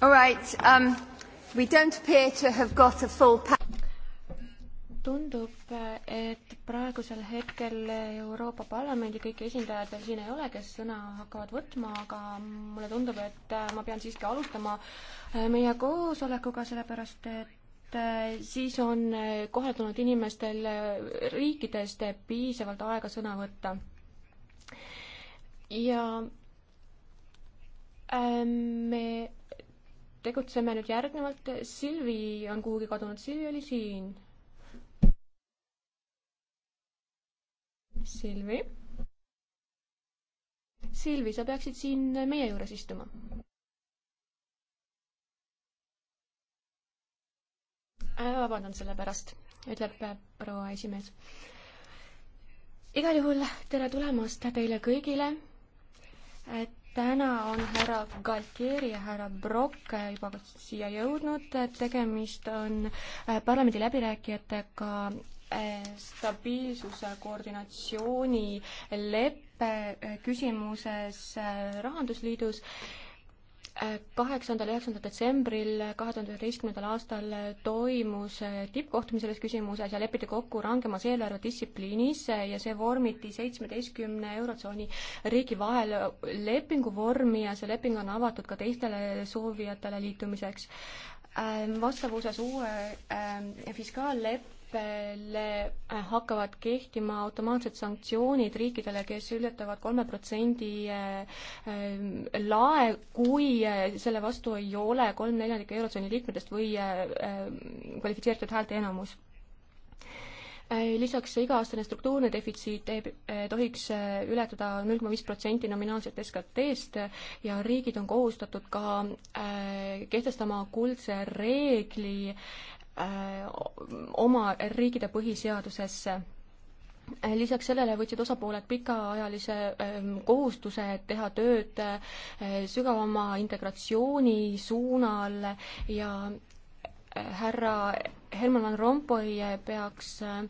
All right. Um, we don't appear to have got a full pa- tundub, et praegusel hetkel Euroopa Parlamendi kõiki esindajaid veel siin ei ole, kes sõna hakkavad võtma, aga mulle tundub, et ma pean siiski alustama meie koosolekuga, sellepärast et siis on kohale tulnud inimestel riikidest piisavalt aega sõna võtta. ja Ähm, me tegutseme nüüd järgnevalt. Silvi on kuhugi kadunud, Silvi oli siin. Silvi. Silvi, sa peaksid siin meie juures istuma. Äh, vabandan selle pärast, ütleb proua esimees. igal juhul tere tulemast teile kõigile. et täna on härra Galtieri ja härra Brock juba siia jõudnud, tegemist on äh, parlamendi läbirääkijatega äh, stabiilsuse koordinatsiooni leppe äh, küsimuses Rahandusliidus kaheksandal, üheksandal detsembril kahe tuhande üheteistkümnendal aastal toimus äh, tippkohtumine selles küsimuses ja lepiti kokku rangemas eelarvedistsipliinis äh, ja see vormiti seitsmeteistkümne eurotsooni riigi vahel äh, lepingu vormi ja see leping on avatud ka teistele soovijatele liitumiseks. Ähm, vastavuses uue ähm, fiskaalleppe leppele äh, hakkavad kehtima automaatsed sanktsioonid riikidele, kes ületavad kolme protsendi äh, äh, lae, kui selle vastu ei ole kolm neljandikku Eurotsooni liikmetest või kvalifitseeritud häälteenamus. lisaks iga-aastane struktuurne defitsiit ei tohiks ületada null koma viis protsenti nominaalset SKT-st ja riigid on kohustatud ka kehtestama kuldse reegli Äh, oma riikide põhiseadusesse. lisaks sellele võtsid osapooled pikaajalise ähm, kohustuse teha tööd äh, sügavama integratsiooni suunal ja äh, härra Herman Van Rompuy peaks äh,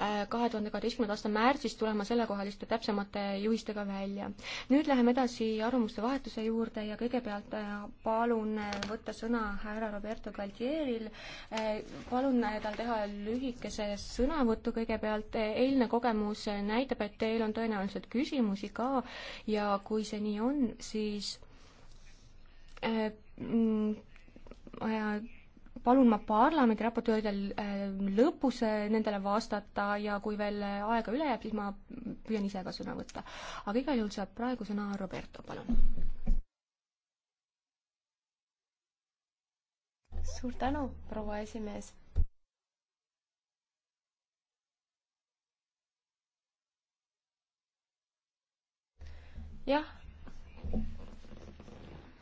kahe tuhande kaheteistkümnenda aasta märtsis tulema sellekohaliste täpsemate juhistega välja. nüüd läheme edasi arvamuste vahetuse juurde ja kõigepealt äh, palun äh, võtta sõna härra Roberto Galtieril. Äh, palun tal teha lühikese sõnavõttu kõigepealt. eilne kogemus näitab, et teil on tõenäoliselt küsimusi ka ja kui see nii on, siis äh, mm, äh, palun ma parlamendi raportööridel äh, lõpus nendele vastata ja kui veel äh, aega üle jääb, siis ma püüan ise ka sõna võtta. aga igal juhul saab praegu sõna Roberto, palun. suur tänu, proua esimees. jah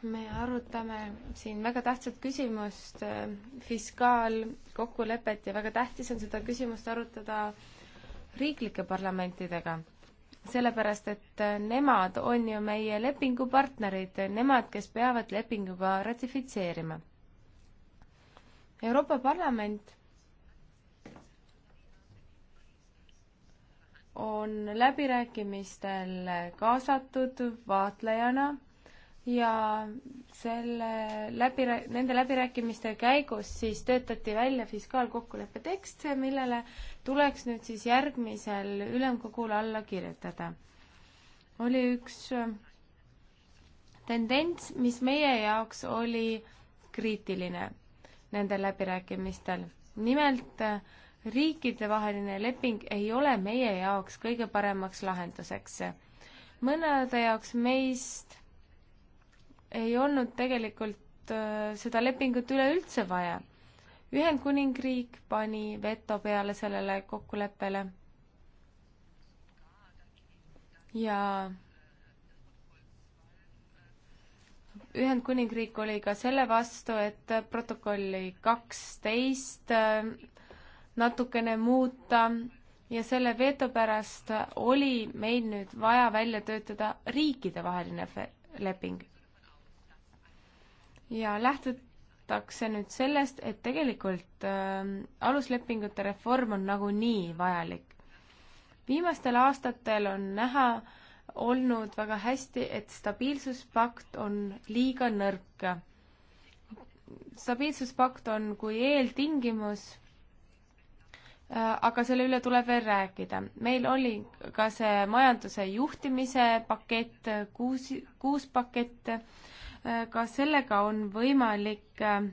me arutame siin väga tähtsat küsimust, äh, fiskaalkokkulepet ja väga tähtis on seda küsimust arutada riiklike parlamentidega. sellepärast, et äh, nemad on ju meie lepingupartnerid, nemad, kes peavad lepinguga ratifitseerima. Euroopa Parlament on läbirääkimistel kaasatud vaatlejana ja selle läbi, nende läbirääkimiste käigus siis töötati välja fiskaalkokkuleppe tekst, millele tuleks nüüd siis järgmisel ülemkogul alla kirjutada. oli üks äh, tendents, mis meie jaoks oli kriitiline nendel läbirääkimistel. nimelt äh, riikidevaheline leping ei ole meie jaoks kõige paremaks lahenduseks. mõnede jaoks meist ei olnud tegelikult äh, seda lepingut üleüldse vaja. Ühendkuningriik pani veto peale sellele kokkuleppele. ja Ühendkuningriik oli ka selle vastu, et protokolli kaksteist äh, natukene muuta ja selle veto pärast oli meil nüüd vaja välja töötada riikidevaheline leping ja lähtutakse nüüd sellest, et tegelikult äh, aluslepingute reform on nagunii vajalik. viimastel aastatel on näha olnud väga hästi, et stabiilsuspakt on liiga nõrk. stabiilsuspakt on kui eeltingimus äh, aga selle üle tuleb veel rääkida. meil oli ka see majanduse juhtimise pakett, kuus, kuus pakett kas sellega on võimalik äh,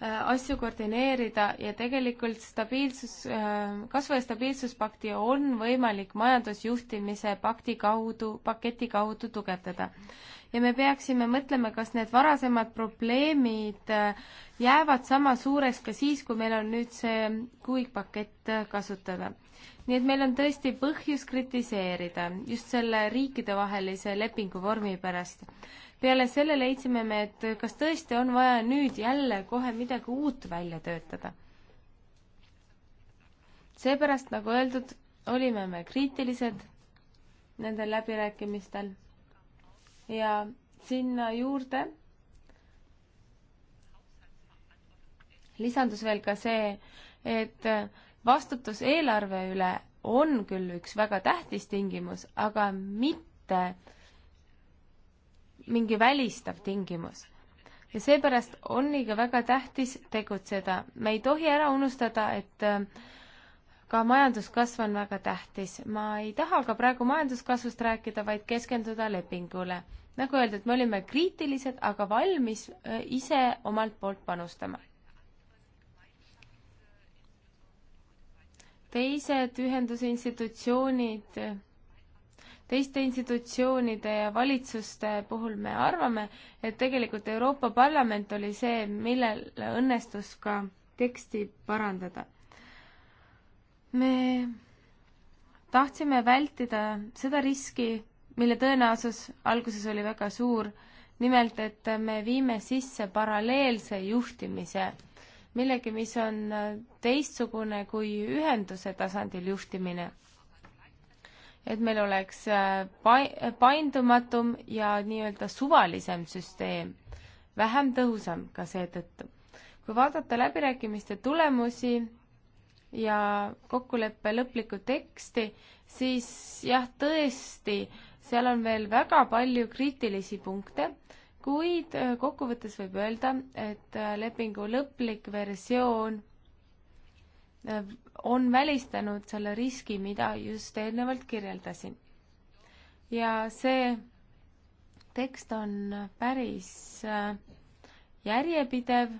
äh, asju koordineerida ja tegelikult stabiilsus, äh, kasvu- ja stabiilsuspakti on võimalik majandusjuhtimise pakti kaudu, paketi kaudu tugevdada. ja me peaksime mõtlema, kas need varasemad probleemid jäävad sama suureks ka siis, kui meil on nüüd see kuigpakett kasutada nii et meil on tõesti põhjus kritiseerida just selle riikidevahelise lepingu vormi pärast. peale selle leidsime me, et kas tõesti on vaja nüüd jälle kohe midagi uut välja töötada. seepärast, nagu öeldud, olime me kriitilised nendel läbirääkimistel ja sinna juurde lisandus veel ka see, et vastutus eelarve üle on küll üks väga tähtis tingimus, aga mitte mingi välistav tingimus. ja seepärast on ikka väga tähtis tegutseda. me ei tohi ära unustada, et äh, ka majanduskasv on väga tähtis. ma ei taha ka praegu majanduskasvust rääkida, vaid keskenduda lepingule. nagu öeldud, me olime kriitilised, aga valmis äh, ise omalt poolt panustama teised ühenduse institutsioonid, teiste institutsioonide ja valitsuste puhul me arvame, et tegelikult Euroopa Parlament oli see, millel õnnestus ka teksti parandada. me tahtsime vältida seda riski, mille tõenäosus alguses oli väga suur, nimelt et me viime sisse paralleelse juhtimise millegi, mis on äh, teistsugune kui ühenduse tasandil juhtimine. et meil oleks äh, paindumatum ja nii-öelda suvalisem süsteem, vähem tõhusam ka seetõttu. kui vaadata läbirääkimiste tulemusi ja kokkuleppe lõplikku teksti, siis jah, tõesti, seal on veel väga palju kriitilisi punkte kuid äh, kokkuvõttes võib öelda, et äh, lepingu lõplik versioon äh, on välistanud selle riski, mida just eelnevalt kirjeldasin. ja see tekst on päris järjepidev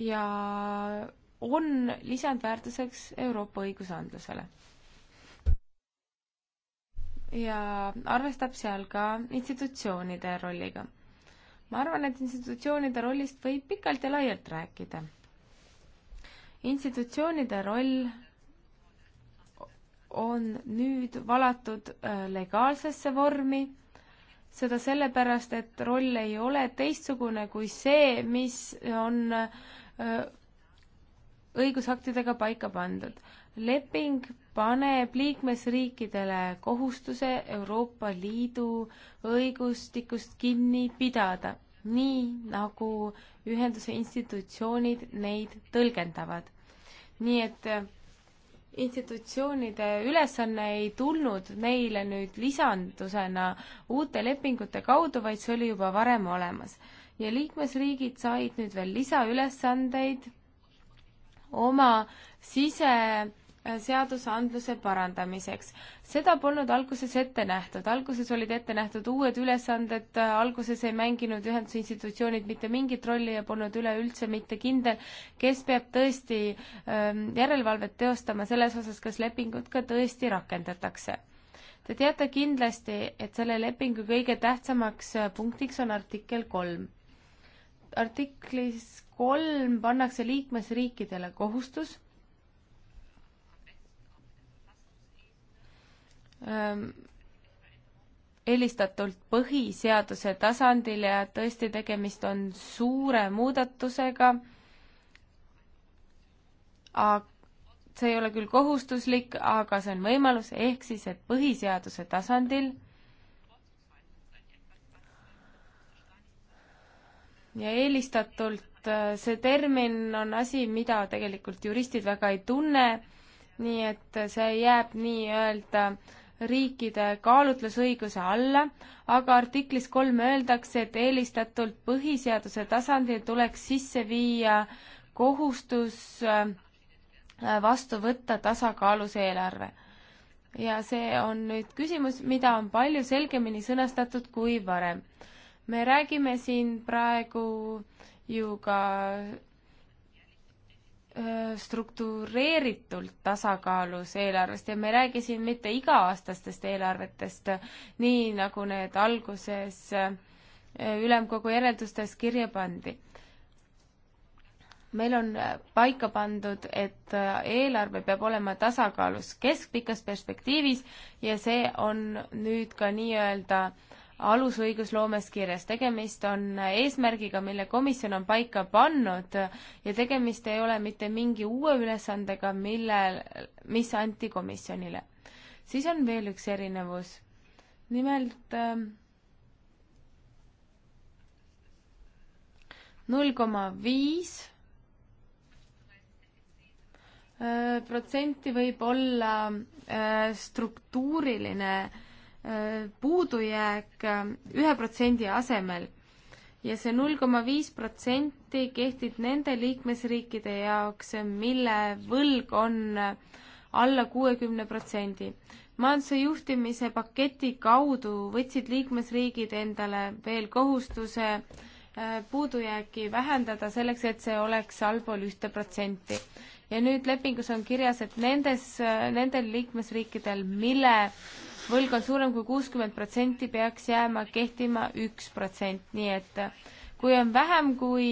ja on lisandväärtuseks Euroopa õigusandlusele ja arvestab seal ka institutsioonide rolliga. ma arvan, et institutsioonide rollist võib pikalt ja laialt rääkida. institutsioonide roll on nüüd valatud äh, legaalsesse vormi, seda sellepärast, et roll ei ole teistsugune kui see, mis on äh, õigusaktidega paika pandud. leping paneb liikmesriikidele kohustuse Euroopa Liidu õigustikust kinni pidada, nii nagu ühenduse institutsioonid neid tõlgendavad. nii et äh, institutsioonide ülesanne ei tulnud neile nüüd lisandusena uute lepingute kaudu, vaid see oli juba varem olemas. ja liikmesriigid said nüüd veel lisaülesandeid oma sise seadusandluse parandamiseks. seda polnud alguses ette nähtud, alguses olid ette nähtud uued ülesanded, alguses ei mänginud ühenduse institutsioonid mitte mingit rolli ja polnud üleüldse mitte kindel, kes peab tõesti ähm, järelevalvet teostama selles osas, kas lepingut ka tõesti rakendatakse. Te teate kindlasti, et selle lepingu kõige tähtsamaks äh, punktiks on artikkel kolm. artiklis kolm pannakse liikmesriikidele kohustus Ehm, eelistatult põhiseaduse tasandil ja tõesti tegemist on suure muudatusega. see ei ole küll kohustuslik, aga see on võimalus, ehk siis, et põhiseaduse tasandil ja eelistatult äh, see termin on asi, mida tegelikult juristid väga ei tunne, nii et see jääb nii-öelda äh, riikide kaalutlusõiguse alla, aga artiklis kolm öeldakse, et eelistatult põhiseaduse tasandil tuleks sisse viia kohustus äh, vastu võtta tasakaalus eelarve. ja see on nüüd küsimus, mida on palju selgemini sõnastatud kui varem. me räägime siin praegu ju ka struktureeritult tasakaalus eelarvest ja me ei räägi siin mitte iga-aastastest eelarvetest, nii nagu need alguses ülemkogu järeldustes kirja pandi. meil on paika pandud, et eelarve peab olema tasakaalus keskpikas perspektiivis ja see on nüüd ka nii-öelda äh, alusõigusloomes kirjas. tegemist on eesmärgiga, mille komisjon on paika pannud ja tegemist ei ole mitte mingi uue ülesandega, mille, mis anti komisjonile. siis on veel üks erinevus. nimelt ähm, null koma viis äh, protsenti võib olla äh, struktuuriline äh, puudujääk äh, ühe protsendi asemel ja see null koma viis protsenti kehtib nende liikmesriikide jaoks, mille võlg on äh, alla kuuekümne protsendi. majanduse juhtimise paketi kaudu võtsid liikmesriigid endale veel kohustuse äh, puudujääki vähendada selleks, et see oleks allpool ühte protsenti. ja nüüd lepingus on kirjas, et nendes, nendel liikmesriikidel, mille võlg on suurem kui kuuskümmend protsenti, peaks jääma kehtima üks protsent, nii et äh, kui on vähem kui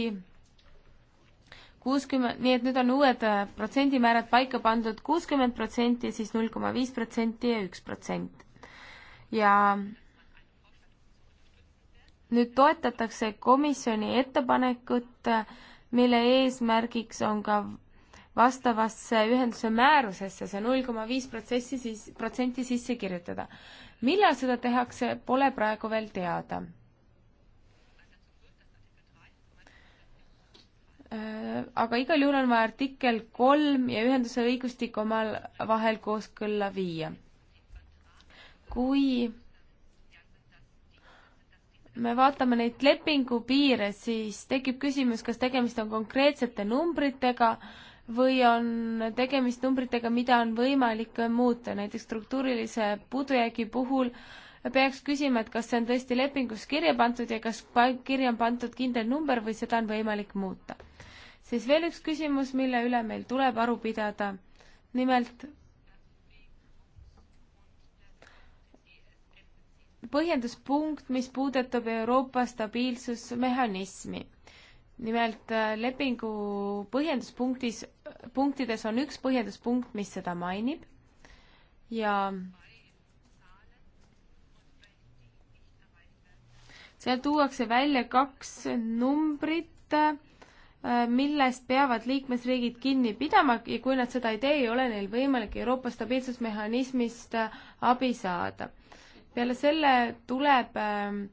kuuskümmend, nii et nüüd on uued äh, protsendimäärad paika pandud, kuuskümmend protsenti, siis null koma viis protsenti ja üks protsent. ja nüüd toetatakse komisjoni ettepanekut, äh, mille eesmärgiks on ka vastavasse ühenduse määrusesse see null koma viis protsessi siis, protsenti sisse kirjutada. millal seda tehakse, pole praegu veel teada. Äh, aga igal juhul on vaja artikkel kolm ja ühenduse õigustik omal vahel kooskõlla viia. kui me vaatame neid lepingu piire, siis tekib küsimus, kas tegemist on konkreetsete numbritega äh, või on tegemist numbritega, mida on võimalik muuta, näiteks struktuurilise puudujäägi puhul peaks küsima, et kas see on tõesti lepingus kirja pandud ja kas kirja on pandud kindel number või seda on võimalik muuta. siis veel üks küsimus, mille üle meil tuleb aru pidada. nimelt põhjenduspunkt, mis puudutab Euroopa stabiilsusmehhanismi nimelt äh, lepingu põhjenduspunktis, punktides on üks põhjenduspunkt, mis seda mainib ja seal tuuakse välja kaks numbrit, äh, millest peavad liikmesriigid kinni pidama ja kui nad seda ei tee, ei ole neil võimalik Euroopa stabiilsusmehhanismist äh, abi saada. peale selle tuleb öö, ähm,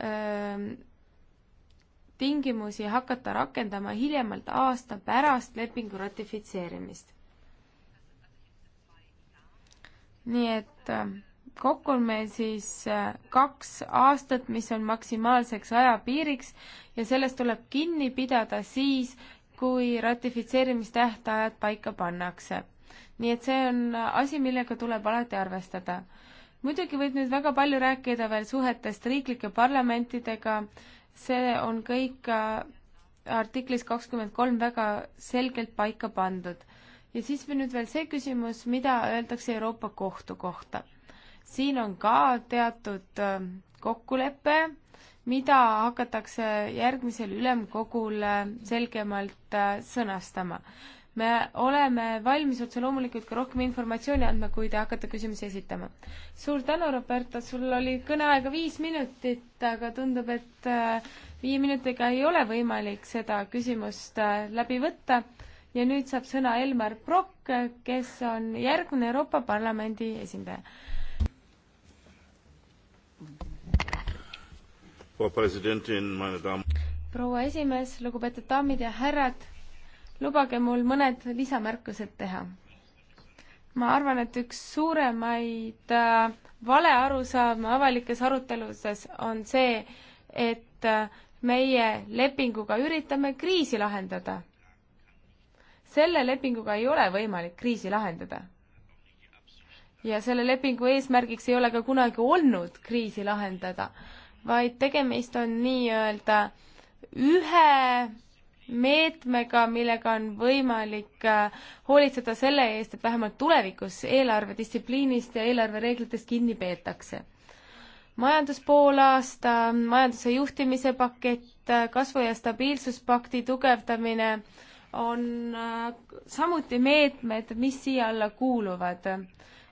öö, ähm, tingimusi hakata rakendama hiljemalt aasta pärast lepingu ratifitseerimist. nii et äh, kokku on meil siis äh, kaks aastat, mis on maksimaalseks ajapiiriks ja sellest tuleb kinni pidada siis, kui ratifitseerimistähtajad paika pannakse. nii et see on asi, millega tuleb alati arvestada. muidugi võib nüüd väga palju rääkida veel suhetest riiklike parlamentidega, see on kõik äh, artiklis kakskümmend kolm väga selgelt paika pandud. ja siis või nüüd veel see küsimus, mida öeldakse Euroopa Kohtu kohta. siin on ka teatud äh, kokkulepe, mida hakatakse järgmisel ülemkogul äh, selgemalt sõnastama me oleme valmis otse loomulikult ka rohkem informatsiooni andma, kui te hakkate küsimusi esitama. suur tänu, Roberta, sul oli kõneaega viis minutit, aga tundub, et äh, viie minutiga ei ole võimalik seda küsimust äh, läbi võtta ja nüüd saab sõna Elmar Brokk, kes on järgmine Euroopa Parlamendi esindaja. proua esimees, lugupeetud daamid ja härrad lubage mul mõned lisamärkused teha. ma arvan, et üks suuremaid äh, valearusaama avalikes aruteludes on see, et äh, meie lepinguga üritame kriisi lahendada. selle lepinguga ei ole võimalik kriisi lahendada. ja selle lepingu eesmärgiks ei ole ka kunagi olnud kriisi lahendada, vaid tegemist on nii-öelda ühe meetmega, millega on võimalik äh, hoolitseda selle eest, et vähemalt tulevikus eelarvedistsipliinist ja eelarvereeglitest kinni peetakse. majanduspoolaasta, majanduse juhtimise pakett, äh, kasvu- ja stabiilsuspakti tugevdamine on äh, samuti meetmed, mis siia alla kuuluvad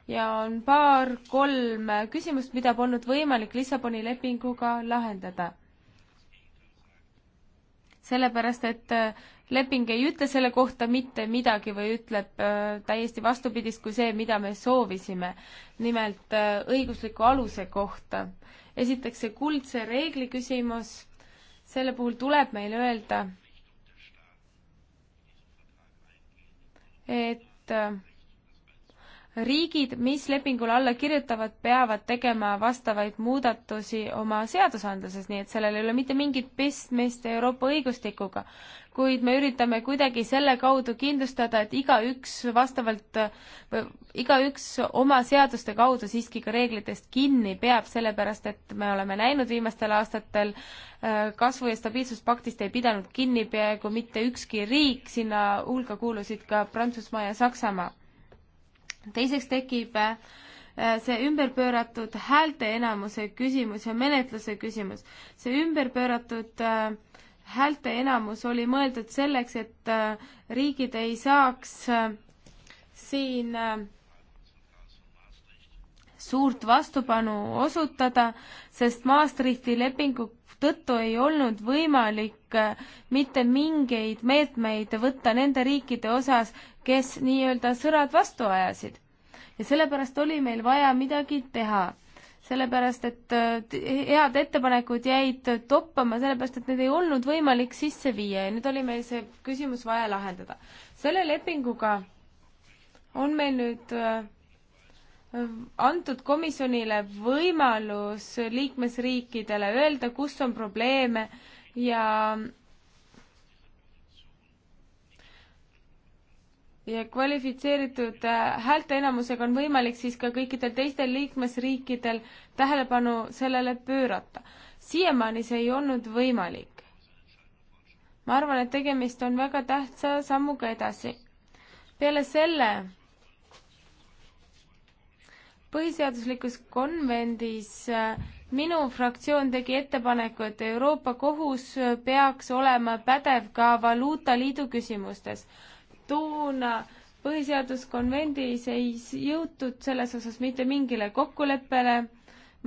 ja on paar-kolm küsimust, mida polnud võimalik Lissaboni lepinguga lahendada sellepärast et äh, leping ei ütle selle kohta mitte midagi või ütleb äh, täiesti vastupidist kui see, mida me soovisime. nimelt äh, õigusliku aluse kohta. esiteks see kuldse reegli küsimus, selle puhul tuleb meil öelda, et riigid, mis lepingule alla kirjutavad, peavad tegema vastavaid muudatusi oma seadusandluses, nii et sellel ei ole mitte mingit pistmist Euroopa õigustikuga. kuid me üritame kuidagi selle kaudu kindlustada, et igaüks vastavalt, igaüks oma seaduste kaudu siiski ka reeglitest kinni peab, sellepärast et me oleme näinud viimastel aastatel äh, kasvu- ja stabiilsuspaktist ei pidanud kinni peaaegu mitte ükski riik, sinna hulka kuulusid ka Prantsusmaa ja Saksamaa teiseks tekib äh, see ümberpööratud häälteenamuse küsimus ja menetluse küsimus. see ümberpööratud äh, häälteenamus oli mõeldud selleks, et äh, riigid ei saaks siin suurt vastupanu osutada, sest Maastrichti lepingu tõttu ei olnud võimalik mitte mingeid meetmeid võtta nende riikide osas, kes nii-öelda sõrad vastu ajasid. ja sellepärast oli meil vaja midagi teha. sellepärast, et äh, head ettepanekud jäid toppama, sellepärast et need ei olnud võimalik sisse viia ja nüüd oli meil see küsimus vaja lahendada. selle lepinguga on meil nüüd äh, antud komisjonile võimalus liikmesriikidele öelda, kus on probleeme ja ja kvalifitseeritud äh, häälteenamusega on võimalik siis ka kõikidel teistel liikmesriikidel tähelepanu sellele pöörata. siiamaani see ei olnud võimalik. ma arvan, et tegemist on väga tähtsa sammuga edasi. peale selle põhiseaduslikus konvendis äh, minu fraktsioon tegi ettepaneku, et Euroopa Kohus äh, peaks olema pädev ka valuutaliidu küsimustes toona põhiseaduskonvendis ei jõutud selles osas mitte mingile kokkuleppele.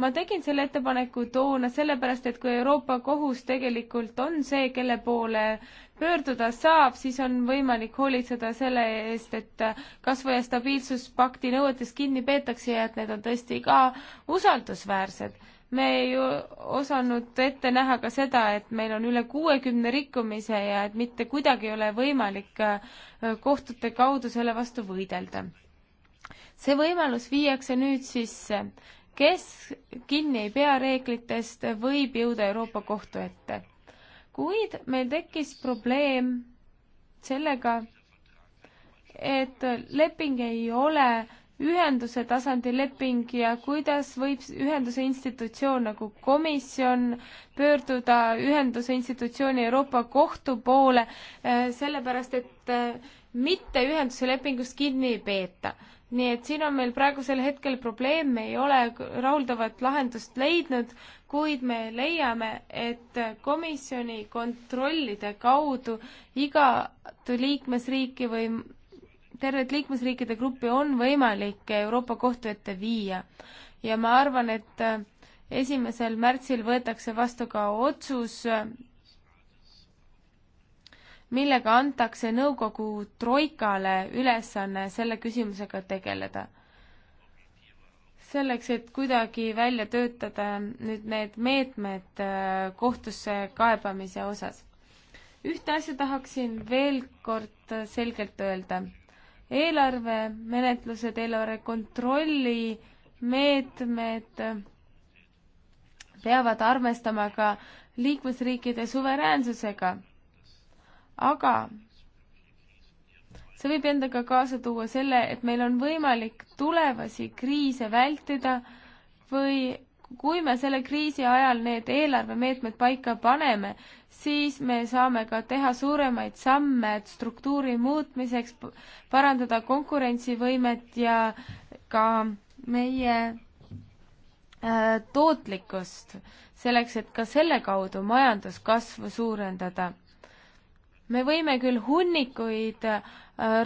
ma tegin selle ettepaneku toona sellepärast, et kui Euroopa Kohus tegelikult on see, kelle poole pöörduda saab, siis on võimalik hoolitseda selle eest, et kasvu- ja stabiilsuspakti nõuetest kinni peetakse ja et need on tõesti ka usaldusväärsed me ei osanud ette näha ka seda, et meil on üle kuuekümne rikkumise ja et mitte kuidagi ei ole võimalik äh, kohtute kaudu selle vastu võidelda. see võimalus viiakse nüüd sisse. kes kinni ei pea reeglitest, võib jõuda Euroopa Kohtu ette. kuid meil tekkis probleem sellega, et leping ei ole ühenduse tasandi leping ja kuidas võib ühenduse institutsioon nagu komisjon pöörduda ühenduse institutsiooni Euroopa Kohtu poole, eh, sellepärast et eh, mitte ühenduse lepingust kinni ei peeta. nii et siin on meil praegusel hetkel probleem, me ei ole rahuldavat lahendust leidnud, kuid me leiame, et komisjoni kontrollide kaudu igat liikmesriiki või tervet liikmesriikide gruppi on võimalik Euroopa Kohtu ette viia. ja ma arvan, et äh, esimesel märtsil võetakse vastu ka otsus, äh, millega antakse nõukogu troikale ülesanne selle küsimusega tegeleda. selleks, et kuidagi välja töötada nüüd need meetmed äh, kohtusse kaebamise osas. ühte asja tahaksin veel kord selgelt öelda eelarvemenetlused, eelarve kontrolli meetmed peavad arvestama ka liikmesriikide suveräänsusega. aga see võib endaga kaasa tuua selle, et meil on võimalik tulevasi kriise vältida või kui me selle kriisi ajal need eelarvemeetmed paika paneme, siis me saame ka teha suuremaid samme struktuuri muutmiseks, parandada konkurentsivõimet ja ka meie äh, tootlikkust, selleks et ka selle kaudu majanduskasvu suurendada me võime küll hunnikuid äh,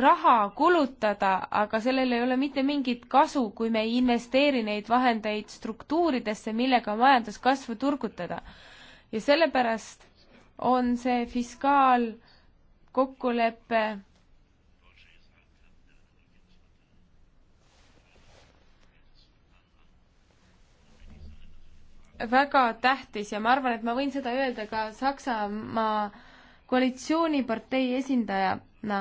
raha kulutada, aga sellel ei ole mitte mingit kasu, kui me ei investeeri neid vahendeid struktuuridesse, millega majanduskasvu turgutada. ja sellepärast on see fiskaalkokkulepe väga tähtis ja ma arvan, et ma võin seda öelda ka Saksamaa koalitsioonipartei esindajana,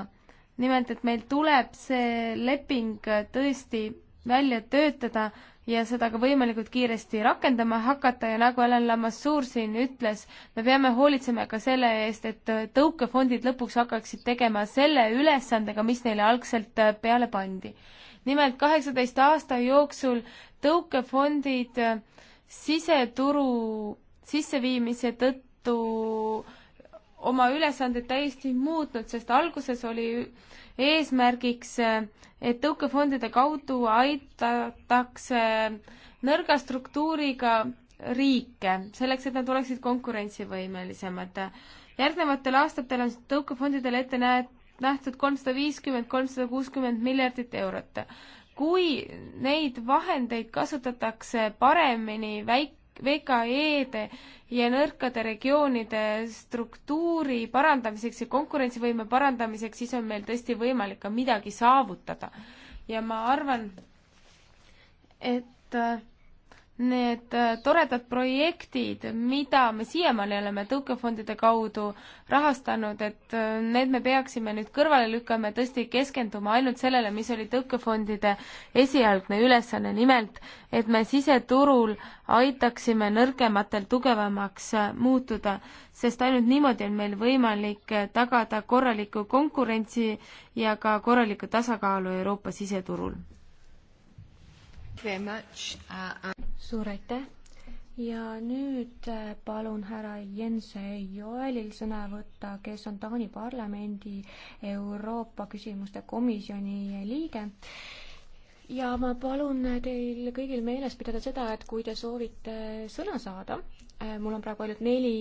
nimelt et meil tuleb see leping tõesti välja töötada ja seda ka võimalikult kiiresti rakendama hakata ja nagu Alan Lamassoor siin ütles, me peame hoolitsema ka selle eest, et tõukefondid lõpuks hakkaksid tegema selle ülesandega, mis neile algselt peale pandi. nimelt kaheksateist aasta jooksul tõukefondid siseturu sisseviimise tõttu oma ülesanded täiesti muutnud, sest alguses oli eesmärgiks, et tõukefondide kaudu aitatakse nõrga struktuuriga riike, selleks et nad oleksid konkurentsivõimelisemad. järgnevatel aastatel on tõukefondidele ette näed, nähtud kolmsada viiskümmend, kolmsada kuuskümmend miljardit eurot. kui neid vahendeid kasutatakse paremini väik-, VKE-de ja nõrkade regioonide struktuuri parandamiseks ja konkurentsivõime parandamiseks, siis on meil tõesti võimalik ka midagi saavutada. ja ma arvan, et äh, need äh, toredad projektid, mida me siiamaani oleme tõukefondide kaudu rahastanud, et äh, need me peaksime nüüd kõrvale lükkama ja tõesti keskenduma ainult sellele, mis oli tõukefondide esialgne ülesanne, nimelt et me siseturul aitaksime nõrgematel tugevamaks äh, muutuda, sest ainult niimoodi on meil võimalik tagada korralikku konkurentsi ja ka korralikku tasakaalu Euroopa siseturul Uh, um, suur aitäh ja nüüd äh, palun härra Jens Joelil sõna võtta, kes on Taani parlamendi Euroopa küsimuste komisjoni liige ja ma palun teil kõigil meeles pidada seda, et kui te soovite sõna saada, äh, mul on praegu ainult neli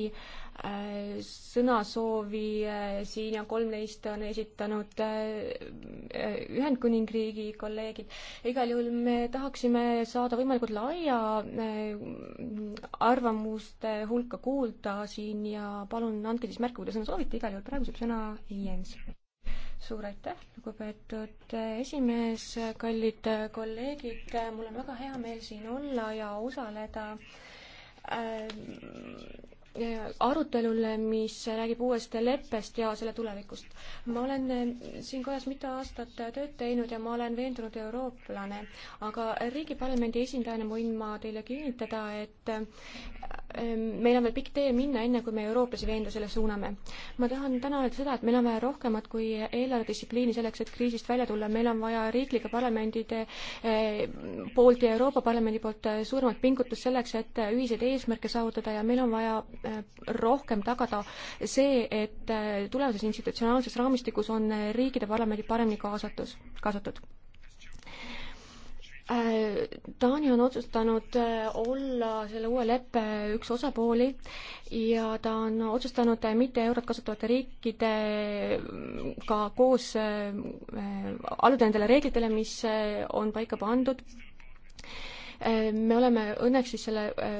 sõnasoovi äh, siin ja kolmteist on esitanud äh, Ühendkuningriigi kolleegid. igal juhul me tahaksime saada võimalikult laia äh, arvamuste hulka kuulda siin ja palun andke siis märku, kui te sõna soovite, igal juhul praegu saab sõna Jens. suur aitäh, lugupeetud esimees, kallid kolleegid, mul on väga hea meel siin olla ja osaleda arutelule, mis räägib uuest leppest ja selle tulevikust. ma olen eh, siin kojas mitu aastat tööd teinud ja ma olen veendunud eurooplane, aga riigiparlamendi esindajana võin ma teile kinnitada, et eh, meil on veel pikk tee minna, enne kui me eurooplasi veendusele suuname. ma tahan täna öelda seda, et meil on vaja rohkemat kui eelarvedistsipliini selleks, et kriisist välja tulla, meil on vaja riiklike parlamendide eh, poolt ja Euroopa Parlamendi poolt suuremat pingutust selleks, et ühiseid eesmärke saavutada ja meil on vaja Äh, rohkem tagada see, et äh, tulevases institutsionaalses raamistikus on äh, riikide parlamendid paremini kaasatus, kaasatud Taani on otsustanud olla selle uue leppe üks osapooli ja ta on otsustanud mitte eurot kasutavate riikidega koos alluda nendele reeglitele, mis on paika pandud Äh, me oleme õnneks siis selle äh,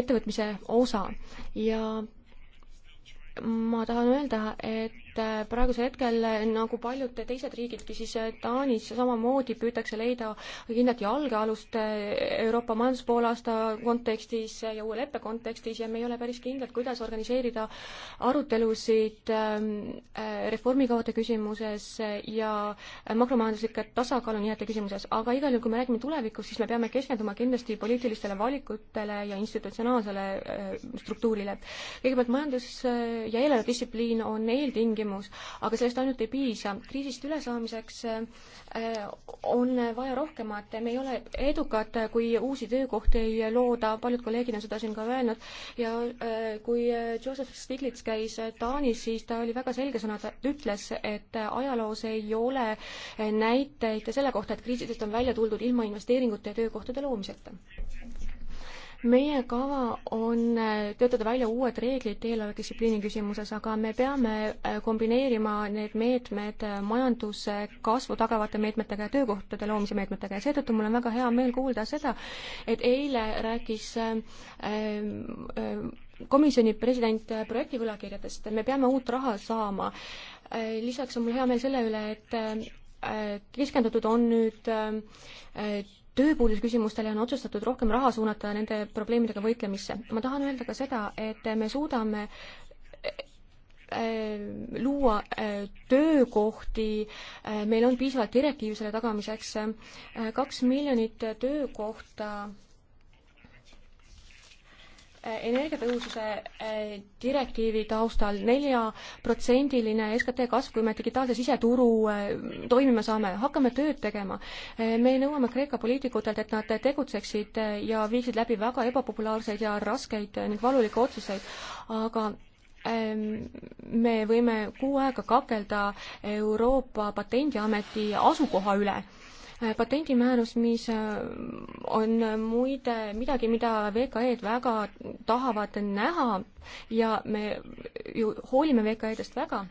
ettevõtmise osa ja ma tahan öelda, et et äh, praegusel hetkel, äh, nagu paljud teised riigidki, siis äh, Taanis samamoodi püütakse leida kindlat jalgealust Euroopa majanduspoolaasta kontekstis ja uue leppe kontekstis ja me ei ole päris kindlad, kuidas organiseerida arutelusid ähm, reformikavade küsimuses ja makromajanduslike tasakaalunihete küsimuses, aga igal juhul, kui me räägime tulevikust, siis me peame keskenduma kindlasti poliitilistele valikutele ja institutsionaalsele struktuurile. kõigepealt majandus- ja eelarvedistsipliin on eeltingimus tingimus, aga sellest ainult ei piisa. kriisist ülesaamiseks äh, on vaja rohkemat, me ei ole edukad, kui uusi töökohti ei looda, paljud kolleegid on seda siin ka öelnud, ja äh, kui äh, Joseph Stiglitz käis Taanis, siis ta oli väga selgesõna, ta ütles, et ajaloos ei ole näiteid selle kohta, et kriisidest on välja tuldud ilma investeeringute ja töökohtade loomiseta meie kava on äh, töötada välja uued reeglid eelarvedistsipliini küsimuses, aga me peame äh, kombineerima need meetmed äh, majanduskasvu tagavate meetmetega ja töökohtade loomise meetmetega ja seetõttu mul on väga hea meel kuulda seda, et eile rääkis äh, äh, komisjoni president projektivõlakirjadest, me peame uut raha saama. lisaks on mul hea meel selle üle, et keskendutud on nüüd tööpuuduse küsimustele on otsustatud rohkem raha suunata nende probleemidega võitlemisse. ma tahan öelda ka seda, et me suudame eh, eh, luua eh, töökohti, meil on piisavalt direktiiv selle tagamiseks, kaks miljonit töökohta energiatõhususe eh, direktiivi taustal neljaprotsendiline SKT kasv, kui me digitaalse siseturu eh, toimima saame, hakkame tööd tegema. Eh, me nõuame Kreeka poliitikutelt, et nad tegutseksid ja viiksid läbi väga ebapopulaarseid ja raskeid ning valulikke otsuseid, aga ehm, me võime kuu aega kakelda Euroopa Patendiameti asukoha üle Äh, patendimäärus, mis äh, on muide midagi, mida VKE-d väga tahavad näha ja me ju hoolime VKE-dest väga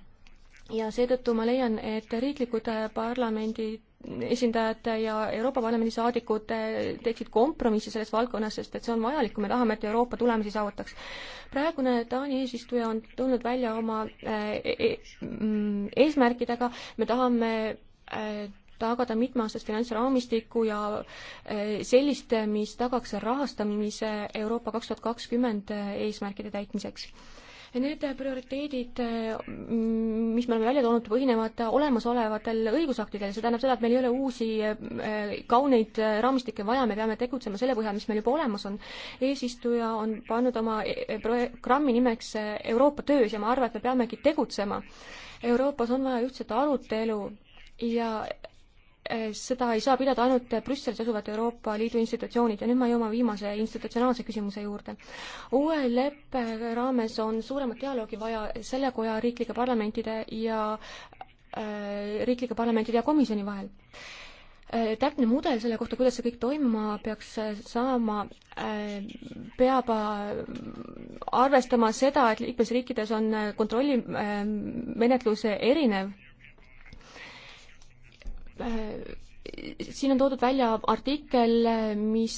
ja seetõttu ma leian, et riiklikud äh, parlamendid esindajad ja Euroopa Parlamendi saadikud teeksid kompromissi selles valdkonnas, sest et see on vajalik, kui me tahame, et Euroopa tulemusi saavutaks. praegune Taani eesistuja on tulnud välja oma e-, mm, eesmärkidega, me tahame tagada mitmeaastast finantsraamistikku ja eh, sellist, mis tagaks rahastamise Euroopa kaks tuhat kakskümmend eesmärkide täitmiseks Need prioriteedid, mm, mis me oleme välja toonud, põhinevad olemasolevatel õigusaktidel, see tähendab seda, et meil ei ole uusi eh, kauneid raamistikke vaja, me peame tegutsema selle põhjal, mis meil juba olemas on. eesistuja on pannud oma eh, programmi nimeks Euroopa töös ja ma arvan, et me peamegi tegutsema. Euroopas on vaja ühtset arutelu ja Eh, seda ei saa pidada ainult Brüsselis asuvad Euroopa Liidu institutsioonid ja nüüd ma jõuan viimase institutsionaalse küsimuse juurde. uue leppe raames on suuremat dialoogi vaja selle koja riiklike parlamentide ja äh, riiklike parlamentide ja komisjoni vahel äh,. täpne mudel selle kohta, kuidas see kõik toimuma peaks saama äh,, peab arvestama seda, et liikmesriikides on kontrollimenetlus erinev Äh, siin on toodud välja artikkel, mis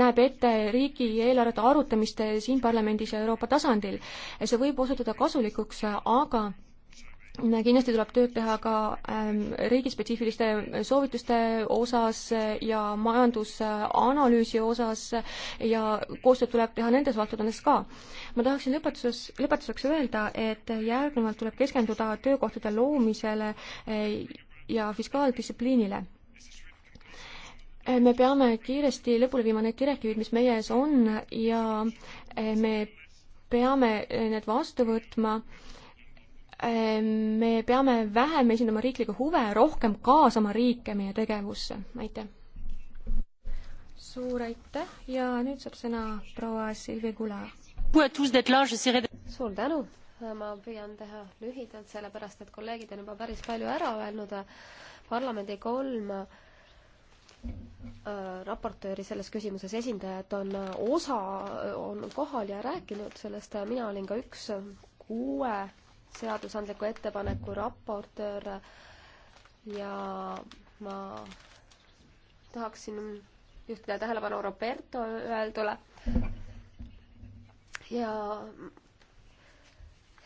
näeb ette riigieelarvete arutamist siin parlamendis ja Euroopa tasandil. see võib osutuda kasulikuks, aga kindlasti tuleb tööd teha ka ähm, riigispetsiifiliste soovituste osas ja majandusanalüüsi osas ja koostööd tuleb teha nendes valdkondades ka. ma tahaksin lõpetuses, lõpetuseks öelda, et järgnevalt tuleb keskenduda töökohtade loomisele ja fiskaaldistsipliinile me peame kiiresti lõpule viima need direktiivid, mis meie ees on ja me peame need vastu võtma. me peame vähem esindama riiklikke huve, rohkem kaasama riike meie tegevusse, aitäh. suur aitäh ja nüüd saab sõna proua Silvi Kula. suur tänu ma püüan teha lühidalt, sellepärast et kolleegid on juba päris palju ära öelnud. parlamendi kolm äh, raportööri selles küsimuses esindajad on äh, osa, on kohal ja rääkinud sellest, mina olin ka üks kuue seadusandliku ettepaneku raportöör ja ma tahaksin juhtida tähelepanu Roberto öeldule ja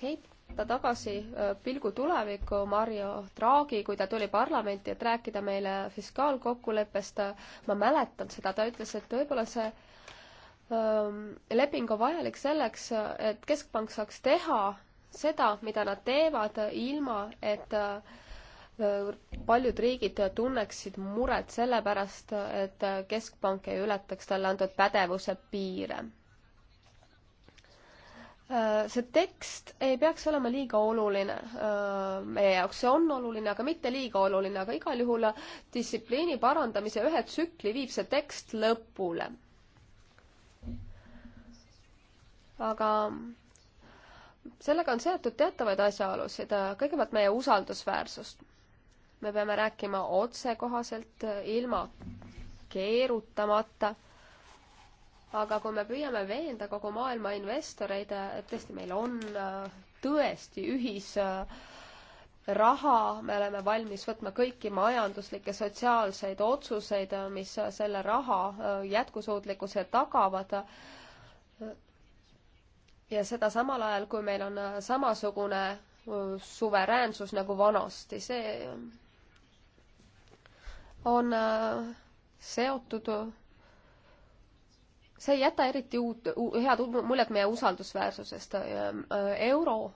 heita tagasi äh, pilgu tulevikku Mario Draghi, kui ta tuli parlamenti, et rääkida meile fiskaalkokkuleppest. ma mäletan seda, ta ütles, et võib-olla see ähm, leping on vajalik selleks, et keskpank saaks teha seda, mida nad teevad, ilma et äh, paljud riigid tunneksid muret selle pärast, et keskpank ei ületaks talle antud pädevuse piire Äh, see tekst ei peaks olema liiga oluline äh, meie jaoks, see on oluline, aga mitte liiga oluline, aga igal juhul distsipliini parandamise ühe tsükli viib see tekst lõpule. aga sellega on seotud teatavaid asjaolusid, äh, kõigepealt meie usaldusväärsust. me peame rääkima otsekohaselt, ilma keerutamata aga kui me püüame veenda kogu maailma investoreid, et tõesti, meil on äh, tõesti ühisraha, äh, me oleme valmis võtma kõiki majanduslikke, sotsiaalseid otsuseid, äh, mis selle raha jätkusuutlikkuse tagavad, ja seda samal ajal, kui meil on samasugune suveräänsus nagu vanasti, see on seotud see ei jäta eriti uut, head muljet meie usaldusväärsusest. Euro,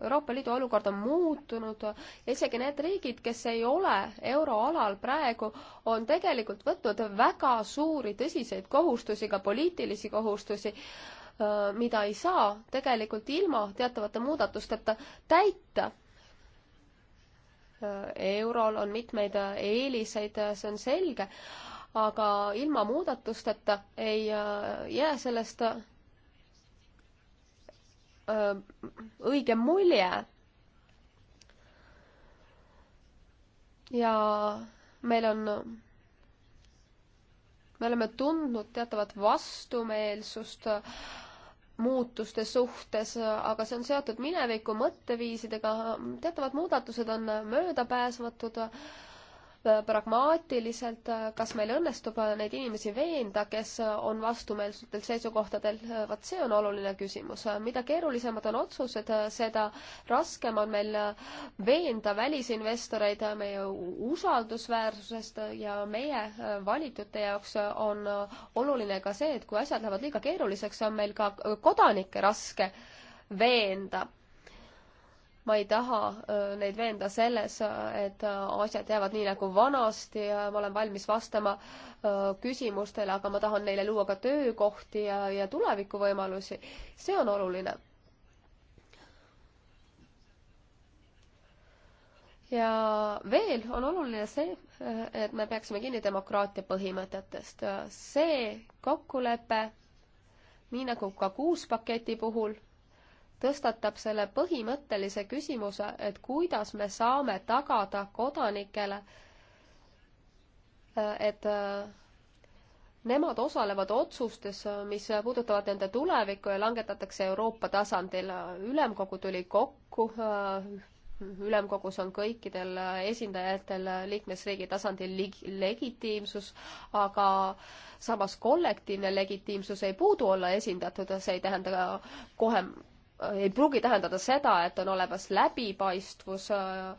Euroopa Liidu olukord on muutunud ja isegi need riigid, kes ei ole euroalal praegu, on tegelikult võtnud väga suuri tõsiseid kohustusi, ka poliitilisi kohustusi, äh, mida ei saa tegelikult ilma teatavate muudatusteta täita äh, eurol on mitmeid eeliseid, see on selge, aga ilma muudatusteta ei äh, jää sellest äh, õige mulje. ja meil on, me oleme tundnud teatavat vastumeelsust äh, muutuste suhtes, aga see on seotud mineviku mõtteviisidega, teatavad muudatused on möödapääsmatud Äh, pragmaatiliselt, äh, kas meil õnnestub äh, neid inimesi veenda, kes on vastumeelsetel seisukohtadel, vot see on oluline küsimus. mida keerulisemad on otsused, seda raskem on meil veenda välisinvestoreid meie usaldusväärsusest ja meie valitute jaoks on oluline ka see, et kui asjad lähevad liiga keeruliseks, on meil ka kodanikke raske veenda ma ei taha äh, neid veenda selles, äh, et äh, asjad jäävad nii nagu vanasti ja ma olen valmis vastama küsimustele, aga ma tahan neile luua ka töökohti ja, ja tulevikuvõimalusi. see on oluline. ja veel on oluline see, et me peaksime kinni demokraatia põhimõtetest. see kokkulepe, nii nagu ka kuus paketi puhul tõstatab selle põhimõttelise küsimuse, et kuidas me saame tagada kodanikele, et äh, nemad osalevad otsustes, mis puudutavad nende tulevikku ja langetatakse Euroopa tasandil. ülemkogu tuli kokku, äh, ülemkogus on kõikidel esindajatel liikmesriigi tasandil legitiimsus, aga samas kollektiivne legitiimsus ei puudu olla esindatud, see ei tähenda kohe ei pruugi tähendada seda, et on olemas läbipaistvus äh,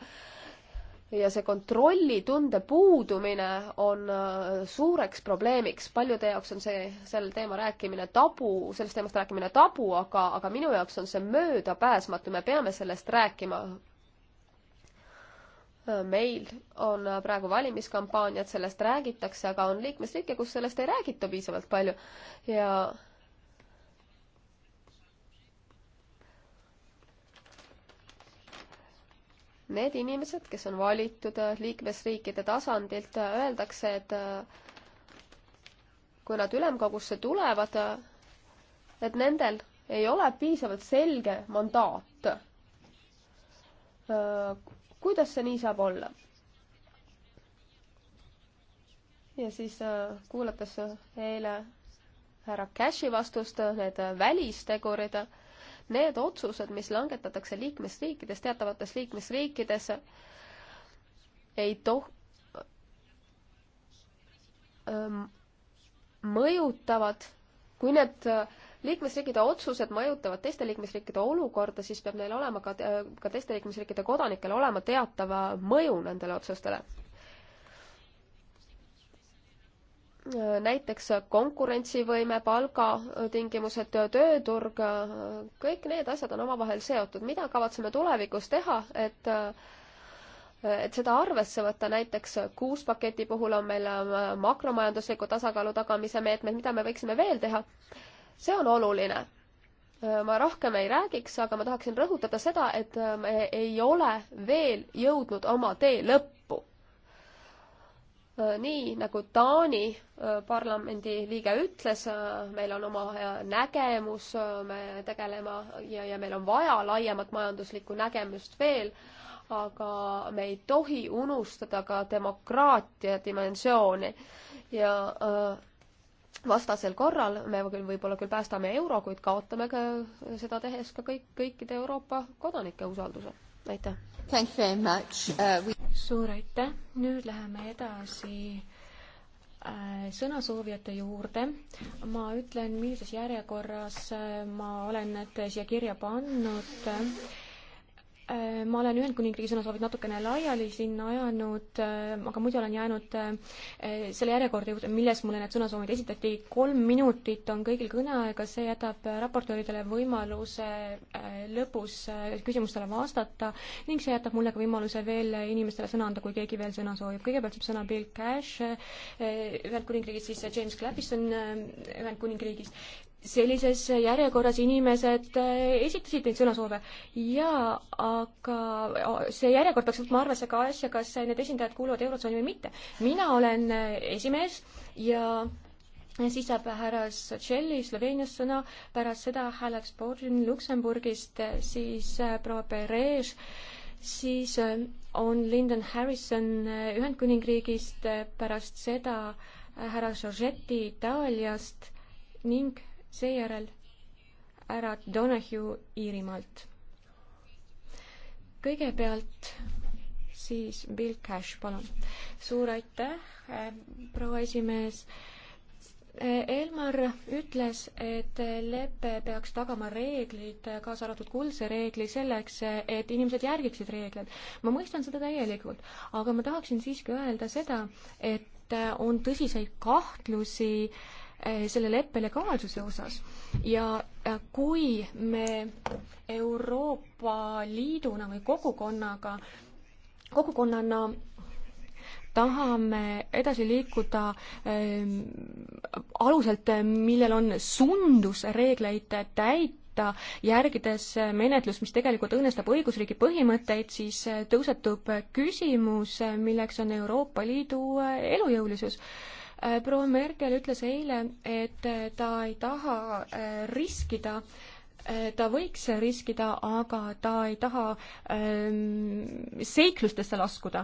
ja see kontrollitunde puudumine on äh, suureks probleemiks. paljude jaoks on see, sel teema rääkimine tabu, sellest teemast rääkimine tabu, aga, aga minu jaoks on see möödapääsmatu, me peame sellest rääkima. Äh, meil on praegu valimiskampaaniad, sellest räägitakse, aga on liikmesriike, kus sellest ei räägita piisavalt palju ja Need inimesed, kes on valitud äh, liikmesriikide tasandilt, äh, öeldakse, et äh, kui nad ülemkogusse tulevad, et nendel ei ole piisavalt selge mandaat. kuidas see nii saab olla? ja siis kuulates eile härra Cashi vastust, need välistegurid need otsused, mis langetatakse liikmesriikides, teatavates liikmesriikides, ei toh-, ähm, mõjutavad, kui need äh, liikmesriikide otsused mõjutavad teiste liikmesriikide olukorda, siis peab neil olema ka, ka teiste liikmesriikide kodanikel olema teatav äh, mõju nendele otsustele. näiteks konkurentsivõime, palgatingimused, tööturg, kõik need asjad on omavahel seotud. mida kavatseme tulevikus teha, et et seda arvesse võtta, näiteks kuus paketi puhul on meil makromajandusliku tasakaalu tagamise meetmed, mida me võiksime veel teha, see on oluline. ma rohkem ei räägiks, aga ma tahaksin rõhutada seda, et me ei ole veel jõudnud oma tee lõppu Äh, nii nagu Taani äh, parlamendi liige ütles, äh, meil on oma nägemus, me tegeleme ja, ja meil on vaja laiemat majanduslikku nägemust veel, aga me ei tohi unustada ka demokraatia dimensiooni ja vastasel korral me küll võib-olla küll päästame euro, kuid kaotame ka seda tehes ka kõik, kõikide Euroopa kodanike usalduse. aitäh! Uh, we... suur aitäh, nüüd läheme edasi äh, sõnasoovijate juurde. ma ütlen, millises järjekorras äh, ma olen need siia kirja pannud Äh, ma olen Ühendkuningriigi sõnasoovid natukene laiali siin ajanud, äh, aga muidu olen jäänud äh, selle järjekorda juurde, milles mulle need sõnasoovid esitati. kolm minutit on kõigil kõneaega, see jätab raportööridele võimaluse lõpus küsimustele vastata ning see jätab mulle ka võimaluse veel inimestele sõna anda, kui keegi veel sõna soovib. kõigepealt saab sõna Bill Cash Ühendkuningriigist, siis James Clapison Ühendkuningriigist sellises järjekorras inimesed äh, esitasid neid sõnasoove. jaa, aga äh, see järjekord peaks võtma arvesse ka asja, kas need esindajad kuuluvad Eurotsooni või mitte. mina olen äh, esimees ja siis saab härra Sotšelli Sloveeniast sõna, pärast seda hääleks Born Luksemburgist, siis proua Perez, siis on Lyndon Harrison Ühendkuningriigist, pärast seda härra Giorgetti Itaaliast ning seejärel härra Donahue Iirimaalt. kõigepealt siis Bill Cash, palun. suur aitäh, äh, proua esimees. Äh, Elmar ütles, et lepe peaks tagama reeglid, kaasa arvatud kuldse reegli, selleks, et inimesed järgiksid reegleid. ma mõistan seda täielikult, aga ma tahaksin siiski öelda seda, et äh, on tõsiseid kahtlusi äh, Eh, selle leppe legaalsuse osas ja kui me Euroopa Liiduna või kogukonnaga, kogukonnana tahame edasi liikuda ähm, aluselt, eh, millel on sundusreegleid täita, järgides menetlust, mis tegelikult õõnestab õigusriigi põhimõtteid, siis tõusetub küsimus, milleks on Euroopa Liidu elujõulisus äh, Äh, proua Merkel ütles eile, et äh, ta ei taha äh, riskida ta võiks riskida, aga ta ei taha ähm, seiklustesse laskuda.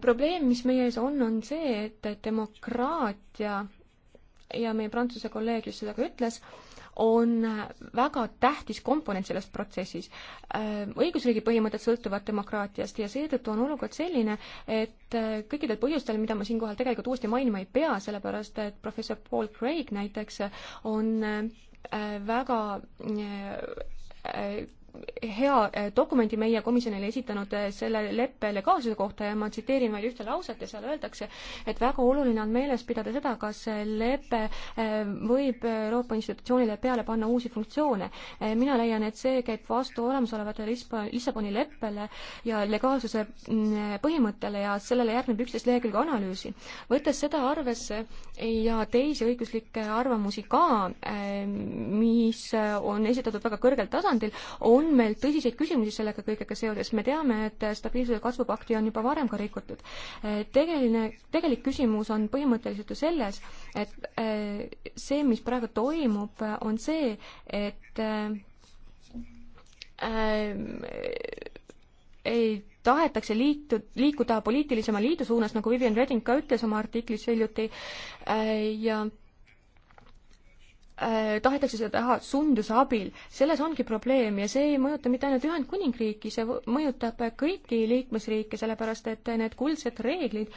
probleem, mis meie ees on, on see, et demokraatia ja meie Prantsuse kolleeg just seda ka ütles äh,, on väga tähtis komponent selles protsessis. Ähm, õigusriigi põhimõtted sõltuvad demokraatiast ja seetõttu on olukord selline, et äh, kõikidel põhjustel, mida ma siinkohal tegelikult uuesti mainima ei pea, sellepärast et professor Paul Craig näiteks on äh, väga äh, hea eh, dokumendi meie komisjonile esitanud eh, selle leppe legaalsuse kohta ja ma tsiteerin vaid ühte lauset ja seal öeldakse, et väga oluline on meeles pidada seda, kas lepe eh, võib Euroopa institutsioonile peale panna uusi funktsioone. mina leian, et see käib vastu olemasolevatele Lissaboni leppele ja legaalsuse mm, põhimõttele ja sellele järgneb üksteist lehekülge analüüsi. võttes seda arvesse ja teisi õiguslikke arvamusi ka, mis on esitatud väga kõrgel tasandil, on on meil tõsiseid küsimusi sellega kõigega seoses, me teame, et stabiilsuse kasvupakti on juba varem ka rikutud. Eh, tegeline, tegelik küsimus on põhimõtteliselt ju selles, et eh, see, mis praegu toimub, on see, et eh, ei tahetakse liitu, liikuda poliitilisema liidu suunas, nagu Vivian Redding ka ütles oma artiklis hiljuti ja Äh, tahetakse seda teha sunduse abil, selles ongi probleem ja see ei mõjuta mitte ainult Ühendkuningriiki, see mõjutab kõiki liikmesriike, sellepärast et need kuldsed reeglid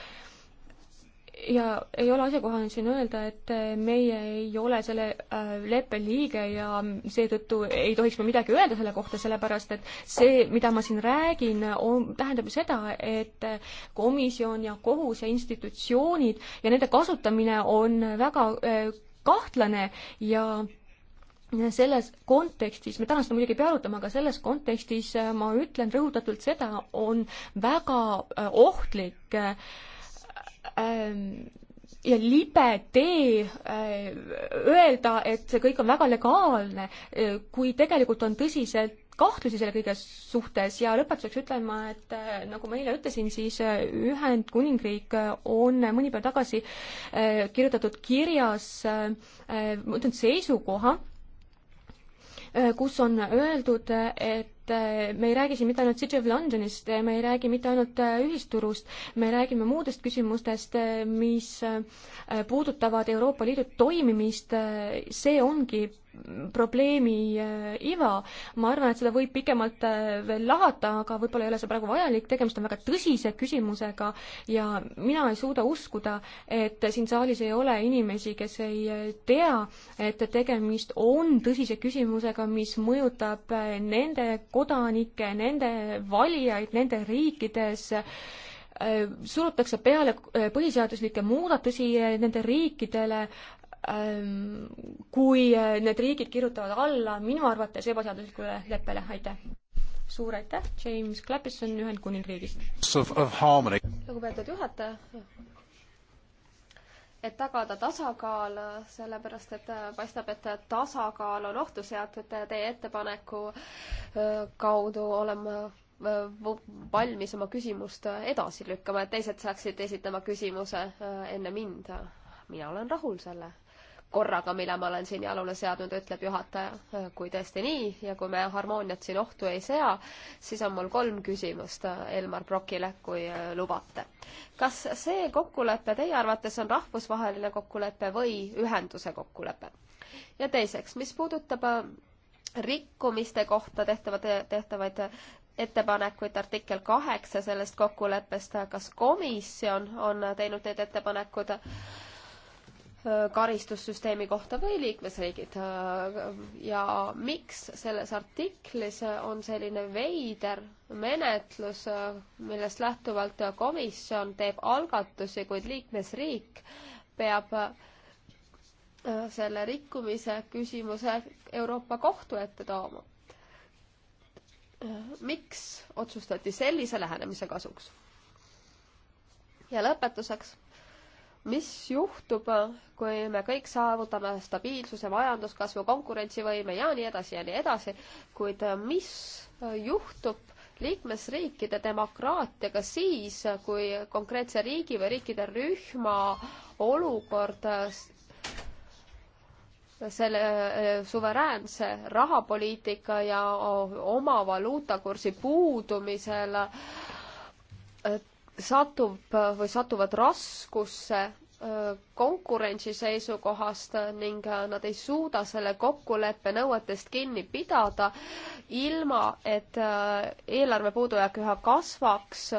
ja ei ole asjakohane siin öelda, et meie ei ole selle äh, leppe liige ja seetõttu ei tohiks me midagi öelda selle kohta, sellepärast et see, mida ma siin räägin, tähendab seda, et komisjon ja kohus ja institutsioonid ja nende kasutamine on väga äh, kahtlane ja selles kontekstis, me täna seda muidugi ei pea arutama, aga selles kontekstis äh, ma ütlen rõhutatult seda, on väga äh, ohtlik äh, ähm, ja libe tee äh, öelda, et see kõik on väga legaalne, äh, kui tegelikult on tõsiselt kahtlusi selle kõige suhtes ja lõpetuseks ütlen ma, et äh, nagu ma eile ütlesin, siis Ühendkuningriik on mõni päev tagasi kirjutatud kirjas, ma ütlen seisukoha, kus on öeldud, et et äh, me ei räägi siin mitte ainult City of Londonist, äh, me ei räägi mitte ainult äh, ühisturust, me räägime muudest küsimustest, mis puudutavad Euroopa Liidu toimimist, see ongi probleemi äh, iva. ma arvan, et seda võib pikemalt äh, veel lahata, aga võib-olla ei ole see praegu vajalik, tegemist on väga tõsise küsimusega ja mina ei suuda uskuda, et siin saalis ei ole inimesi, kes ei äh, tea, et tegemist on tõsise küsimusega, mis mõjutab nende kodanikke, nende valijaid, nende riikides surutakse peale põhiseaduslikke muudatusi nende riikidele, Ehm, kui eh, need riigid kirjutavad alla minu arvates ebaseaduslikule leppele, aitäh. suur aitäh, James Clapison Ühendkuningriigist. lugupeetud juhataja, et tagada tasakaal, sellepärast et eh, paistab, et tasakaal on ohtu seatud teie ettepaneku eh, kaudu olema valmis oma küsimust edasi lükkama, et teised saaksid esitama küsimuse enne mind. mina olen rahul selle korraga, mille ma olen siin jalule seadnud, ütleb juhataja. kui tõesti nii ja kui me harmooniat siin ohtu ei sea, siis on mul kolm küsimust Elmar Brokile, kui lubate. kas see kokkulepe teie arvates on rahvusvaheline kokkulepe või ühenduse kokkulepe? ja teiseks, mis puudutab äh, rikkumiste kohta tehtavad, tehtavaid ettepanekuid artikkel kaheksa sellest kokkuleppest, kas komisjon on teinud need ettepanekud äh, Äh, karistussüsteemi kohta või liikmesriigid. Äh, ja miks selles artiklis on selline veider menetlus, äh, millest lähtuvalt komisjon teeb algatusi, kuid liikmesriik peab selle rikkumise küsimuse Euroopa Kohtu ette tooma. miks otsustati sellise lähenemise kasuks? ja lõpetuseks mis juhtub, kui me kõik saavutame stabiilsuse, majanduskasvu, konkurentsivõime ja nii edasi ja nii edasi, kuid mis juhtub liikmesriikide demokraatiaga siis, kui konkreetse riigi või riikide rühma olukord selle eh, suveräänse rahapoliitika ja oma valuutakursi puudumisel satub või satuvad raskusse konkurentsi seisukohast ning nad ei suuda selle kokkuleppe nõuetest kinni pidada, ilma et eelarve puudujääk üha kasvaks.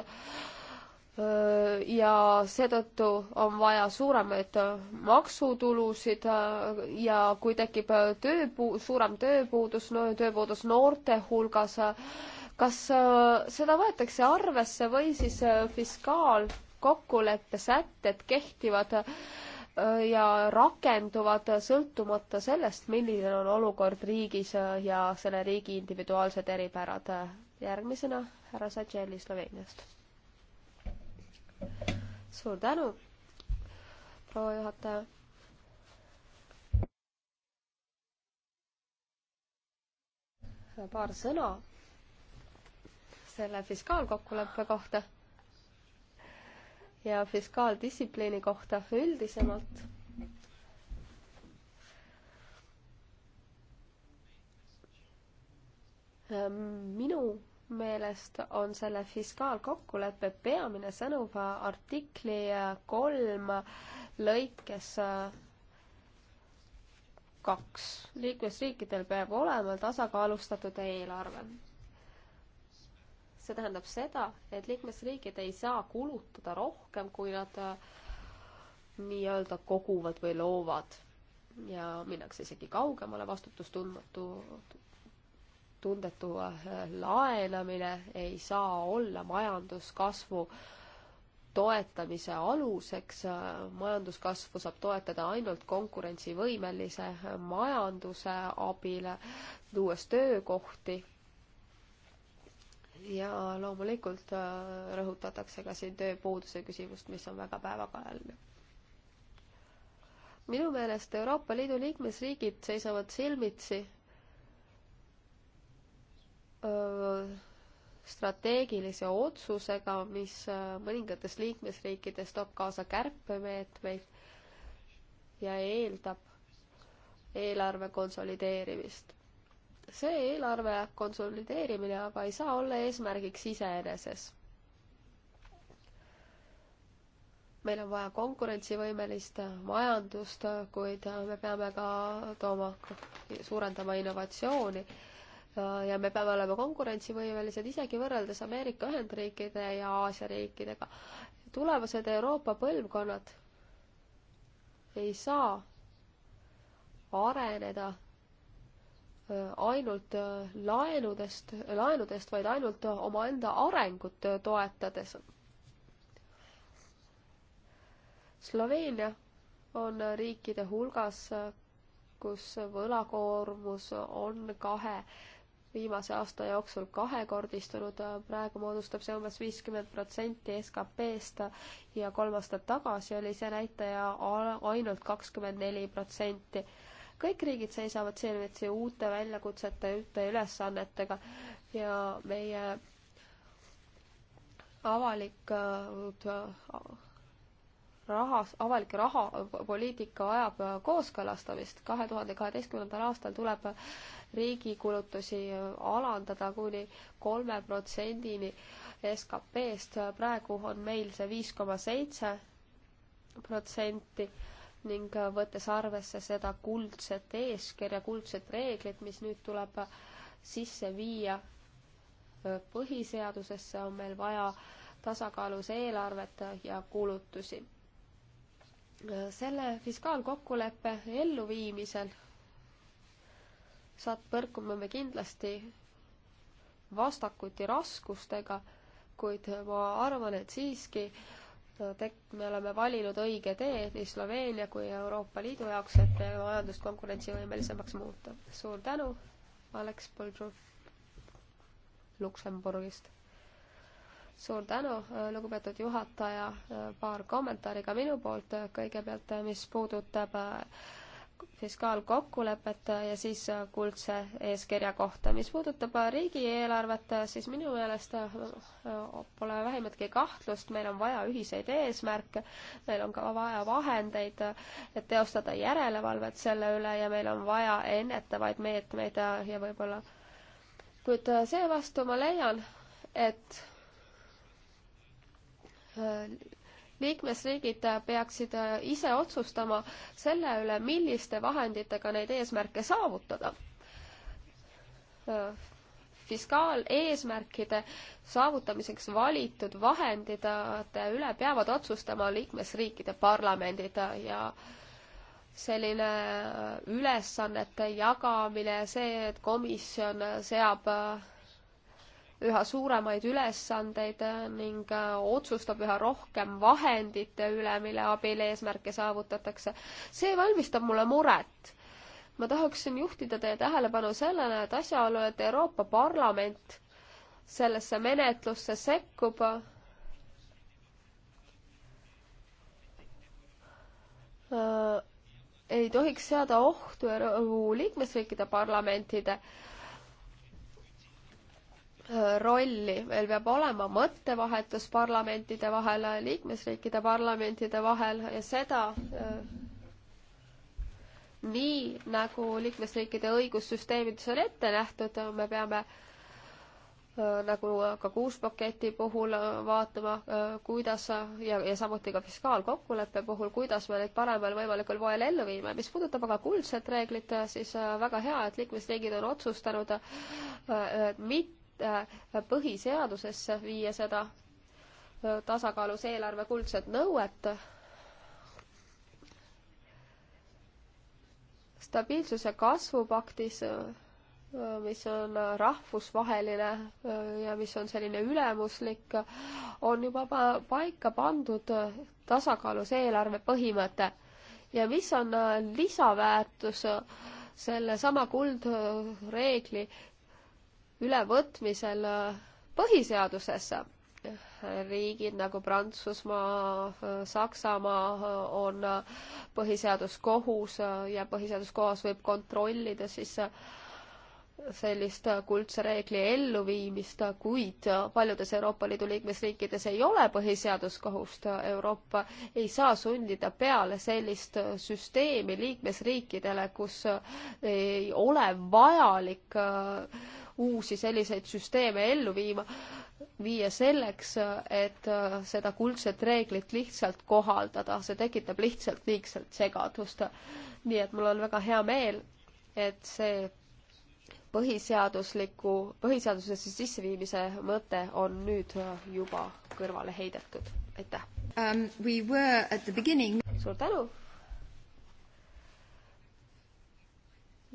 ja seetõttu on vaja suuremaid maksutulusid ja kui tekib tööpuu-, suurem tööpuudus no,, tööpuudus noorte hulgas, kas äh, seda võetakse arvesse või siis äh, fiskaalkokkuleppe sätted kehtivad äh, ja rakenduvad sõltumata sellest, milline on olukord riigis ja selle riigi individuaalsed eripärad. järgmisena härra Sadželi Sloveeniast. suur tänu, proua juhataja paar sõna selle fiskaalkokkuleppe kohta ja fiskaaldistsipliini kohta üldisemalt. Ähm, minu meelest on selle fiskaalkokkuleppe peamine sõnum artikli kolm lõikes äh, kaks. liikmesriikidel peab olema tasakaalustatud eelarve see tähendab seda, et liikmesriigid ei saa kulutada rohkem, kui nad äh, nii-öelda koguvad või loovad. ja minnakse isegi kaugemale, vastutustundmatu, tundetu äh, laenamine ei saa olla majanduskasvu toetamise aluseks, majanduskasvu saab toetada ainult konkurentsivõimelise majanduse abil, luues töökohti ja loomulikult äh, rõhutatakse ka siin tööpuuduse küsimust, mis on väga päevakajaline. minu meelest Euroopa Liidu liikmesriigid seisavad silmitsi äh, strateegilise otsusega, mis äh, mõningates liikmesriikides toob kaasa kärpemeetmeid ja eeldab eelarve konsolideerimist see eelarve konsolideerimine aga ei saa olla eesmärgiks iseeneses. meil on vaja konkurentsivõimelist majandust, kuid me peame ka tooma, suurendama innovatsiooni ja me peame olema konkurentsivõimelised isegi võrreldes Ameerika Ühendriikide ja Aasia riikidega. tulevased Euroopa põlvkonnad ei saa areneda ainult äh, laenudest, laenudest, vaid ainult äh, omaenda arengut äh, toetades. Sloveenia on riikide hulgas, kus võlakoormus on kahe, viimase aasta jooksul kahekordistunud, praegu moodustab see umbes viiskümmend protsenti SKP-st ja kolm aastat tagasi oli see näitaja ainult kakskümmend neli protsenti kõik riigid seisavad silmitsi uute väljakutsete, uute ülesannetega ja meie avalik äh, rahas, avalik raha, poliitika ajab äh, kooskõlastamist. kahe tuhande kaheteistkümnendal aastal tuleb riigi kulutusi äh, alandada kuni kolme protsendini SKP-st, praegu on meil see viis koma seitse protsenti ning võttes arvesse seda kuldset eeskirja, kuldset reeglit, mis nüüd tuleb sisse viia põhiseadusesse, on meil vaja tasakaalus eelarvet ja kulutusi. selle fiskaalkokkuleppe elluviimisel saad põrkuma me kindlasti vastakuti raskustega, kuid ma arvan, et siiski äh, tek-, me oleme valinud õige tee nii Sloveenia kui Euroopa Liidu jaoks, et majandust konkurentsivõimelisemaks muuta. suur tänu, Alex Põldru Luksemburgist. suur tänu, lugupeetud juhataja, paar kommentaari ka minu poolt, kõigepealt mis puudutab äh, fiskaalkokkulepet ja siis kuldse eeskirja kohta. mis puudutab riigieelarvet, siis minu meelest äh, pole vähimatki kahtlust, meil on vaja ühiseid eesmärke, meil on ka vaja vahendeid, et teostada järelevalvet selle üle ja meil on vaja ennetavaid meetmeid ja, ja võib-olla kuid äh, seevastu ma leian, et äh, liikmesriigid peaksid äh, ise otsustama selle üle, milliste vahenditega neid eesmärke saavutada äh, fiskaaleesmärkide saavutamiseks valitud vahendite üle peavad otsustama liikmesriikide parlamendid ja selline äh, ülesannete jagamine, see, et komisjon seab üha suuremaid ülesandeid äh, ning äh, otsustab üha rohkem vahendite üle, mille abil eesmärke saavutatakse. see valmistab mulle muret. ma tahaksin juhtida teie tähelepanu sellele, et asjaolu, et Euroopa Parlament sellesse menetlusse sekkub, äh, ei tohiks seada ohtu liikmesriikide parlamentide äh, rolli veel peab olema mõttevahetus parlamentide vahel, liikmesriikide parlamentide vahel ja seda äh, nii, nagu liikmesriikide õigussüsteemides on ette nähtud, me peame äh, nagu ka kuuspaketi puhul äh, vaatama, kuidas ja, ja samuti ka fiskaalkokkuleppe puhul, kuidas me neid paremal võimalikul moel ellu viime. mis puudutab aga kuldset reeglit, siis väga hea, et liikmesriigid on otsustanud mitte Äh, põhiseadusesse viia seda äh, tasakaalus eelarve kuldset nõuet. stabiilsuse kasvupaktis, äh, mis on rahvusvaheline ja mis on selline ülemuslik, on juba paika pandud tasakaalus eelarve põhimõte ja mis on lisaväärtus sellesama kuldreegli ülevõtmisel äh, põhiseadusesse. riigid nagu Prantsusmaa, äh, Saksamaa äh, on põhiseaduskohus ja põhiseaduskohas võib kontrollida siis sellist kuldse reegli elluviimist, kuid paljudes Euroopa Liidu liikmesriikides ei ole põhiseaduskohust. Euroopa ei saa sundida peale sellist süsteemi liikmesriikidele, kus ei ole vajalik äh, uusi selliseid süsteeme ellu viima, viia selleks, et äh, seda kuldset reeglit lihtsalt kohaldada, see tekitab lihtsalt liigselt segadust. nii et mul on väga hea meel, et see põhiseadusliku, põhiseadusesse sisseviimise mõte on nüüd äh, juba kõrvale heidetud. aitäh um,! We were at the beginning suur tänu!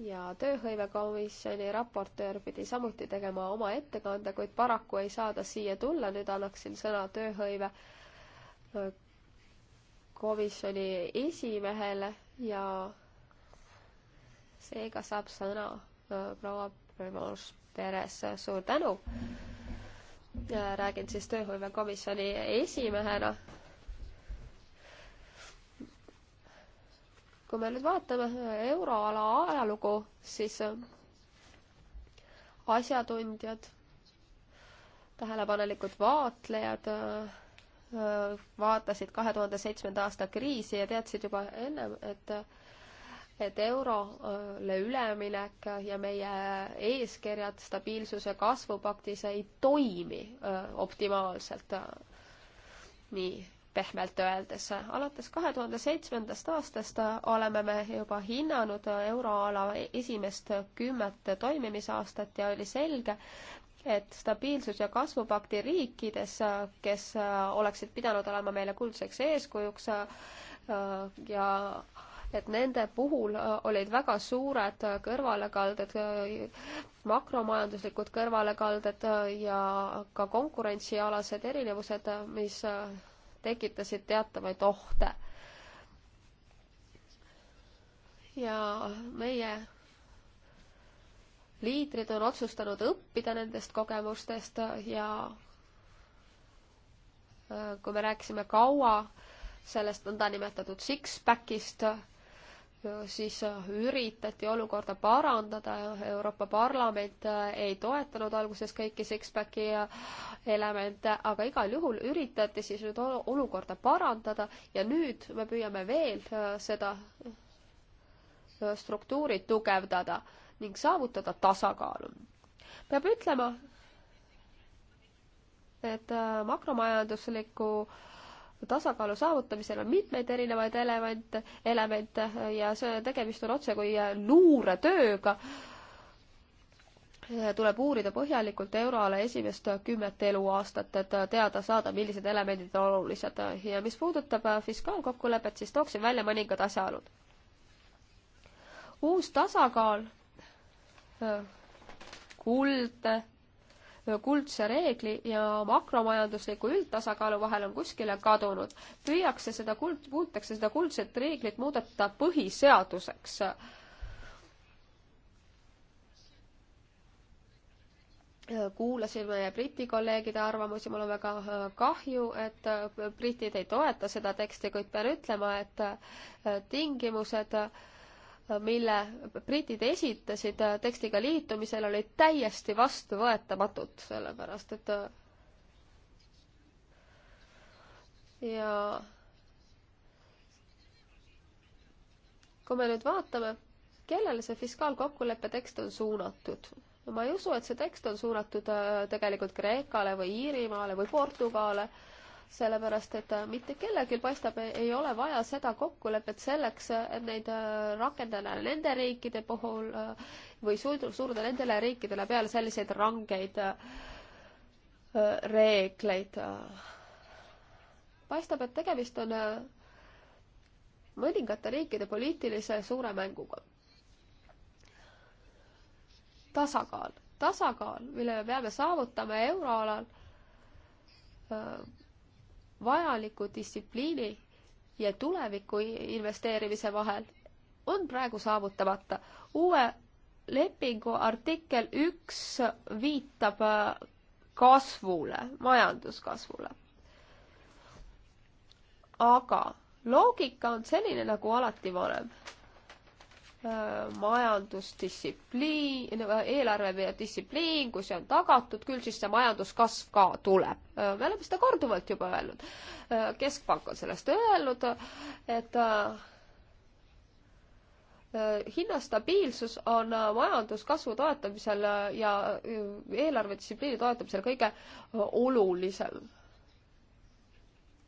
ja tööhõivekomisjoni raportöör pidi samuti tegema oma ettekande, kuid paraku ei saa ta siia tulla, nüüd annaksin sõna tööhõive äh, komisjoni esimehele ja seega saab sõna äh, proua Primož Peres, suur tänu! räägin siis tööhõivekomisjoni esimehena kui me nüüd vaatame euroala ajalugu, siis äh, asjatundjad, tähelepanelikud vaatlejad äh, äh, vaatasid kahe tuhande seitsmenda aasta kriisi ja teadsid juba ennem, et et eurole üleminek ja meie eeskirjad stabiilsuse kasvupaktis ei toimi optimaalselt. nii pehmelt öeldes. alates kahe tuhande seitsmendast aastast oleme me juba hinnanud euroala esimest kümmet toimimisaastat ja oli selge, et stabiilsus- ja kasvupakti riikides, kes oleksid pidanud olema meile kuldseks eeskujuks ja et nende puhul olid väga suured kõrvalekalded, makromajanduslikud kõrvalekalded ja ka konkurentsialased erinevused, mis tekitasid teatavaid ohte. ja meie liidrid on otsustanud õppida nendest kogemustest ja äh, kui me rääkisime kaua sellest nõndanimetatud six-pack'ist, siis äh, üritati olukorda parandada, Euroopa Parlament äh, ei toetanud alguses kõiki six-packi äh, elemente, aga igal juhul üritati siis nüüd olukorda parandada ja nüüd me püüame veel seda struktuuri tugevdada ning saavutada tasakaalu. peab ütlema, et makromajandusliku äh, tasakaalu saavutamisel on mitmeid erinevaid elemente, elemente ja see tegemist on otse kui luuretööga. tuleb uurida põhjalikult euroala esimest kümmet eluaastat, et teada saada, millised elemendid on olulised ja mis puudutab fiskaalkokkulepet, siis tooksin välja mõningad asjaolud. uus tasakaal, kuld kuldse reegli ja makromajandusliku üldtasakaalu vahel on kuskile kadunud. püüakse seda kuld, puutakse seda kuldset reeglit muudeta põhiseaduseks. kuulasime Briti kolleegide arvamusi, mul on väga äh, kahju, et äh, britid ei toeta seda teksti, kuid pean ütlema, et äh, tingimused äh, mille britid esitasid tekstiga liitumisel, olid täiesti vastuvõetamatud, sellepärast et ja kui me nüüd vaatame, kellele see fiskaalkokkuleppe tekst on suunatud, ma ei usu, et see tekst on suunatud äh, tegelikult Kreekale või Iirimaale või Portugale äh,, sellepärast et äh, mitte kellelgi paistab, ei ole vaja seda kokkulepet selleks, et neid äh, rakendada nende riikide puhul äh, või suruda nendele riikidele peale selliseid rangeid reegleid. paistab, et tegemist on mõningate riikide poliitilise suure mänguga. tasakaal, tasakaal, mille me peame saavutama euroalal vajaliku distsipliini ja tuleviku investeerimise vahel on praegu saavutamata. uue lepingu artikkel üks viitab äh, kasvule, majanduskasvule. aga loogika on selline nagu alati varem. Äh, majandusdistsipliin, äh, eelarvedistsipliin, kui see on tagatud, küll siis see majanduskasv ka tuleb. Äh, me oleme seda korduvalt juba öelnud. keskpank on sellest öelnud, et hinnastabiilsus on majanduskasvu toetamisel ja eelarvedistsipliini toetamisel kõige olulisem.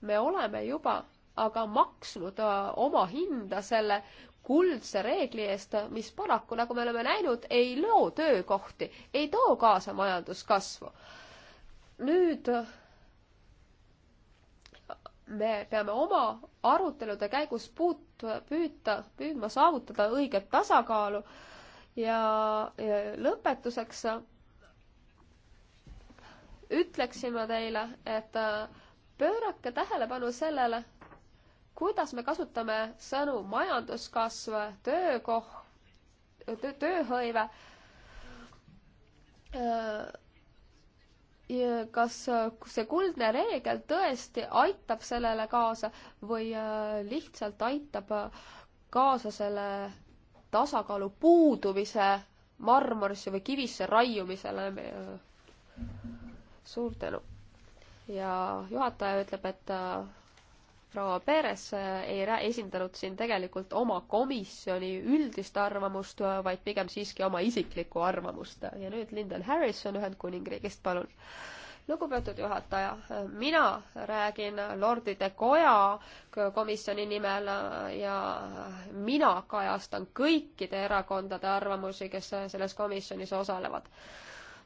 me oleme juba aga maksnud oma hinda selle kuldse reegli eest, mis paraku, nagu me oleme näinud, ei loo töökohti, ei too kaasa majanduskasvu. nüüd me peame oma arutelude käigus puut-, püüta, püüdma saavutada õiget tasakaalu ja, ja lõpetuseks ütleksin ma teile, et pöörake tähelepanu sellele, kuidas me kasutame sõnu majanduskasv, töökoht, tööhõive, äh, kas see kuldne reegel tõesti aitab sellele kaasa või äh, lihtsalt aitab äh, kaasa selle tasakaalu puudumise marmorisse või kivisse raiumisele. suur tänu. ja juhataja ütleb, et proua Peres äh, ei esindanud siin tegelikult oma komisjoni üldist arvamust, äh, vaid pigem siiski oma isiklikku arvamust. ja nüüd Lyndon Harrison Ühendkuningriigist, palun. lugupeetud juhataja, äh, mina räägin Lordide Koja komisjoni nimel ja mina kajastan kõikide erakondade arvamusi, kes selles komisjonis osalevad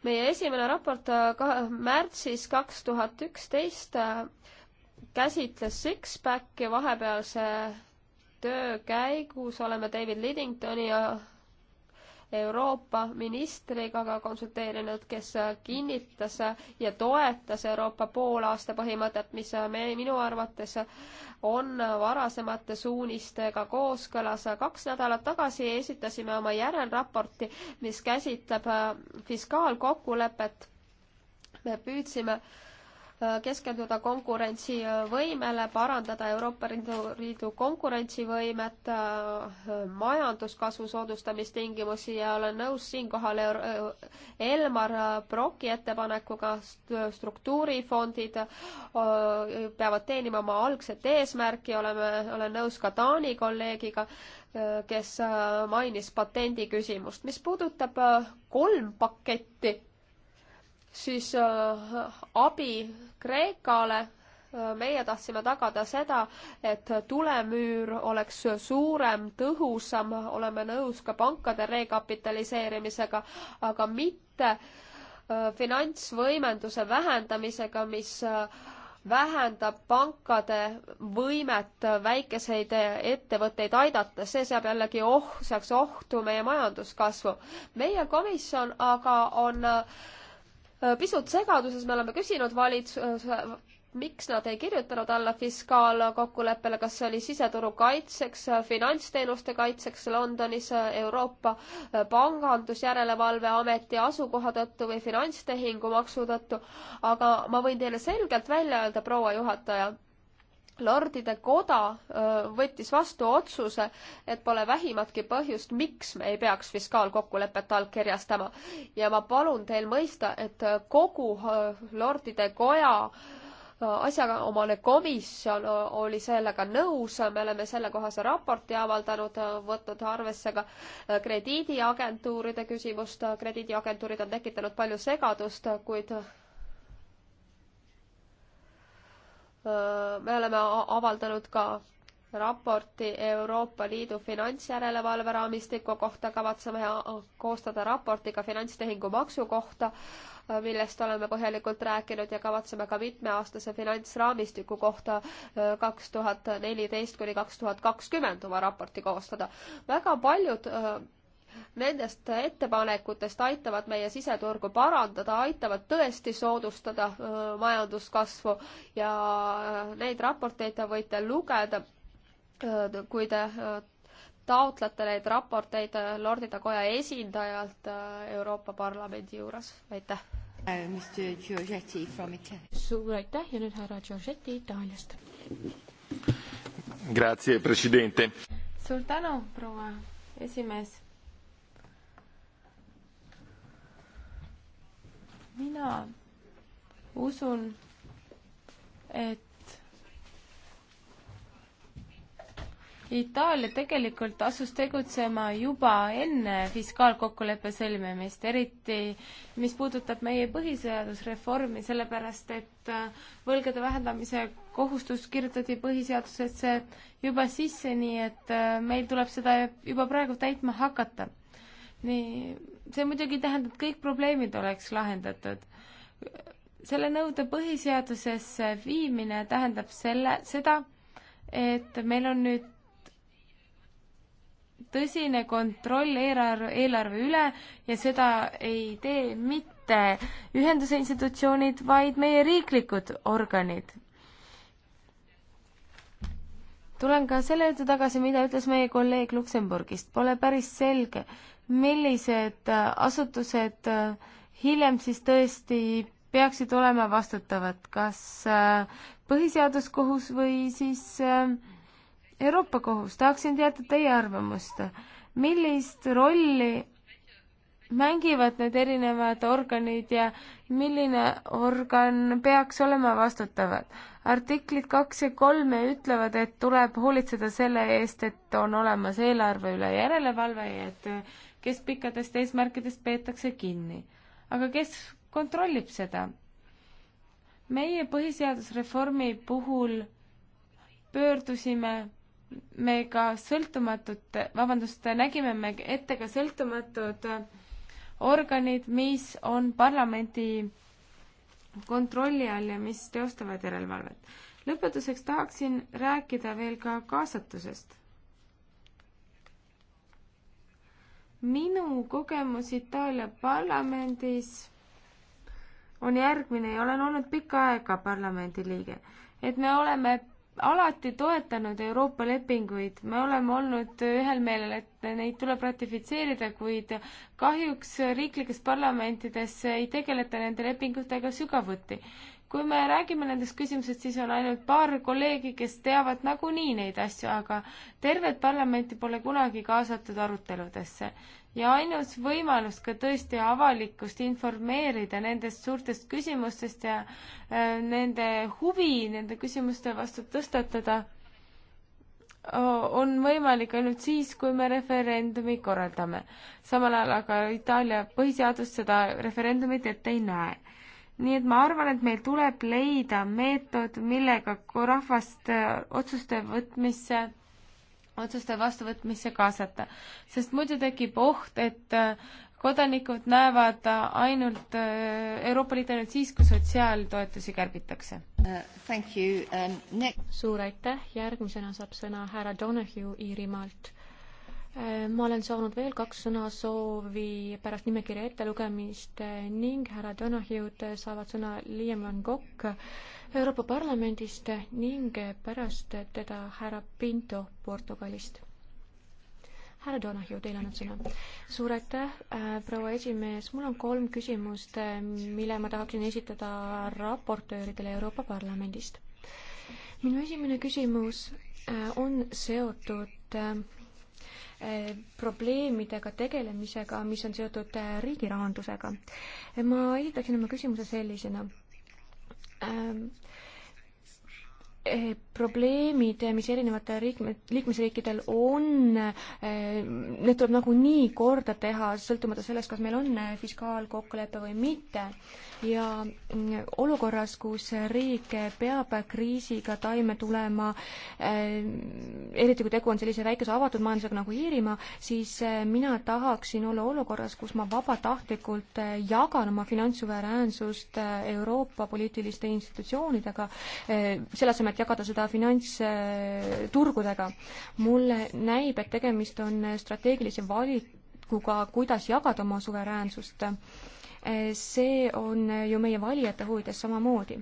meie esimene raport ka märtsis kaks tuhat üksteist käsitles Sixpacki vahepealse töö käigus oleme David Lidingtoni ja Euroopa ministriga ka konsulteerinud, kes kinnitas ja toetas Euroopa poolaasta põhimõtet, mis me, minu arvates on varasemate suunistega kooskõlas. kaks nädalat tagasi esitasime oma järelraporti, mis käsitleb fiskaalkokkulepet. me püüdsime äh, keskenduda konkurentsivõimele, parandada Euroopa Liidu konkurentsivõimet, äh, majanduskasvu soodustamistingimusi ja olen nõus siinkohal äh, Elmar Broki ettepanekuga, struktuurifondid äh, peavad teenima oma algset eesmärki, oleme, olen nõus ka Taani kolleegiga, kes mainis patendi küsimust. mis puudutab kolm paketti, siis äh, abi Kreekale äh, meie tahtsime tagada seda, et tulemüür oleks suurem, tõhusam, oleme nõus ka pankade rekapitaliseerimisega, aga mitte äh, finantsvõimenduse vähendamisega, mis vähendab pankade võimet väikeseid ettevõtteid aidata, see seab jällegi oh, seaks ohtu meie majanduskasvu. meie komisjon aga on äh, Äh, pisut segaduses, me oleme küsinud valitsuse, äh, miks nad ei kirjutanud alla fiskaalkokkuleppele, kas see oli siseturu kaitseks, äh, finantsteenuste kaitseks Londonis Euroopa Pangandusjärelevalve Ameti asukoha tõttu või finantstehingumaksu tõttu, aga ma võin teile selgelt välja öelda, proua juhataja, lordide koda võttis vastu otsuse, et pole vähimatki põhjust, miks me ei peaks fiskaalkokkulepet allkirjastama. ja ma palun teil mõista, et kogu lordide koja asjaomane komisjon oli sellega nõus, me oleme sellekohase raporti avaldanud, võtnud arvesse ka krediidiagentuuride küsimust, krediidiagentuurid on tekitanud palju segadust, kuid me oleme avaldanud ka raporti Euroopa Liidu finantsjärelevalve raamistiku kohta, kavatseme koostada raporti ka finantstehingu maksu kohta, millest oleme põhjalikult rääkinud ja kavatseme ka mitmeaastase finantsraamistiku kohta kaks tuhat neliteist kuni kaks tuhat kakskümmend oma raporti koostada. väga paljud nendest ettepanekutest aitavad meie siseturgu parandada, aitavad tõesti soodustada majanduskasvu ja neid raporteid te võite lugeda, kui te taotlete neid raporteid Lordide Koja esindajalt Euroopa Parlamendi juures, aitäh! Oh, suur aitäh ja nüüd härra Giorgetti Itaaliast. Grazie, president! suur tänu, proua esimees mina usun, et Itaalia tegelikult asus tegutsema juba enne fiskaalkokkuleppe sõlmimist, eriti mis puudutab meie põhiseadusreformi, sellepärast et äh, võlgade vähendamise kohustus kirjutati põhiseadusesse juba sisse, nii et äh, meil tuleb seda juba praegu täitma hakata nii, see muidugi tähendab, et kõik probleemid oleks lahendatud. selle nõude põhiseadusesse viimine tähendab selle, seda, et meil on nüüd tõsine kontroll eelarve, eelarve üle ja seda ei tee mitte ühenduse institutsioonid, vaid meie riiklikud organid. tulen ka selle juurde tagasi, mida ütles meie kolleeg Luksemburgist, pole päris selge, millised äh, asutused äh, hiljem siis tõesti peaksid olema vastutavad, kas äh, põhiseaduskohus või siis Euroopa kohus, tahaksin teada teie arvamust, millist rolli mängivad need erinevad organid ja milline organ peaks olema vastutavad. artiklid kaks ja kolm ütlevad, et tuleb hoolitseda selle eest, et on olemas eelarve üle järelevalve ja et kes pikkadest eesmärkidest peetakse kinni. aga kes kontrollib seda? meie põhiseadusreformi puhul pöördusime me ka sõltumatute, vabandust, nägime me ette ka sõltumatud organid, mis on parlamendi kontrolli all ja mis teostavad järelevalvet. lõpetuseks tahaksin rääkida veel ka kaasatusest minu kogemus Itaalia parlamendis on järgmine ja olen olnud pikka aega parlamendi liige, et me oleme alati toetanud Euroopa lepinguid, me oleme olnud ühel meelel, et neid tuleb ratifitseerida, kuid kahjuks riiklikes parlamentides ei tegeleta nende lepingutega sügavuti kui me räägime nendest küsimustest, siis on ainult paar kolleegi, kes teavad nagunii neid asju, aga tervet parlamenti pole kunagi kaasatud aruteludesse. ja ainus võimalus ka tõesti avalikkust informeerida nendest suurtest küsimustest ja äh, nende huvi nende küsimuste vastu tõstatada, on võimalik ainult siis, kui me referendumi korraldame. samal ajal aga Itaalia põhiseadus seda referendumit ette ei näe nii et ma arvan, et meil tuleb leida meetod, millega rahvast äh, otsuste võtmisse, otsuste vastuvõtmisse kaasata, sest muidu tekib oht, et äh, kodanikud näevad äh, ainult Euroopa Liitu ainult siis, kui sotsiaaltoetusi kärbitakse uh,. Um, suur aitäh, järgmisena saab sõna härra Donahue Iirimaalt Äh, ma olen saanud veel kaks sõnasoovi pärast nimekirja ettelugemist äh, ning härra Donahjud äh, saavad sõna Liam Van Gogh Euroopa Parlamendist ning pärast teda härra Pinto Portugalist. härra Donahju, teil on nüüd sõna. suur aitäh, proua esimees, mul on kolm küsimust, mille ma tahaksin esitada raportööridele Euroopa Parlamendist. minu esimene küsimus on seotud Eh, probleemidega tegelemisega, mis on seotud eh, riigi rahandusega. ma esitaksin oma küsimuse sellisena ähm, eh, probleemid, mis erinevatel riikme, liikmesriikidel on, need tuleb nagunii korda teha, sõltumata sellest, kas meil on fiskaalkokkulepe või mitte ja mm, olukorras, kus riik peab kriisiga taime tulema, eh, eriti kui tegu on sellise väikese avatud majandusega nagu Iirimaa, siis eh, mina tahaksin olla olukorras, kus ma vabatahtlikult eh, jagan oma finantssuveräänsust Euroopa poliitiliste institutsioonidega, selle asemel, et jagada seda finantsturgudega. mulle näib, et tegemist on strateegilise valikuga, kuidas jagada oma suveräänsust see on ju meie valijate huvides samamoodi.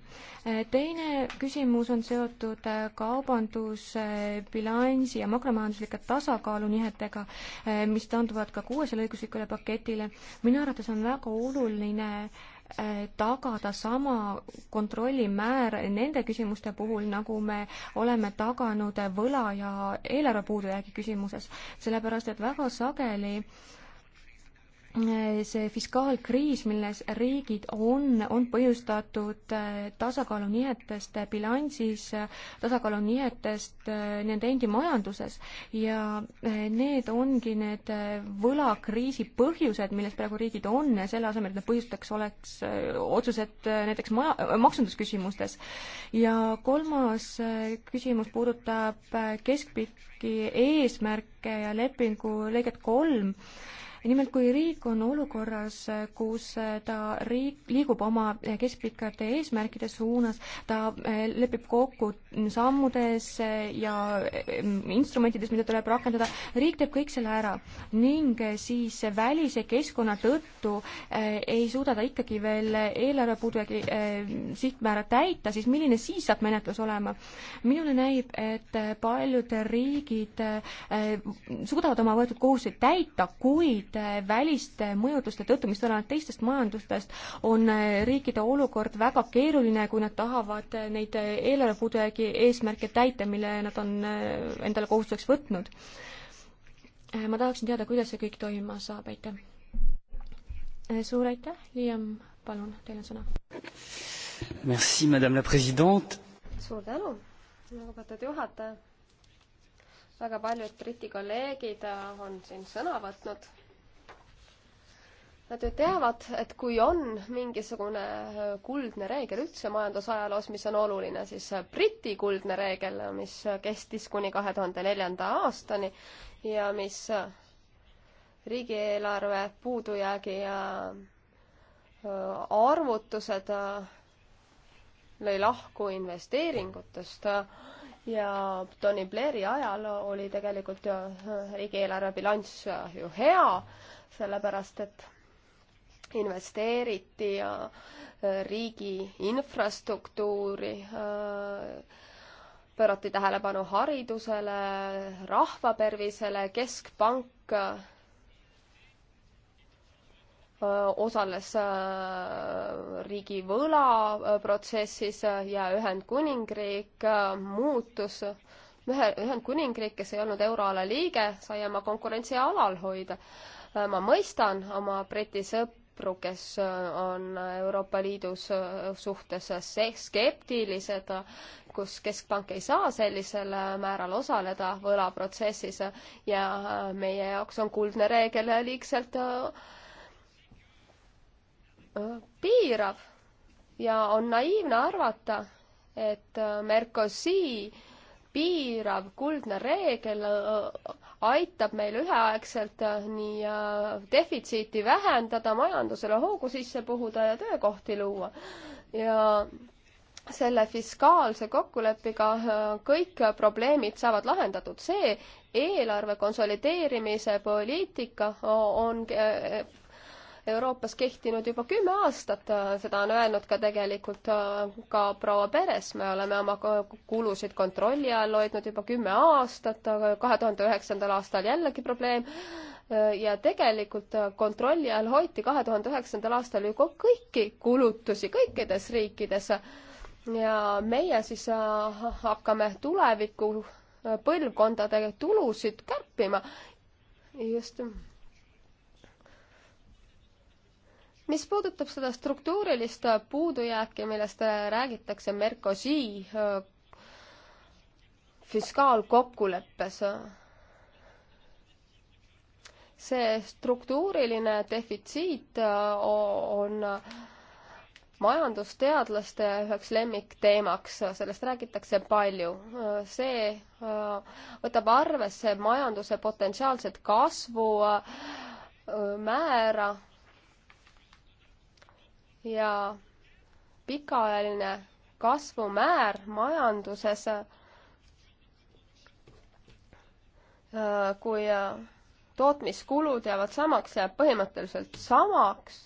teine küsimus on seotud kaubandusbilansi ja makromajanduslike tasakaalunihetega, mis taanduvad ka kuuesele õiguslikule paketile. minu arvates on väga oluline äh, tagada sama kontrollimäär nende küsimuste puhul, nagu me oleme taganud võla ja eelarve puudujäägi küsimuses, sellepärast et väga sageli äh, see fiskaalkriis, milles riigid on, on põhjustatud äh, tasakaaluniietest bilansis, tasakaaluniietest äh, nende endi majanduses ja äh, need ongi need võlakriisi põhjused, milles praegu riigid on, selle asemel, et need põhjusteks oleks otsused näiteks maja, maksundusküsimustes. ja kolmas küsimus puudutab keskpikki eesmärke ja lepingu lõiget kolm nimelt, kui riik on olukorras, kus ta riik, liigub oma keskpikkade eesmärkide suunas, ta eh, lepib kokku sammudes ja mm, instrumentides, mida tuleb rakendada, riik teeb kõik selle ära ning siis välise keskkonna tõttu eh, ei suuda ta ikkagi veel eelarve puudujäägi eh, sihtmäära täita, siis milline siis saab menetlus olema? minule näib, et paljud riigid suudavad oma võetud kohustusi täita, kuid nende äh, väliste mõjutuste tõttu, mis tulenevad teistest majandustest, on äh, riikide olukord väga keeruline, kui nad tahavad äh, neid eelarve puudujäägi eesmärke täita, mille nad on endale kohustuseks võtnud. ma tahaksin teada, kuidas see kõik toimuma saab, aitäh. suur aitäh, Liam, palun, teil on sõna. Merci, madame la présidente. suur tänu, lugupeetud juhataja väga paljud Briti kolleegid on siin sõna võtnud Nad ju teavad, et kui on mingisugune äh, kuldne reegel üldse majandusajaloos, mis on oluline, siis äh, Briti kuldne reegel, mis äh, kestis kuni kahe tuhande neljanda aastani ja mis riigieelarve puudujäägi arvutused lõi lahku investeeringutest ja Tony Blairi ajal oli tegelikult ju riigieelarve bilanss ju hea, sellepärast et investeeriti äh, riigi infrastruktuuri, äh, pöörati tähelepanu haridusele, rahvatervisele, keskpank äh, osales riigi võlaprotsessis ja Ühendkuningriik muutus ühe, Ühendkuningriik, kes ei olnud euroala liige, sai oma konkurentsi alal hoida. ma mõistan oma Briti sõp-, sõpru, kes äh, on Euroopa Liidu äh, suhtes skeptilised, kus keskpank ei saa sellisel äh, määral osaleda võlaprotsessis ja meie jaoks on kuldne reegel liigselt piirav ja on naiivne arvata, et Mercosi piirav kuldne reegel äh, aitab meil üheaegselt äh, nii äh, defitsiiti vähendada, majandusele hoogu sisse puhuda ja töökohti luua. ja selle fiskaalse kokkuleppega kõik probleemid saavad lahendatud. see eelarve konsolideerimise poliitika on Euroopas kehtinud juba kümme aastat, äh, seda on öelnud ka tegelikult äh, ka proua Peres, me oleme oma kulusid kontrolli all hoidnud juba kümme aastat, kahe tuhande üheksandal aastal jällegi probleem, äh, ja tegelikult kontrolli all hoiti kahe tuhande üheksandal aastal ju kõiki kulutusi kõikides riikides ja meie siis hakkame tuleviku põlvkondade tulusid kärpima just mis puudutab seda struktuurilist puudujääki, millest räägitakse Mercosi äh, fiskaalkokkuleppes, see struktuuriline defitsiit äh, on majandusteadlaste üheks lemmikteemaks, sellest räägitakse palju. see äh, võtab arvesse majanduse potentsiaalset kasvu määra ja pikaajaline kasvumäär majanduses, äh, kui äh, tootmiskulud jäävad samaks, jääb põhimõtteliselt samaks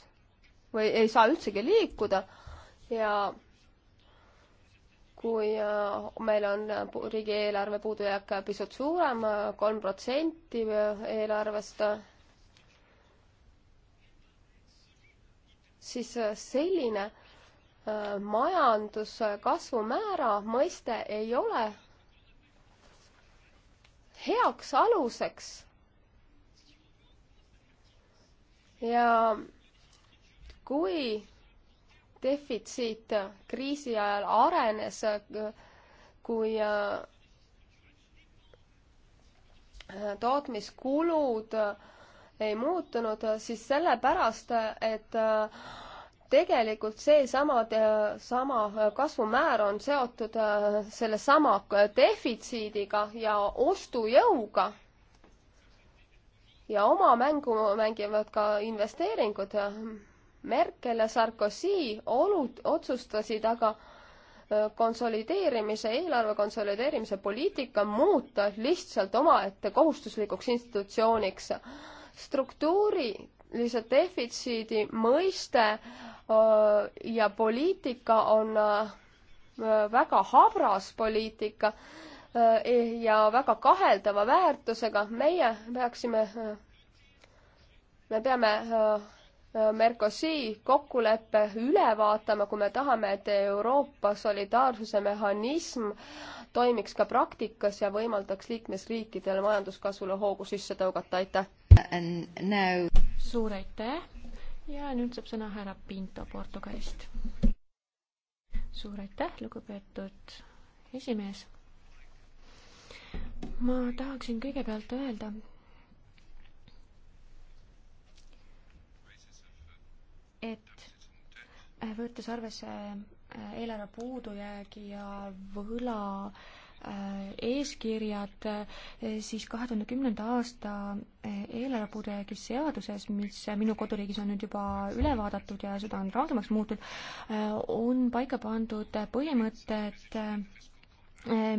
või ei saa üldsegi liikuda ja kui äh, meil on riigieelarve puudujääk pisut suurem, kolm protsenti eelarvest, siis äh, selline äh, majanduskasvu määra mõiste ei ole heaks aluseks. ja kui defitsiit kriisi ajal arenes, kui äh, tootmiskulud äh, ei muutunud, siis sellepärast, et äh, tegelikult seesama, äh, sama kasvumäär on seotud äh, sellesama defitsiidiga ja ostujõuga. ja oma mängu mängivad ka investeeringud. Merkel ja Sarkozy olud, otsustasid aga konsolideerimise, eelarve konsolideerimise poliitika muuta lihtsalt omaette kohustuslikuks institutsiooniks struktuurilise defitsiidi mõiste ja poliitika on väga habras poliitika ja väga kaheldava väärtusega. meie peaksime, me peame Mercosi kokkuleppe üle vaatama, kui me tahame, et Euroopa solidaarsuse mehhanism toimiks ka praktikas ja võimaldaks liikmesriikidel majanduskasvule hoogu sisse tõugata. aitäh! and now... suur aitäh ja nüüd saab sõna härra Pinto Portugalist. suur aitäh, lugupeetud esimees. ma tahaksin kõigepealt öelda, et võttes arvesse eelarve puudujäägi ja võla äh, Äh, eeskirjad äh, siis kahe tuhande kümnenda aasta äh, eelarvepuudujäägi seaduses, mis minu koduriigis on nüüd juba üle vaadatud ja seda on raadamaks muutud, on paika pandud põhimõtted,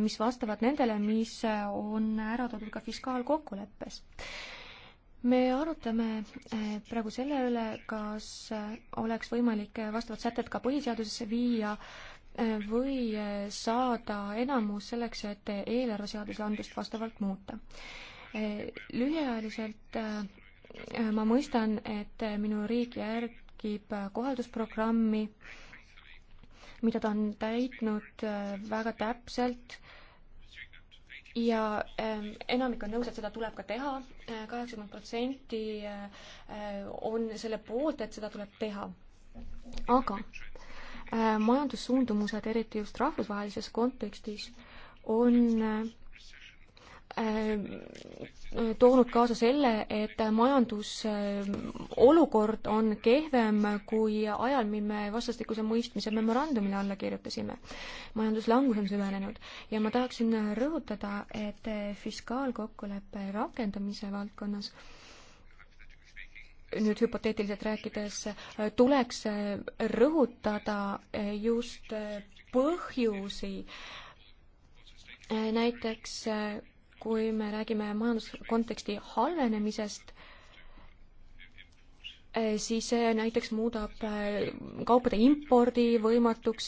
mis vastavad nendele, mis on ära toodud ka fiskaalkokkuleppes me arutame praegu selle üle, kas oleks võimalik vastavad sätted ka põhiseadusesse viia äh, või äh, saada enamus selleks, et eelarveseadusandlust vastavalt muuta. Äh, lühiajaliselt äh, ma mõistan, et minu riik järgib kohaldusprogrammi, mida ta on täitnud väga täpselt ja ähm, enamik on nõus, et seda tuleb ka teha, kaheksakümmend protsenti on selle poolt, et seda tuleb teha. aga Äh, majandussuundumused, eriti just rahvusvahelises kontekstis, on äh, äh, toonud kaasa selle, et majandusolukord on kehvem kui ajal, mil me vastastikuse mõistmise memorandumile alla kirjutasime. majanduslangus on süvenenud ja ma tahaksin rõhutada, et fiskaalkokkuleppe rakendamise valdkonnas äh, nüüd hüpoteetiliselt rääkides, tuleks rõhutada just põhjusi. näiteks kui me räägime majanduskonteksti halvenemisest, Eh, siis see eh, näiteks muudab eh, kaupade impordi võimatuks,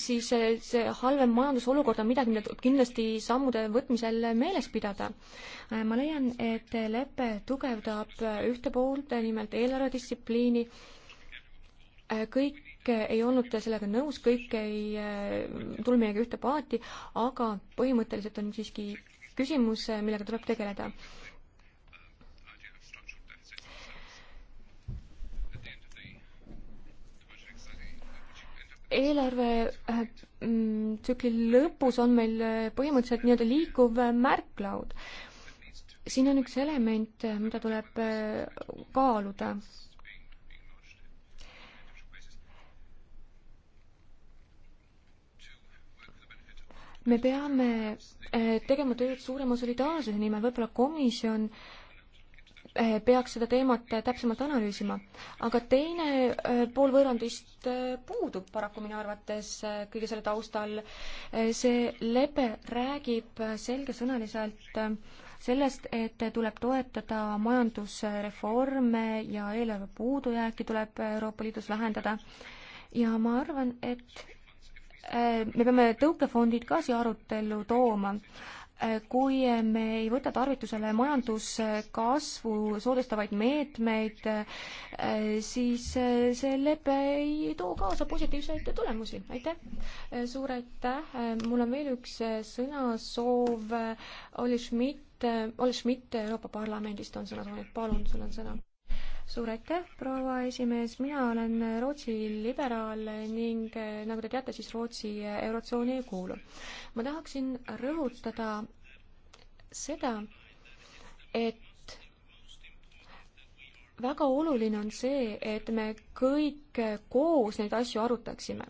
siis see halvem majandusolukord on midagi, mida tuleb kindlasti sammude võtmisel meeles pidada. ma leian, et lepe tugevdab ühte poolt, nimelt eelarvedistsipliini, kõik kõik ei olnud sellega nõus, kõik ei tulnud meiega ühte paati, aga põhimõtteliselt on siiski küsimus, millega tuleb tegeleda eelarvetsükli äh, mm, lõpus on meil äh, põhimõtteliselt nii-öelda liikuv äh, märklaud. siin on üks element, mida tuleb kaaluda me peame tegema tööd suurema solidaarsuse nimel, võib-olla komisjon äh, Eh, peaks seda teemat täpsemalt analüüsima. aga teine eh, pool võõrandist eh, puudub paraku minu arvates kõige selle taustal. see lepe räägib selgesõnaliselt sellest, et tuleb toetada majandusreforme ja eelarve puudujääki tuleb Euroopa Liidus vähendada. ja ma arvan, et me peame tõukefondid ka siia arutellu tooma Äh, kui me ei võta tarvitusele majanduskasvu soodustavaid meetmeid, äh, siis äh, see lepe ei too kaasa positiivseid tulemusi. aitäh! suur aitäh! mul on veel üks sõnasoov, Olli Schmidt, Olli Schmidt Euroopa Parlamendist on sõna soovinud, palun, sul on sõna suur aitäh, proua esimees, mina olen Rootsi liberaal ning eh, nagu te teate, siis Rootsi Eurotsooni ei kuulu. ma tahaksin rõhutada seda, et väga oluline on see, et me kõik koos neid asju arutaksime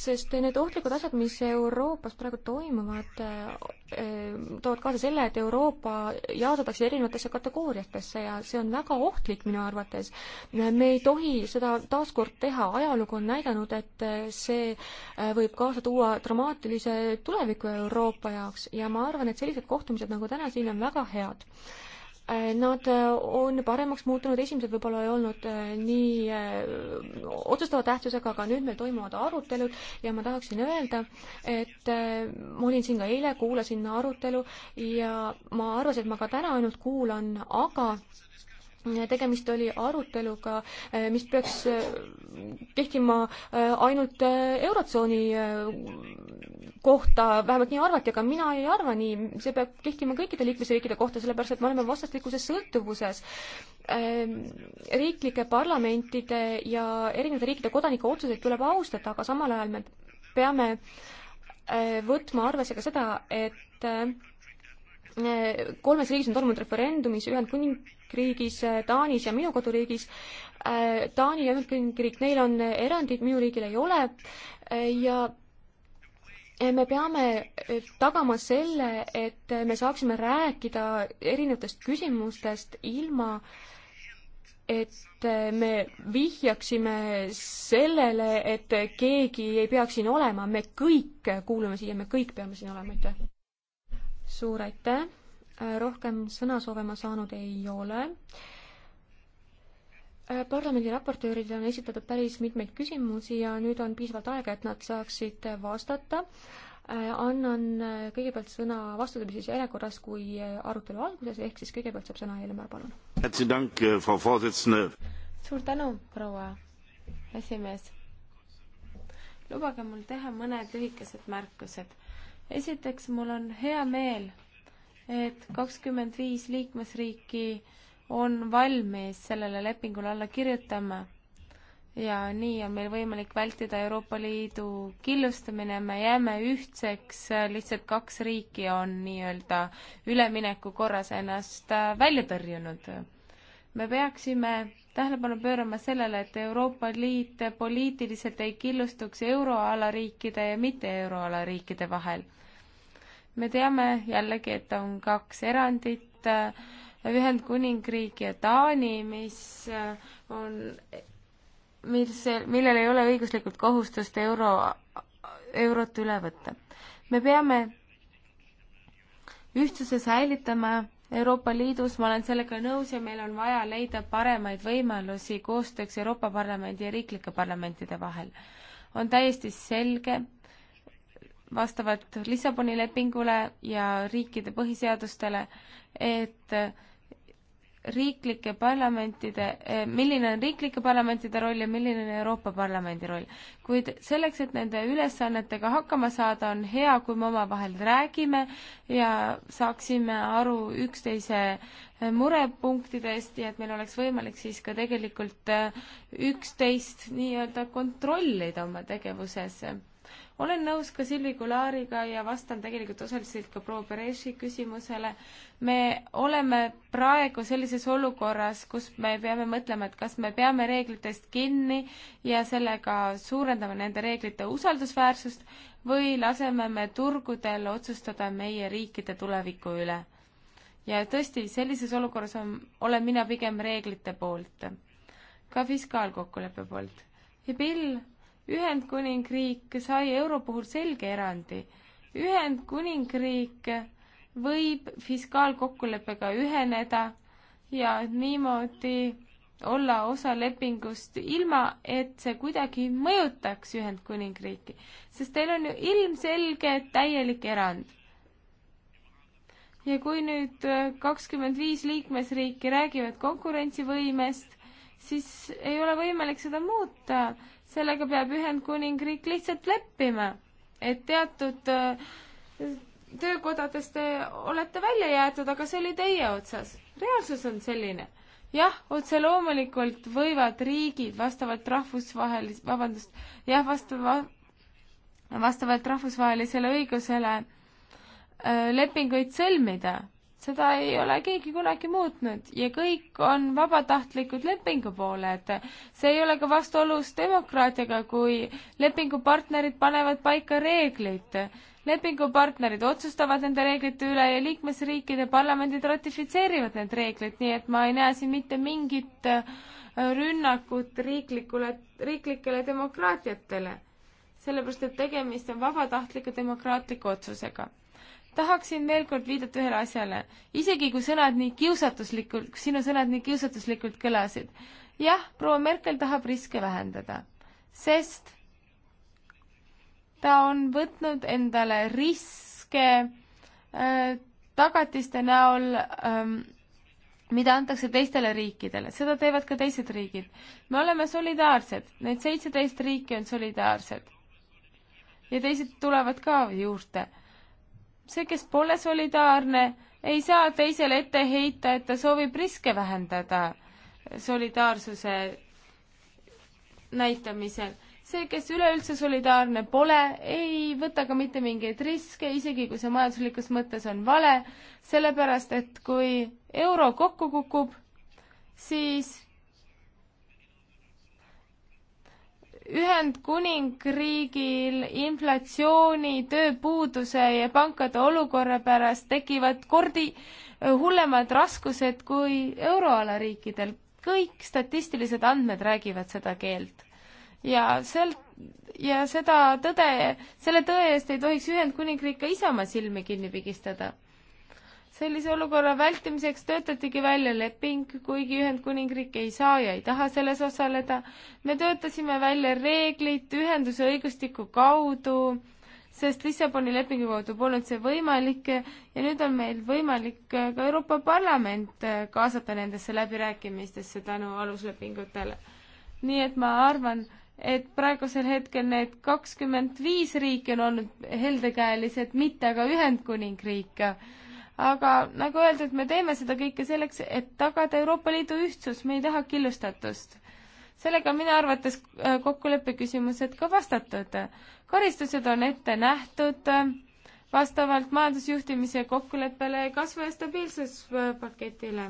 sest need ohtlikud asjad, mis Euroopas praegu toimuvad, eh, toovad kaasa selle, et Euroopa jaotatakse erinevatesse kategooriatesse ja see on väga ohtlik minu arvates. me ei tohi seda taaskord teha, ajalugu on näidanud, et see eh, võib kaasa tuua dramaatilise tuleviku Euroopa jaoks ja ma arvan, et sellised kohtumised nagu täna siin on väga head Äh, nad äh, on paremaks muutunud, esimesed võib-olla ei olnud äh, nii otsustava tähtsusega, aga nüüd meil toimuvad arutelud ja ma tahaksin öelda, et ma olin siin ka eile, kuulasin arutelu ja ma arvasin, et ma ka täna ainult kuulan, aga tegemist oli aruteluga, eh, mis peaks eh, kehtima eh, ainult Eurotsooni kohta, vähemalt nii arvati, aga mina ei arva nii, see peab kehtima kõikide liikmesriikide kohta, sellepärast et me oleme vastastikuses sõltuvuses. riiklike parlamentide ja erinevate riikide kodanike otsuseid tuleb austada, aga samal ajal me peame võtma arvesse ka seda, et kolmes riigis on toimunud referendumis Ühendkuning-, Ühendkuningriigis, äh, Taanis ja minu koduriigis. Äh, Taani ja Ühendkuningriik, neil on erandid, minu riigil ei ole äh, ja me peame tagama selle, et me saaksime rääkida erinevatest küsimustest ilma et me vihjaksime sellele, et keegi ei peaks siin olema, me kõik kuulume siia, me kõik peame siin olema, aitäh. suur aitäh Äh, rohkem sõnasoove ma saanud ei ole. Äh, parlamendi raportööridele on esitatud päris mitmeid küsimusi ja nüüd on piisavalt aega, et nad saaksid vastata. Äh, annan kõigepealt sõna vastupidi järjekorras kui arutelu alguses, ehk siis kõigepealt saab sõna Helmer, palun. suur tänu, proua esimees. lubage mul teha mõned lühikesed märkused. esiteks, mul on hea meel et kakskümmend viis liikmesriiki on valmis sellele lepingule alla kirjutama ja nii on meil võimalik vältida Euroopa Liidu killustamine, me jääme ühtseks, lihtsalt kaks riiki on nii-öelda ülemineku korras ennast äh, välja tõrjunud. me peaksime tähelepanu pöörama sellele, et Euroopa Liit poliitiliselt ei killustuks euroala riikide ja mitte euroala riikide vahel me teame jällegi, et on kaks erandit, äh, Ühendkuningriik ja Taani, mis äh, on, mis, millel ei ole õiguslikult kohustust euro, eurot üle võtta. me peame ühtsuse säilitama Euroopa Liidus, ma olen sellega nõus ja meil on vaja leida paremaid võimalusi koostööks Euroopa Parlamendi ja riiklike parlamentide vahel. on täiesti selge, vastavalt Lissaboni lepingule ja riikide põhiseadustele, et riiklike parlamentide, milline on riiklike parlamentide roll ja milline on Euroopa Parlamendi roll. kuid selleks, et nende ülesannetega hakkama saada, on hea, kui me omavahel räägime ja saaksime aru üksteise murepunktidest ja et meil oleks võimalik siis ka tegelikult üksteist nii-öelda kontrollida oma tegevuses olen nõus ka Silvi Kulaariga ja vastan tegelikult osaliselt ka proua Pereši küsimusele. me oleme praegu sellises olukorras, kus me peame mõtlema, et kas me peame reeglitest kinni ja sellega suurendame nende reeglite usaldusväärsust või laseme me turgudel otsustada meie riikide tuleviku üle. ja tõesti, sellises olukorras on, olen mina pigem reeglite poolt, ka fiskaalkokkuleppe poolt. ja Bill Ühendkuningriik sai euro puhul selge erandi. Ühendkuningriik võib fiskaalkokkuleppega üheneda ja niimoodi olla osa lepingust ilma, et see kuidagi mõjutaks Ühendkuningriiki, sest teil on ju ilmselge täielik erand. ja kui nüüd kakskümmend viis liikmesriiki räägivad konkurentsivõimest, siis ei ole võimalik seda muuta. sellega peab Ühendkuningriik lihtsalt leppima, et teatud äh, töökodades te olete välja jäetud, aga see oli teie otsas. reaalsus on selline. jah, otse loomulikult võivad riigid vastavalt rahvusvahelis-, vabandust, jah, vastava, vastavalt rahvusvahelisele õigusele öö, äh, lepinguid sõlmida seda ei ole keegi kunagi muutnud ja kõik on vabatahtlikud lepingu poole, et see ei ole ka vastuolus demokraatiaga, kui lepingupartnerid panevad paika reeglid. lepingupartnerid otsustavad nende reeglite üle ja liikmesriikide parlamendid ratifitseerivad need reeglid, nii et ma ei näe siin mitte mingit äh, rünnakut riiklikule, riiklikele demokraatiatele. sellepärast, et tegemist on vabatahtliku demokraatliku otsusega tahaksin veel kord viidata ühele asjale. isegi kui sõnad nii kiusatuslikult, sinu sõnad nii kiusatuslikult kõlasid. jah, proua Merkel tahab riske vähendada, sest ta on võtnud endale riske äh, tagatiste näol ähm, mida antakse teistele riikidele, seda teevad ka teised riigid. me oleme solidaarsed, need seitseteist riiki on solidaarsed. ja teised tulevad ka juurde see, kes pole solidaarne, ei saa teisele ette heita, et ta soovib riske vähendada solidaarsuse näitamisel. see, kes üleüldse solidaarne pole, ei võta ka mitte mingeid riske, isegi kui see majanduslikus mõttes on vale, sellepärast et kui euro kokku kukub, siis Ühendkuningriigil inflatsiooni, tööpuuduse ja pankade olukorra pärast tekivad kordi äh, hullemad raskused kui euroala riikidel. kõik statistilised andmed räägivad seda keelt. ja sealt, ja seda tõde, selle tõe eest ei tohiks Ühendkuningriik ka ise oma silmi kinni pigistada sellise olukorra vältimiseks töötatigi välja leping, kuigi Ühendkuningriik ei saa ja ei taha selles osaleda. me töötasime välja reeglid ühenduse õigustiku kaudu, sest Lissaboni lepingu kaudu polnud see võimalik ja nüüd on meil võimalik ka Euroopa Parlament kaasata nendesse läbirääkimistesse tänu aluslepingutele. nii et ma arvan, et praegusel hetkel need kakskümmend viis riiki on olnud heldekäelised, mitte aga Ühendkuningriik aga nagu öeldud, me teeme seda kõike selleks, et tagada Euroopa Liidu ühtsus, me ei taha killustatust. sellega on minu arvates äh, kokkuleppe küsimused ka vastatud. karistused on ette nähtud äh, vastavalt majandusjuhtimise kokkuleppele kasvu- ja stabiilsuspaketile.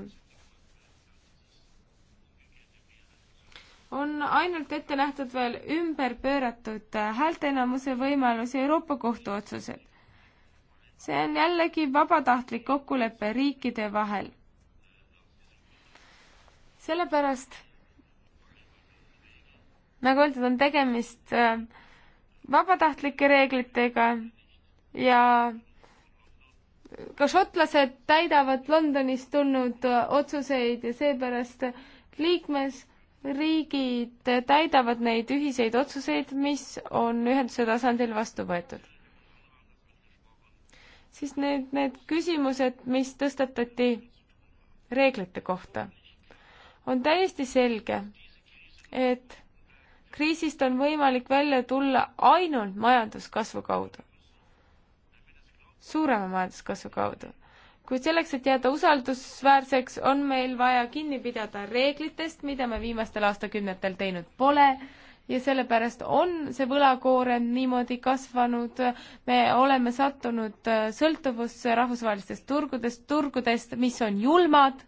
on ainult ette nähtud veel ümberpööratud äh, häälteenamuse võimalus ja Euroopa Kohtu otsused see on jällegi vabatahtlik kokkulepe riikide vahel. sellepärast, nagu öeldud, on tegemist äh, vabatahtlike reeglitega ja ka šotlased täidavad Londonist tulnud äh, otsuseid ja seepärast liikmesriigid täidavad neid ühiseid otsuseid, mis on ühenduse tasandil vastu võetud siis need, need küsimused, mis tõstatati reeglite kohta, on täiesti selge, et kriisist on võimalik välja tulla ainult majanduskasvu kaudu, suurema majanduskasvu kaudu. kuid selleks, et jääda usaldusväärseks, on meil vaja kinni pidada reeglitest, mida me viimastel aastakümnetel teinud pole ja sellepärast on see võlakoorem niimoodi kasvanud, me oleme sattunud äh, sõltuvusse rahvusvahelistest turgudest, turgudest, mis on julmad.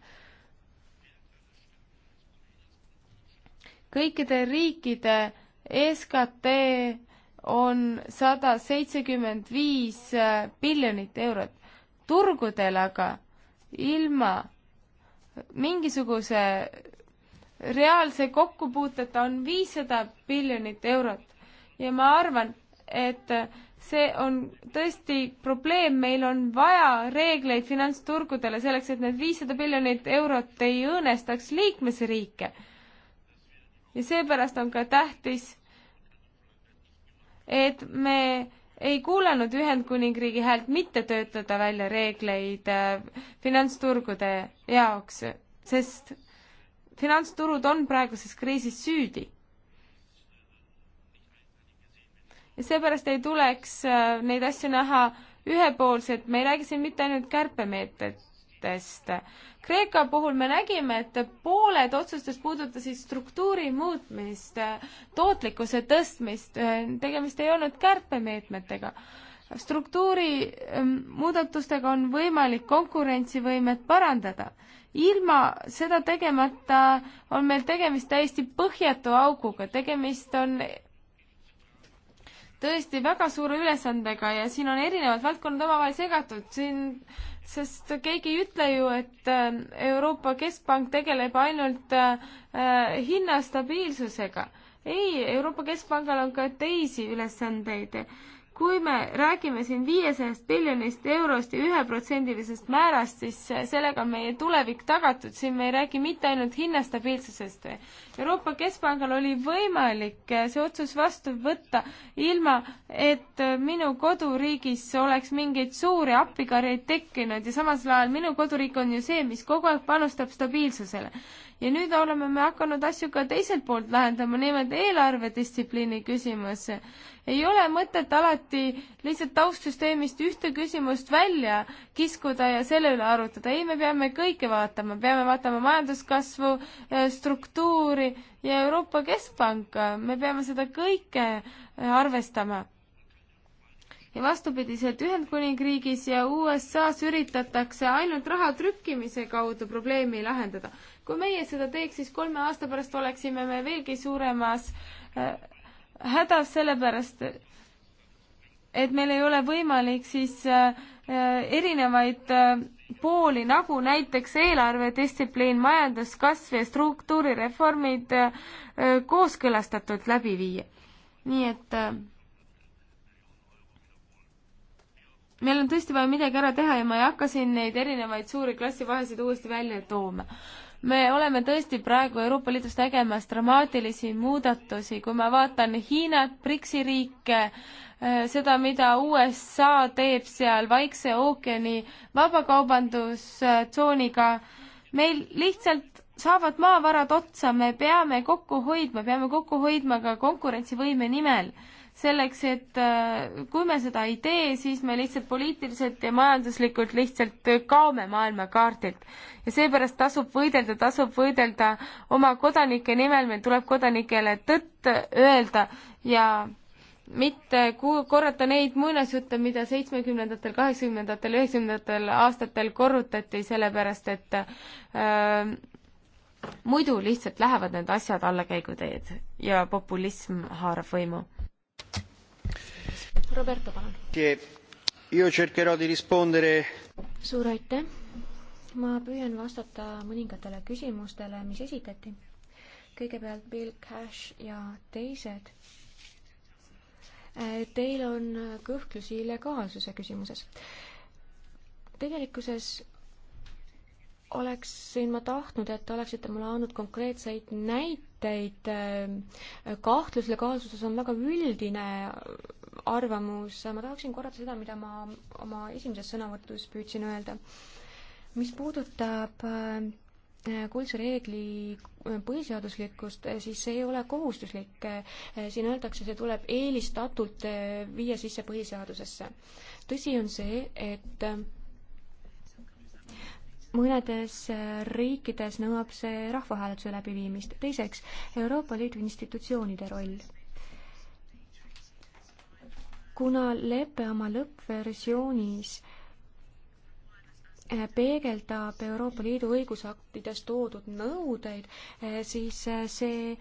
kõikide riikide SKT on sada seitsekümmend viis äh, biljonit eurot, turgudel aga ilma mingisuguse reaalse kokkupuuteta on viissada miljonit eurot ja ma arvan, et see on tõesti probleem, meil on vaja reegleid finantsturgudele selleks, et need viissada miljonit eurot ei õõnestaks liikmesriike. ja seepärast on ka tähtis, et me ei kuulanud Ühendkuningriigi häält mitte töötada välja reegleid äh, finantsturgude jaoks, sest finantsturud on praeguses kriisis süüdi. ja seepärast ei tuleks äh, neid asju näha ühepoolselt, me ei räägi siin mitte ainult kärpemeetmetest. Kreeka puhul me nägime, et pooled otsustest puudutasid struktuuri muutmist, tootlikkuse tõstmist, tegemist ei olnud kärpemeetmetega. struktuuri ähm, muudatustega on võimalik konkurentsivõimet parandada ilma seda tegemata on meil tegemist täiesti põhjatu auguga, tegemist on tõesti väga suure ülesandega ja siin on erinevad valdkonnad omavahel segatud, siin, sest keegi ei ütle ju, et äh, Euroopa Keskpank tegeleb ainult äh, hinnastabiilsusega. ei, Euroopa Keskpangal on ka teisi ülesandeid kui me räägime siin viiesajast miljonist eurost ja üheprotsendilisest määrast, siis sellega on meie tulevik tagatud, siin me ei räägi mitte ainult hinnastabiilsusest. Euroopa Keskpangal oli võimalik see otsus vastu võtta ilma, et minu koduriigis oleks mingeid suuri appikarjeid tekkinud ja samas ajal minu koduriik on ju see, mis kogu aeg panustab stabiilsusele ja nüüd oleme me hakanud asju ka teiselt poolt lahendama, nimelt eelarvedistsipliini küsimus. ei ole mõtet alati lihtsalt taustsüsteemist ühte küsimust välja kiskuda ja selle üle arutada, ei, me peame kõike vaatama, peame vaatama majanduskasvu, eh, struktuuri ja Euroopa Keskpanka, me peame seda kõike eh, arvestama ja vastupidiselt Ühendkuningriigis ja USA-s üritatakse ainult raha trükkimise kaudu probleemi lahendada. kui meie seda teeks, siis kolme aasta pärast oleksime me veelgi suuremas äh, hädas, sellepärast et meil ei ole võimalik siis äh, erinevaid äh, pooli, nagu näiteks eelarvedistsipliin, majanduskasv ja struktuurireformid äh, äh, kooskõlastatult läbi viia. nii et äh, meil on tõesti vaja midagi ära teha ja ma ei hakka siin neid erinevaid suuri klassivahesid uuesti välja tooma. me oleme tõesti praegu Euroopa Liidus tegemas dramaatilisi muudatusi, kui ma vaatan Hiinat, BRICS-i riike, eh, seda, mida USA teeb seal Vaikse ookeani vabakaubandustsooniga, meil lihtsalt saavad maavarad otsa, me peame kokku hoidma, peame kokku hoidma ka konkurentsivõime nimel selleks, et äh, kui me seda ei tee, siis me lihtsalt poliitiliselt ja majanduslikult lihtsalt kaome maailmakaardilt. ja seepärast tasub võidelda, tasub võidelda oma kodanike nimel, meil tuleb kodanikele tõtt öelda ja mitte korrata neid muinasjutte, mida seitsmekümnendatel, kaheksakümnendatel, üheksakümnendatel aastatel korrutati, sellepärast et äh, muidu lihtsalt lähevad need asjad allakäiguteed ja populism haarab võimu Roberto, palun. suur aitäh. ma püüan vastata mõningatele küsimustele, mis esitati. kõigepealt Bill Cash ja teised. Eh, teil on kõhklusi legaalsuse küsimuses. tegelikkuses oleksin ma tahtnud, et te oleksite mulle andnud konkreetseid näiteid. Eh, kahtlus legaalsuses on väga üldine arvamus. ma tahaksin korrata seda, mida ma oma esimeses sõnavõtus püüdsin öelda. mis puudutab äh, kuldse reegli äh, põhiseaduslikkust, äh, siis see ei ole kohustuslik. siin öeldakse, see tuleb eelistatult viia sisse põhiseadusesse. tõsi on see, et mõnedes riikides nõuab see rahvahääletuse läbiviimist. teiseks, Euroopa Liidu institutsioonide roll kuna lepe oma lõppversioonis eh, peegeldab Euroopa Liidu õigusaktides toodud nõudeid, eh, siis eh, see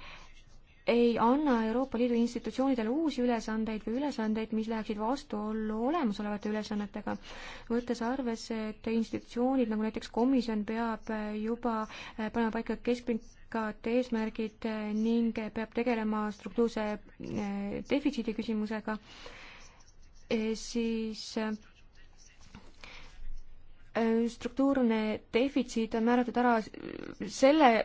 ei anna Euroopa Liidu institutsioonidele uusi ülesandeid või ülesandeid, mis läheksid vastuollu olemasolevate ülesannetega, võttes arvesse, et institutsioonid, nagu näiteks komisjon, peab juba panema paika keskpikad eesmärgid ning peab tegelema struktuurse defitsiidi küsimusega Äh, siis äh, struktuurne defitsiit on määratud ära selle äh,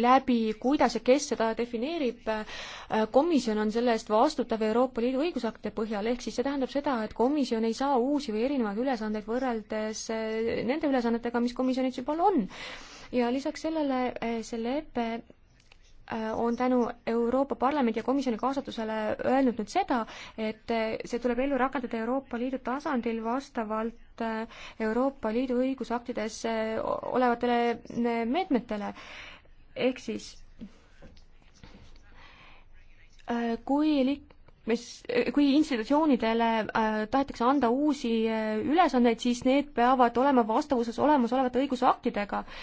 läbi, kuidas ja kes seda defineerib äh,. komisjon on selle eest vastutav Euroopa Liidu õigusaktide põhjal, ehk siis see tähendab seda, et komisjon ei saa uusi või erinevaid ülesandeid võrreldes äh, nende ülesannetega, mis komisjonis juba on. ja lisaks sellele äh, see lepe Äh, on tänu Euroopa Parlamendi ja komisjoni kaasatusele öelnud nüüd seda, et äh, see tuleb ellu rakendada Euroopa Liidu tasandil vastavalt äh, Euroopa Liidu õigusaktides olevatele meetmetele. ehk siis kui liik-, mis, kui institutsioonidele äh, tahetakse anda uusi äh, ülesandeid, siis need peavad olema vastavuses olemasolevate õigusaktidega äh,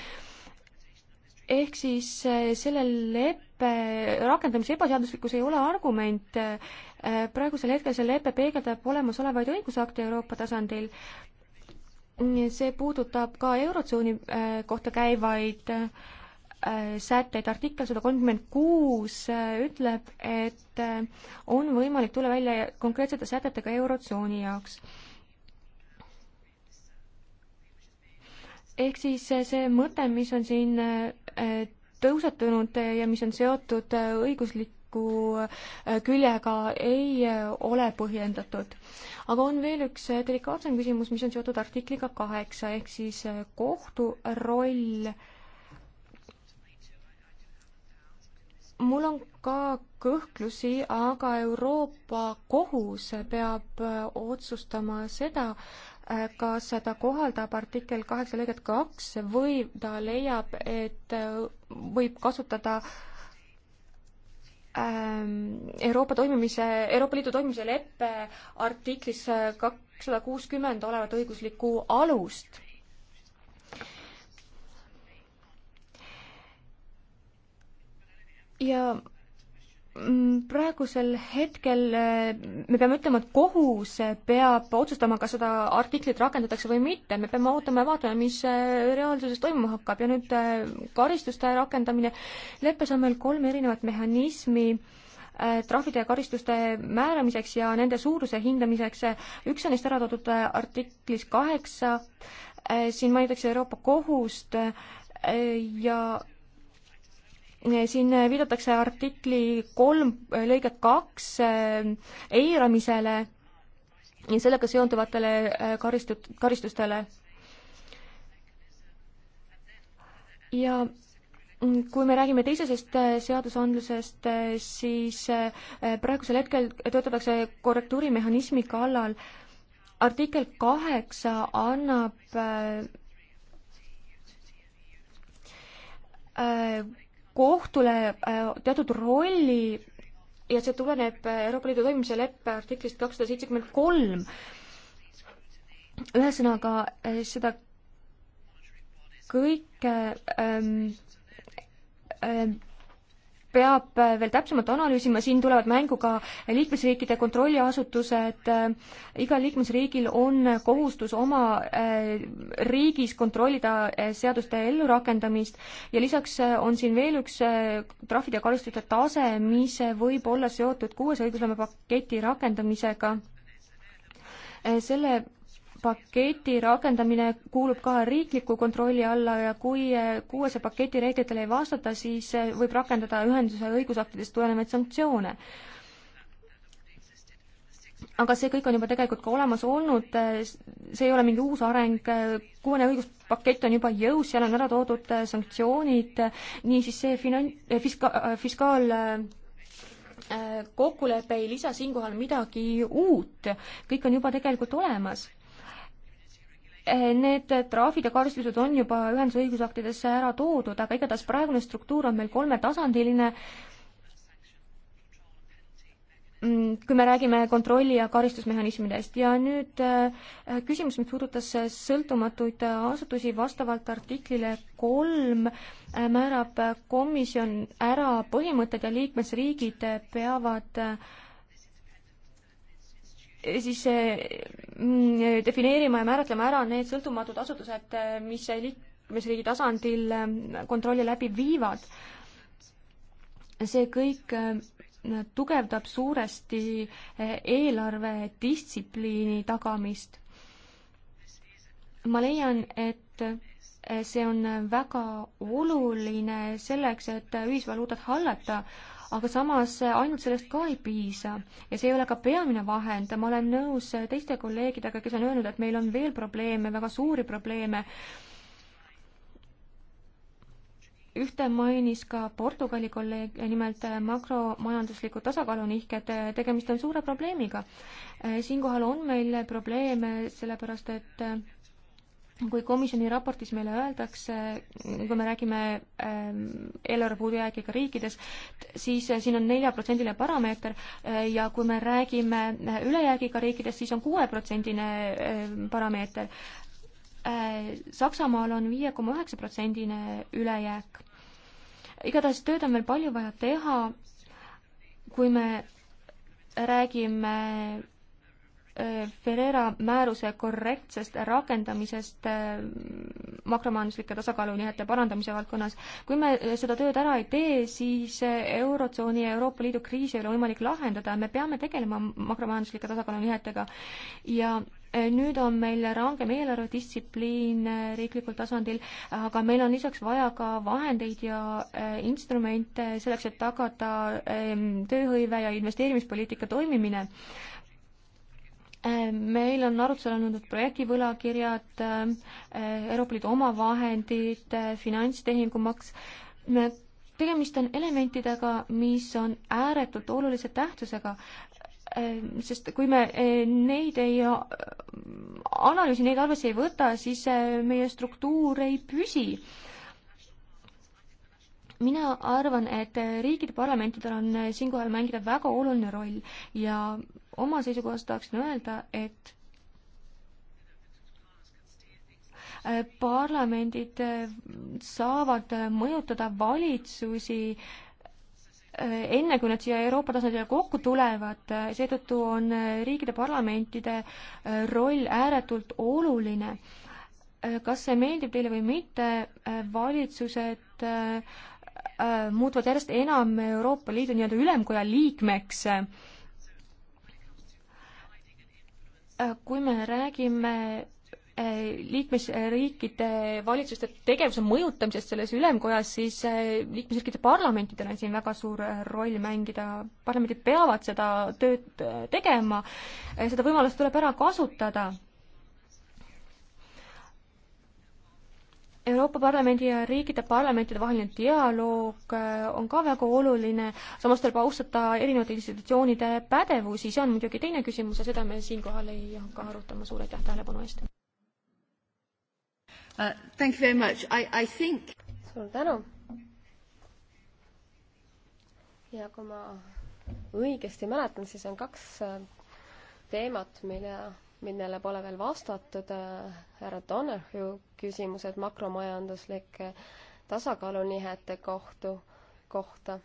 ehk siis äh, selle leppe rakendamise ebaseaduslikkus ei ole argument. Äh, praegusel hetkel see lepe peegeldab olemasolevaid õigusakte Euroopa tasandil. see puudutab ka Eurotsooni äh, kohta käivaid sätteid, artikkel sada kolmkümmend kuus ütleb, et on võimalik tulla välja konkreetsete sätetega Eurotsooni jaoks ehk siis see mõte, mis on siin Äh, tõusetunud ja mis on seotud äh, õigusliku äh, küljega, ei ole põhjendatud. aga on veel üks delikaatsem küsimus, mis on seotud artikliga kaheksa ehk siis kohtu roll mul on ka kõhklusi, aga Euroopa Kohus peab otsustama seda, kas ta kohaldab artikkel kaheksa lõiget kaks või ta leiab, et äh, võib kasutada ähm, Euroopa toimimise, Euroopa Liidu toimimise leppe artiklis kakssada kuuskümmend olevat õiguslikku alust ja Mm, praegusel hetkel eh, me peame ütlema, et kohus peab otsustama, kas seda artiklit rakendatakse või mitte, me peame ootama ja vaatama, mis eh, reaalsuses toimuma hakkab ja nüüd eh, karistuste rakendamine, leppes on meil kolm erinevat mehhanismi, trahvide ja karistuste määramiseks ja nende suuruse hindamiseks, üks on neist ära toodud artiklis kaheksa, siin mainitakse Euroopa Kohust ja siin viidatakse artikli kolm lõige kaks eh, eiramisele ja sellega seonduvatele eh, karistut-, karistustele. ja mm, kui me räägime teisesest eh, seadusandlusest, siis praegusel hetkel töötatakse korrektuurimehhanismi kallal. artikkel kaheksa annab kohtule äh, teatud rolli ja see tuleneb äh, Euroopa Liidu toimimise leppe artiklist kakssada seitsekümmend kolm. ühesõnaga, äh, seda kõike ähm, ähm, peab äh, veel täpsemalt analüüsima, siin tulevad mängu ka liikmesriikide kontrolliasutused, äh, igal liikmesriigil on kohustus oma äh, riigis kontrollida seaduste ellurakendamist ja lisaks on siin veel üks trahvide ja karistuste tase, mis võib olla seotud kuues õigusloome paketi rakendamisega selle paketi rakendamine kuulub ka riikliku kontrolli alla ja kui eh, kuuese paketi reeglitele ei vastata, siis eh, võib rakendada ühenduse õigusaktidest tulenevaid sanktsioone aga see kõik on juba tegelikult ka olemas olnud, eh, see ei ole mingi uus areng, kuuene õiguspakett on juba jõus, seal on ära toodud sanktsioonid, niisiis see finan-, fiska-, fiskaal kokkulepe ei lisa siinkohal midagi uut, kõik on juba tegelikult olemas Eh, need trahvid ja karistused on juba ühenduse õigusaktidesse ära toodud, aga igatahes praegune struktuur on meil kolmetasandiline. Mm, kui me räägime kontrolli ja karistusmehhanismidest ja nüüd eh, küsimus, mis puudutas sõltumatuid asutusi vastavalt artiklile kolm, eh, määrab komisjon ära põhimõtted ja liikmesriigid peavad äh, siis eh, mm, defineerima ja määratlema ära need sõltumatud asutused, eh, mis liikmesriigi tasandil eh, kontrolli läbi viivad. see kõik tugevdab suuresti eelarvedistsipliini tagamist. ma leian, et see on väga oluline selleks, et ühisvaluutat hallata, aga samas ainult sellest ka ei piisa ja see ei ole ka peamine vahend, ma olen nõus teiste kolleegidega, kes on öelnud, et meil on veel probleeme, väga suuri probleeme. ühte mainis ka Portugali kolleeg, nimelt makromajandusliku tasakaalu nihked, tegemist on suure probleemiga. siinkohal on meil probleeme, sellepärast et kui komisjoni raportis meile öeldakse, kui me räägime ähm, eelarve puudujäägiga riikides, siis äh, siin on neljaprotsendiline parameeter äh, ja kui me räägime äh, ülejäägiga riikidest, siis on kuueprotsendine ähm, parameeter. Saksamaal on viie koma üheksa protsendine ülejääk. igatahes tööd on veel palju vaja teha, kui me räägime Äh, Ferreira määruse korrektsest rakendamisest äh, makromajanduslike tasakaalunihete parandamise valdkonnas. kui me äh, seda tööd ära ei tee, siis Eurotsooni ja Euroopa Liidu kriisi ei ole võimalik lahendada, me peame tegelema makromajanduslike tasakaalunihetega ja nüüd on meil rangem eelarvedistsipliin riiklikul tasandil, aga meil on lisaks vaja ka vahendeid ja instrumente selleks, et tagada tööhõive ja investeerimispoliitika toimimine Äh, meil on arutusel olnud projektivõlakirjad, äh, Euroopa Liidu omavahendid, äh, finantstehingumaks, tegemist on elementidega, mis on ääretult olulise tähtsusega, sest kui me neid ei analüüsi, neid arvesse ei võta, siis meie struktuur ei püsi mina arvan, et riikide parlamentidel on siinkohal mängida väga oluline roll ja oma seisukohast tahaksin öelda, et äh, parlamendid äh, saavad äh, mõjutada valitsusi enne, kui nad siia Euroopa tasandile kokku tulevad, seetõttu on riikide parlamentide roll ääretult oluline. kas see meeldib teile või mitte, valitsused muutuvad järjest enam Euroopa Liidu nii-öelda ülemkoja liikmeks Äh, kui me räägime äh, liikmesriikide valitsuste tegevuse mõjutamisest selles ülemkojas, siis äh, liikmesriikide parlamentidel on siin väga suur roll mängida. parlamendid peavad seda tööd tegema, seda võimalust tuleb ära kasutada Euroopa Parlamendi ja riikide parlamentide vaheline dialoog äh, on ka väga oluline, samas tuleb austada erinevate institutsioonide pädevusi, see on muidugi teine küsimus ja seda me siinkohal ei hakka arutama, suur aitäh tähelepanu eest uh,! Thank you very much, I, I think suur tänu! ja kui ma õigesti mäletan, siis on kaks äh, teemat, mille millele pole veel vastatud, äh, härra Donahue küsimused makromajanduslike tasakaalunihete kohtu, kohta.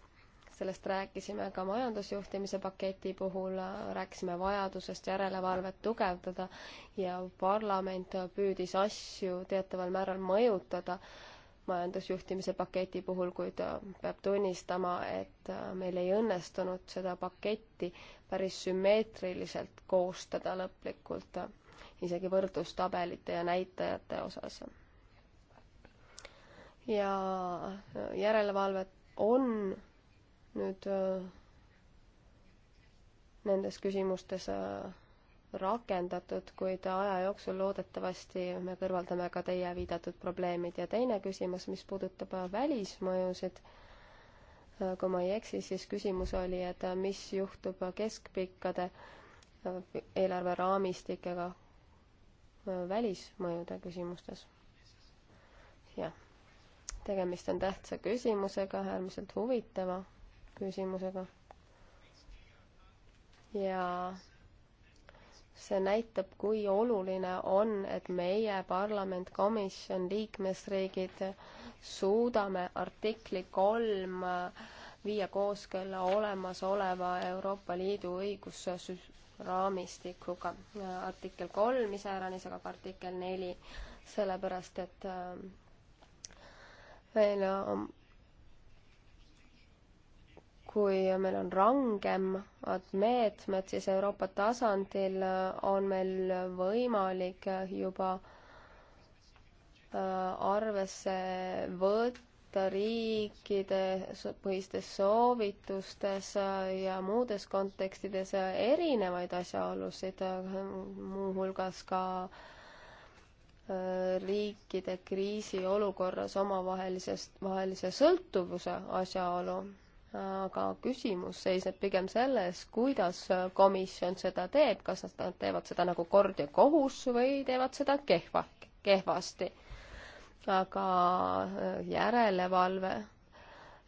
sellest rääkisime ka majandusjuhtimise paketi puhul, äh, rääkisime vajadusest järelevalvet tugevdada ja parlament püüdis asju teataval määral mõjutada majandusjuhtimise paketi puhul, kuid äh, peab tunnistama, et äh, meil ei õnnestunud seda paketti päris sümmeetriliselt koostada lõplikult, äh, isegi võrdlustabelite ja näitajate osas. ja järelevalvet on nüüd nendes küsimustes rakendatud, kuid aja jooksul loodetavasti me kõrvaldame ka teie viidatud probleemid. ja teine küsimus, mis puudutab välismõjusid, kui ma ei eksi, siis küsimus oli, et mis juhtub keskpikkade eelarveraamistikega välismõjude küsimustes? jah, tegemist on tähtsa küsimusega, äärmiselt huvitava küsimusega ja see näitab, kui oluline on, et meie parlament, komisjon, liikmesriigid suudame artikli kolm viia kooskõlla olemasoleva Euroopa Liidu õigusraamistikuga. artikkel kolm iseäranis, aga ka artikkel neli, sellepärast et äh, meil on kui meil on rangemad meetmed, siis Euroopa tasandil on meil võimalik juba äh, arvesse võtta riikide põhistes soovitustes äh, ja muudes kontekstides äh, erinevaid asjaolusid, muuhulgas ka riikide kriisiolukorras omavahelisest, vahelise sõltuvuse asjaolu aga küsimus seisneb pigem selles, kuidas komisjon seda teeb, kas nad teevad seda nagu kord ja kohus või teevad seda kehva, kehvasti. aga äh, järelevalve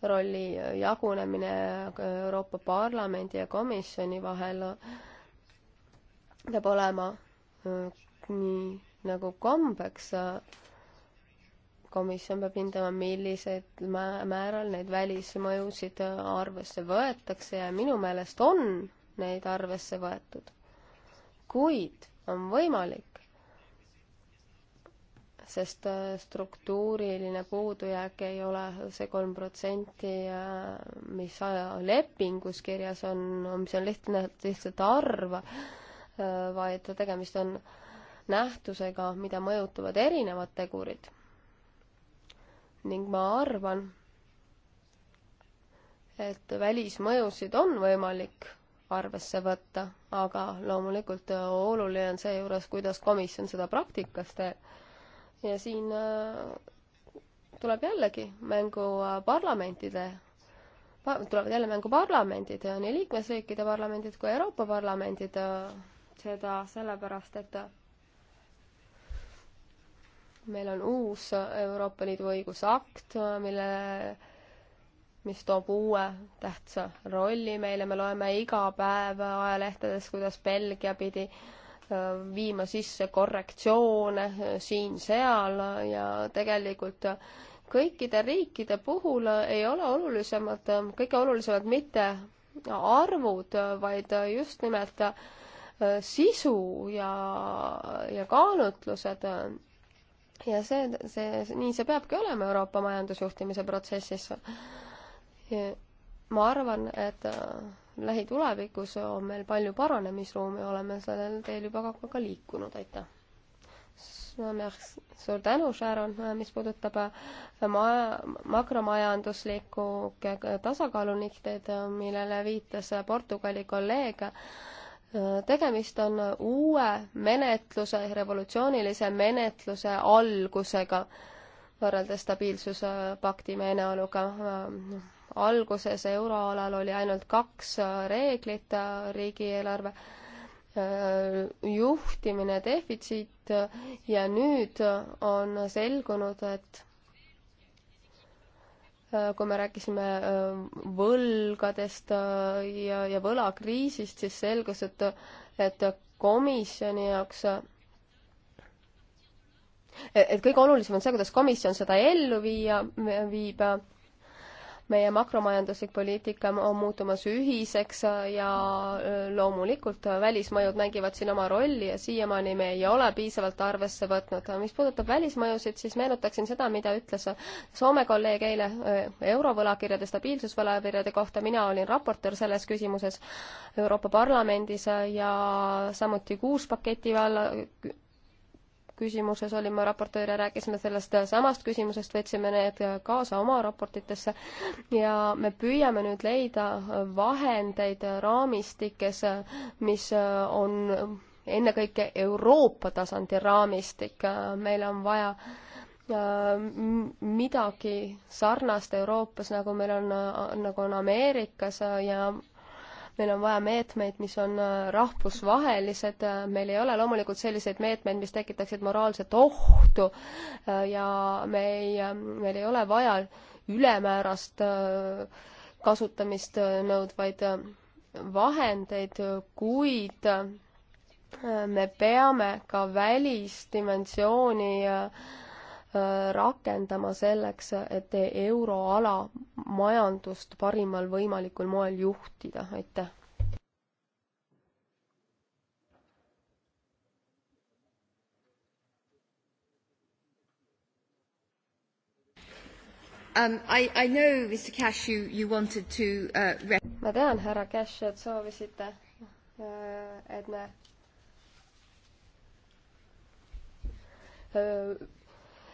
rolli jagunemine Euroopa Parlamendi ja komisjoni vahel äh, peab olema äh, nii nagu kombeks komisjon peab hindama, millised määral neid välismõjusid arvesse võetakse ja minu meelest on neid arvesse võetud. kuid on võimalik, sest äh, struktuuriline puudujääk ei ole see kolm protsenti, äh, mis äh, lepingus kirjas on, mis on lihtne, lihtsalt arv, vaid tegemist on nähtusega, mida mõjutavad erinevad tegurid ning ma arvan, et välismõjusid on võimalik arvesse võtta, aga loomulikult oluline on seejuures, kuidas komisjon seda praktikas teeb. ja siin äh, tuleb jällegi mängu äh, parlamentide, tulevad jälle mängu parlamendid, nii liikmesriikide parlamendid kui Euroopa parlamendid, äh, seda sellepärast, et meil on uus Euroopa Liidu õigusakt, mille, mis toob uue tähtsa rolli meile, me loeme iga päev ajalehtedes, kuidas Belgia pidi äh, viima sisse korrektsioone siin-seal ja tegelikult kõikide riikide puhul ei ole olulisemad, kõige olulisemad mitte arvud, vaid just nimelt äh, sisu ja, ja kaalutlused ja see, see, nii see peabki olema Euroopa majandusjuhtimise protsessis. ma arvan, et äh, lähitulevikus on meil palju paranemisruumi, oleme sellel teel juba ka, ka liikunud, aitäh. suur tänu, Sharon, mis puudutab äh, maja, makromajanduslikku äh, tasakaalunihted, millele viitas Portugali kolleeg tegemist on uue menetluse, revolutsioonilise menetluse algusega võrreldes stabiilsuspakti meeleoluga. alguses euroalal oli ainult kaks reeglit, riigieelarve juhtimine, defitsiit ja nüüd on selgunud, et Äh, kui me rääkisime äh, võlgadest äh, ja, ja võlakriisist, siis selgus, et, et komisjoni jaoks et kõige olulisem on see, kuidas komisjon seda ellu viia, viib meie makromajanduslik poliitika on muutumas ühiseks ja loomulikult välismõjud mängivad siin oma rolli ja siiamaani me ei ole piisavalt arvesse võtnud. mis puudutab välismõjusid, siis meenutaksin seda, mida ütles Soome kolleeg eile eurovõlakirjade stabiilsusvõlakirjade kohta, mina olin raportöör selles küsimuses Euroopa Parlamendis ja samuti kuus paketi valla küsimuses olin ma raportöör ja rääkisime sellest samast küsimusest, võtsime need kaasa oma raportitesse ja me püüame nüüd leida vahendeid raamistikes, mis on ennekõike Euroopa tasandi raamistik, meil on vaja äh, midagi sarnast Euroopas, nagu meil on, nagu on Ameerikas ja meil on vaja meetmeid, mis on äh, rahvusvahelised, äh, meil ei ole loomulikult selliseid meetmeid, mis tekitaksid moraalset ohtu äh, ja me ei, meil ei ole vaja ülemäärast kasutamist nõudvaid vahendeid, kuid me peame ka välisdimensiooni Äh, rakendama selleks, et euroala majandust parimal võimalikul moel juhtida, aitäh! Um, I, I know, Mr Cash, you, you wanted to uh, ma tean, härra Cash, et soovisite, äh, et me äh,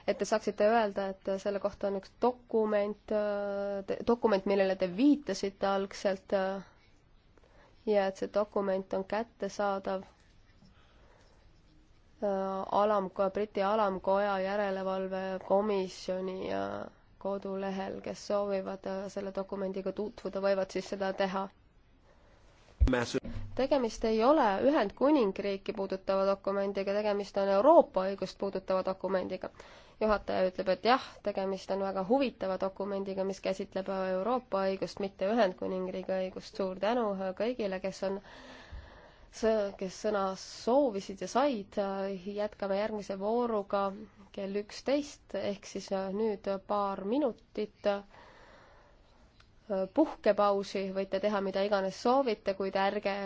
et te saaksite öelda, et selle kohta on üks dokument, dokument, millele te viitasite algselt ja et see dokument on kättesaadav äh, alamkoja, Briti alamkoja järelevalvekomisjoni kodulehel, kes soovivad äh, selle dokumendiga tutvuda, võivad siis seda teha. tegemist ei ole Ühendkuningriiki puudutava dokumendiga, tegemist on Euroopa õigust puudutava dokumendiga juhataja ütleb, et jah, tegemist on väga huvitava dokumendiga, mis käsitleb Euroopa õigust, mitte Ühendkuningriigi õigust. suur tänu kõigile, kes on, kes sõna soovisid ja said. jätkame järgmise vooruga kell üksteist ehk siis nüüd paar minutit puhkepausi, võite teha mida iganes soovite, kuid ärge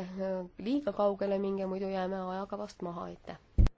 liiga kaugele minge, muidu jääme ajakavast maha, aitäh!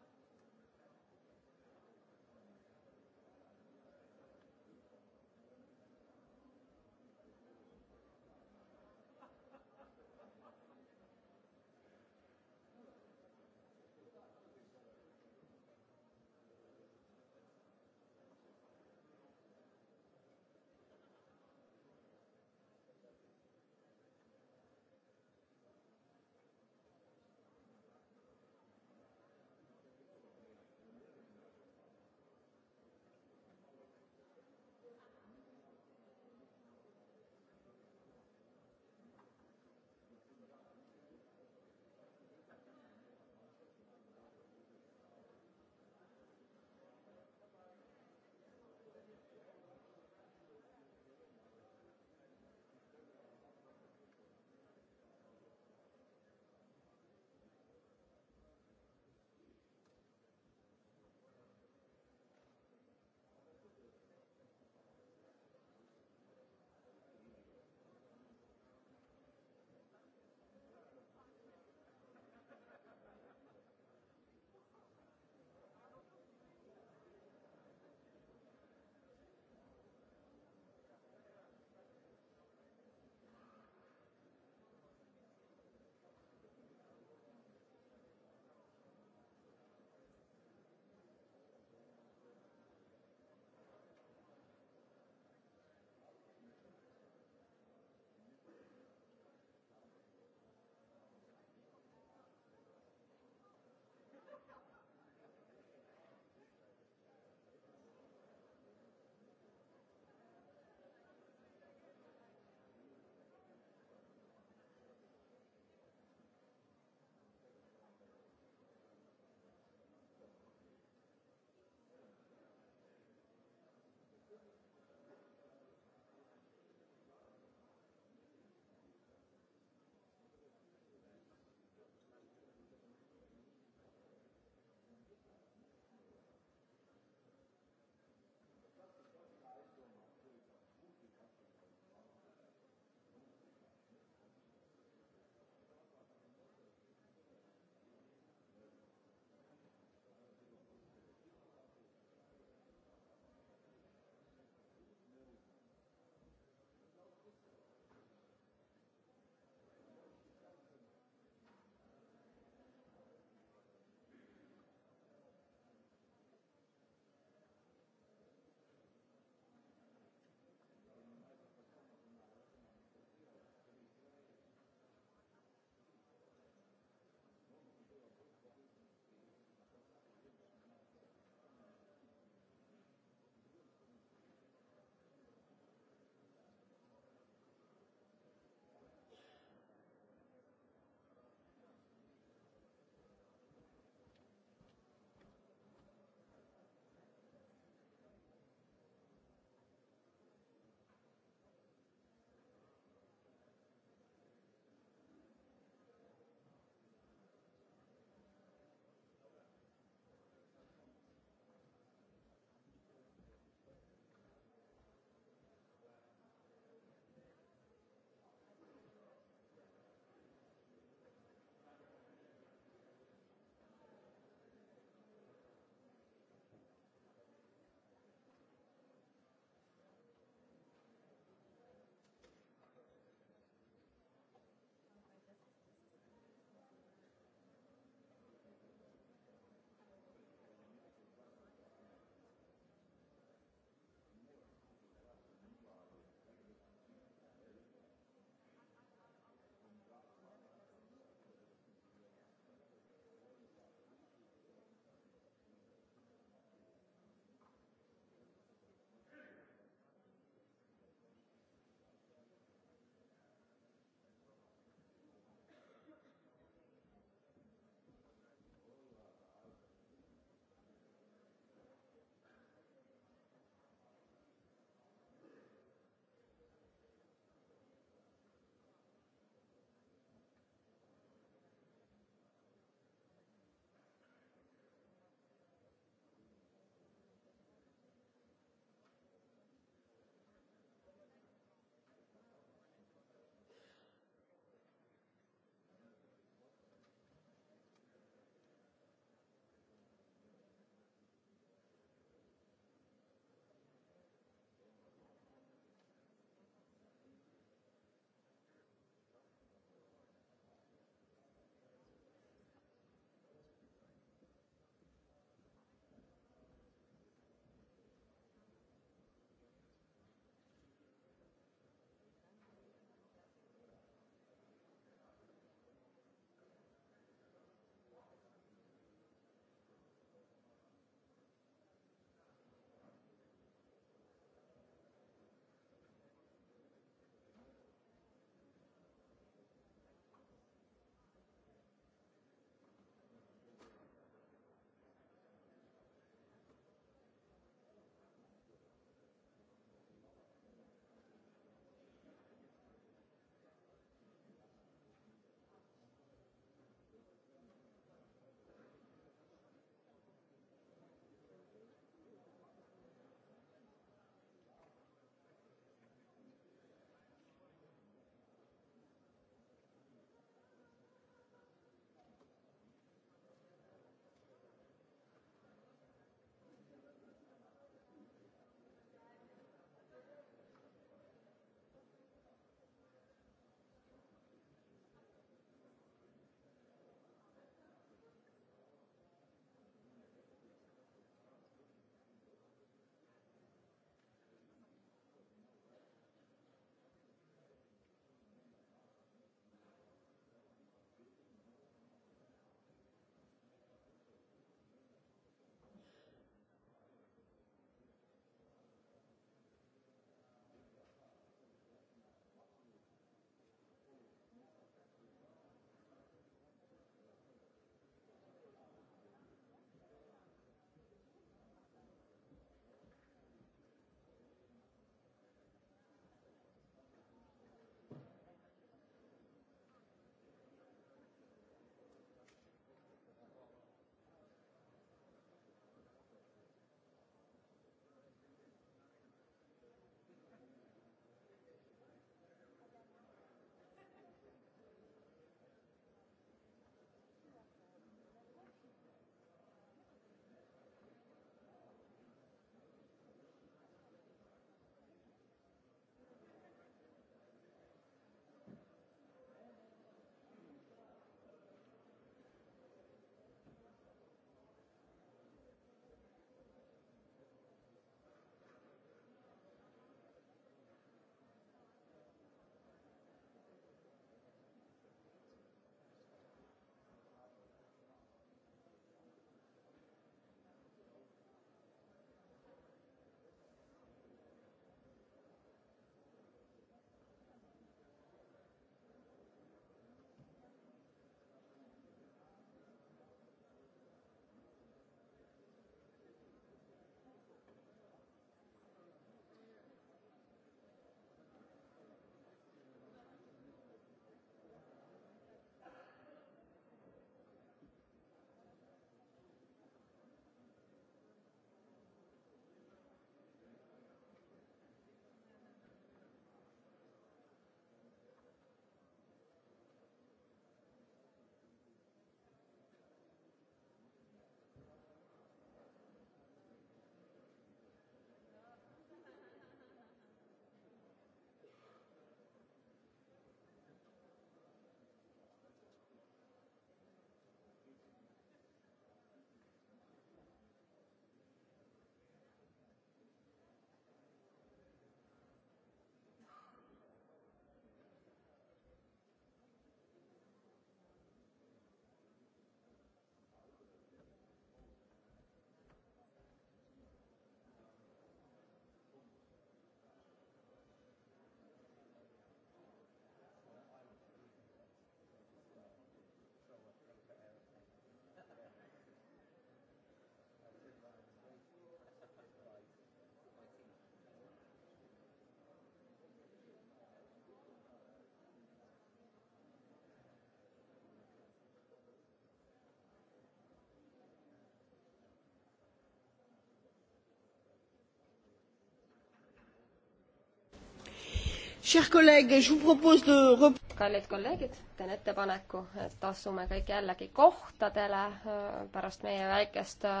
kallid kolleegid, teen ettepaneku, et asume kõik jällegi kohtadele äh, pärast meie väikest äh,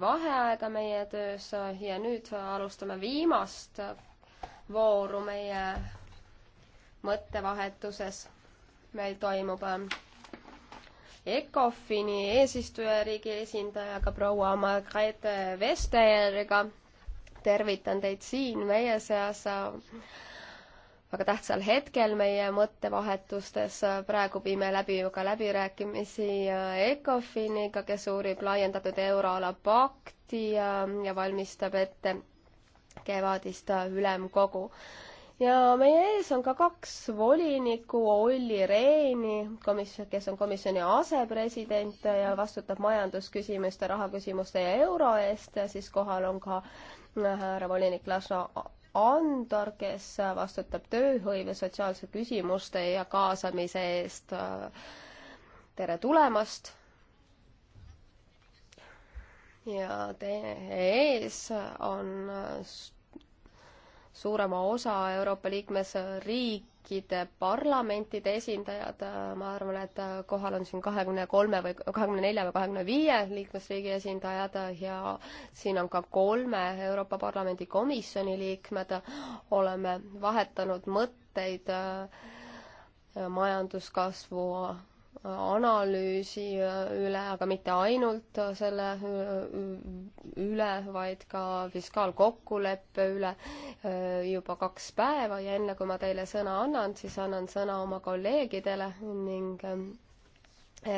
vaheaega meie töös äh, ja nüüd alustame viimast vooru meie mõttevahetuses. meil toimub ECOFIN-i eesistujariigi esindajaga proua Margrethe Vestejärga. tervitan teid siin meie seas väga tähtsal hetkel meie mõttevahetustes. praegu viime läbi ka läbirääkimisi äh, ECOFIN-iga, kes uurib laiendatud euroala pakti ja, äh, ja valmistab ette kevadist äh, ülemkogu ja meie ees on ka kaks volinikku, Olli Rehni, komisjon, kes on komisjoni asepresident ja vastutab majandusküsimuste, rahaküsimuste ja euro eest ja siis kohal on ka härra volinik Lasno Andor, kes vastutab tööhõive sotsiaalse küsimuste ja kaasamise eest. tere tulemast! ja teie ees on suurema osa Euroopa liikmesriik, riikide parlamentide esindajad, äh, ma arvan, et äh, kohal on siin kahekümne kolme või kahekümne nelja või kahekümne viie liikmesriigi esindajad äh, ja siin on ka kolme Euroopa Parlamendi komisjoni liikmed, oleme vahetanud mõtteid majanduskasvu analüüsi üle, aga mitte ainult selle üle, vaid ka fiskaalkokkuleppe üle juba kaks päeva ja enne kui ma teile sõna annan, siis annan sõna oma kolleegidele ning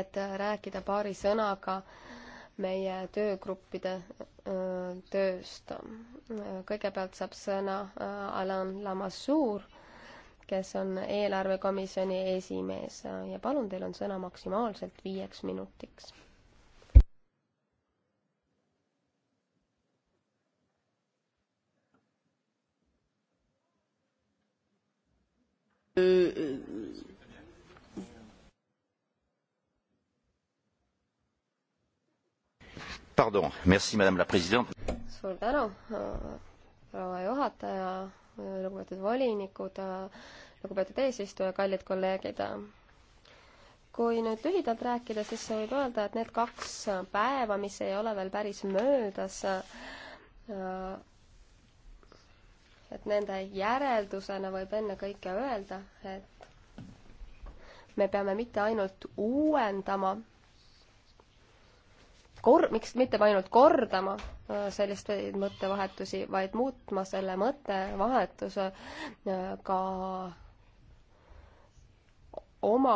et rääkida paari sõnaga meie töögruppide tööst. kõigepealt saab sõna Alain Lamassoure kes on eelarvekomisjoni esimees ja palun, teil on sõna maksimaalselt viieks minutiks. Pardon, merci madame la présidente. suur tänu, proua juhataja lugupeetud volinikud, lugupeetud eesistuja, kallid kolleegid. kui nüüd lühidalt rääkida, siis võib öelda, et need kaks päeva, mis ei ole veel päris möödas, et nende järeldusena võib ennekõike öelda, et me peame mitte ainult uuendama kor-, miks mitte ainult kordama äh, sellist mõttevahetusi, vaid muutma selle mõttevahetuse äh, ka oma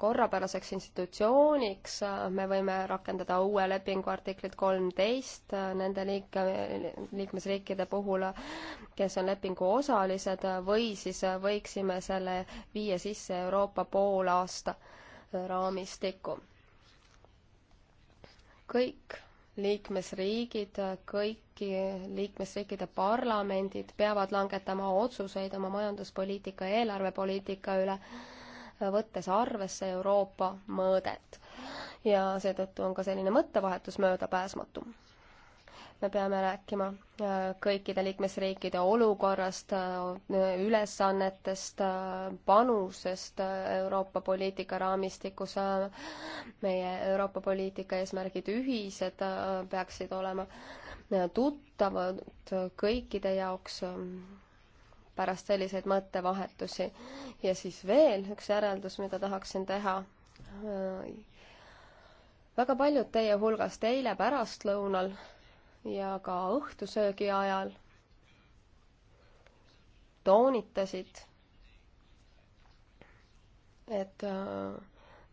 korrapäraseks institutsiooniks, äh, me võime rakendada uue lepingu artiklit kolmteist nende liik-, liikmesriikide puhul, kes on lepingu osalised, või siis võiksime selle viia sisse Euroopa poolaasta raamistikku kõik liikmesriigid, kõiki liikmesriikide parlamendid peavad langetama otsuseid oma majanduspoliitika ja eelarvepoliitika üle, võttes arvesse Euroopa mõõdet. ja seetõttu on ka selline mõttevahetus möödapääsmatu me peame rääkima äh, kõikide liikmesriikide olukorrast, äh, ülesannetest, äh, panusest Euroopa poliitika raamistikus. meie Euroopa poliitika eesmärgid ühised peaksid olema tuttavad kõikide jaoks ähm, pärast selliseid mõttevahetusi. ja siis veel üks järeldus, mida tahaksin teha väga paljud teie hulgast eile pärastlõunal ja ka õhtusöögi ajal toonitasid, et äh,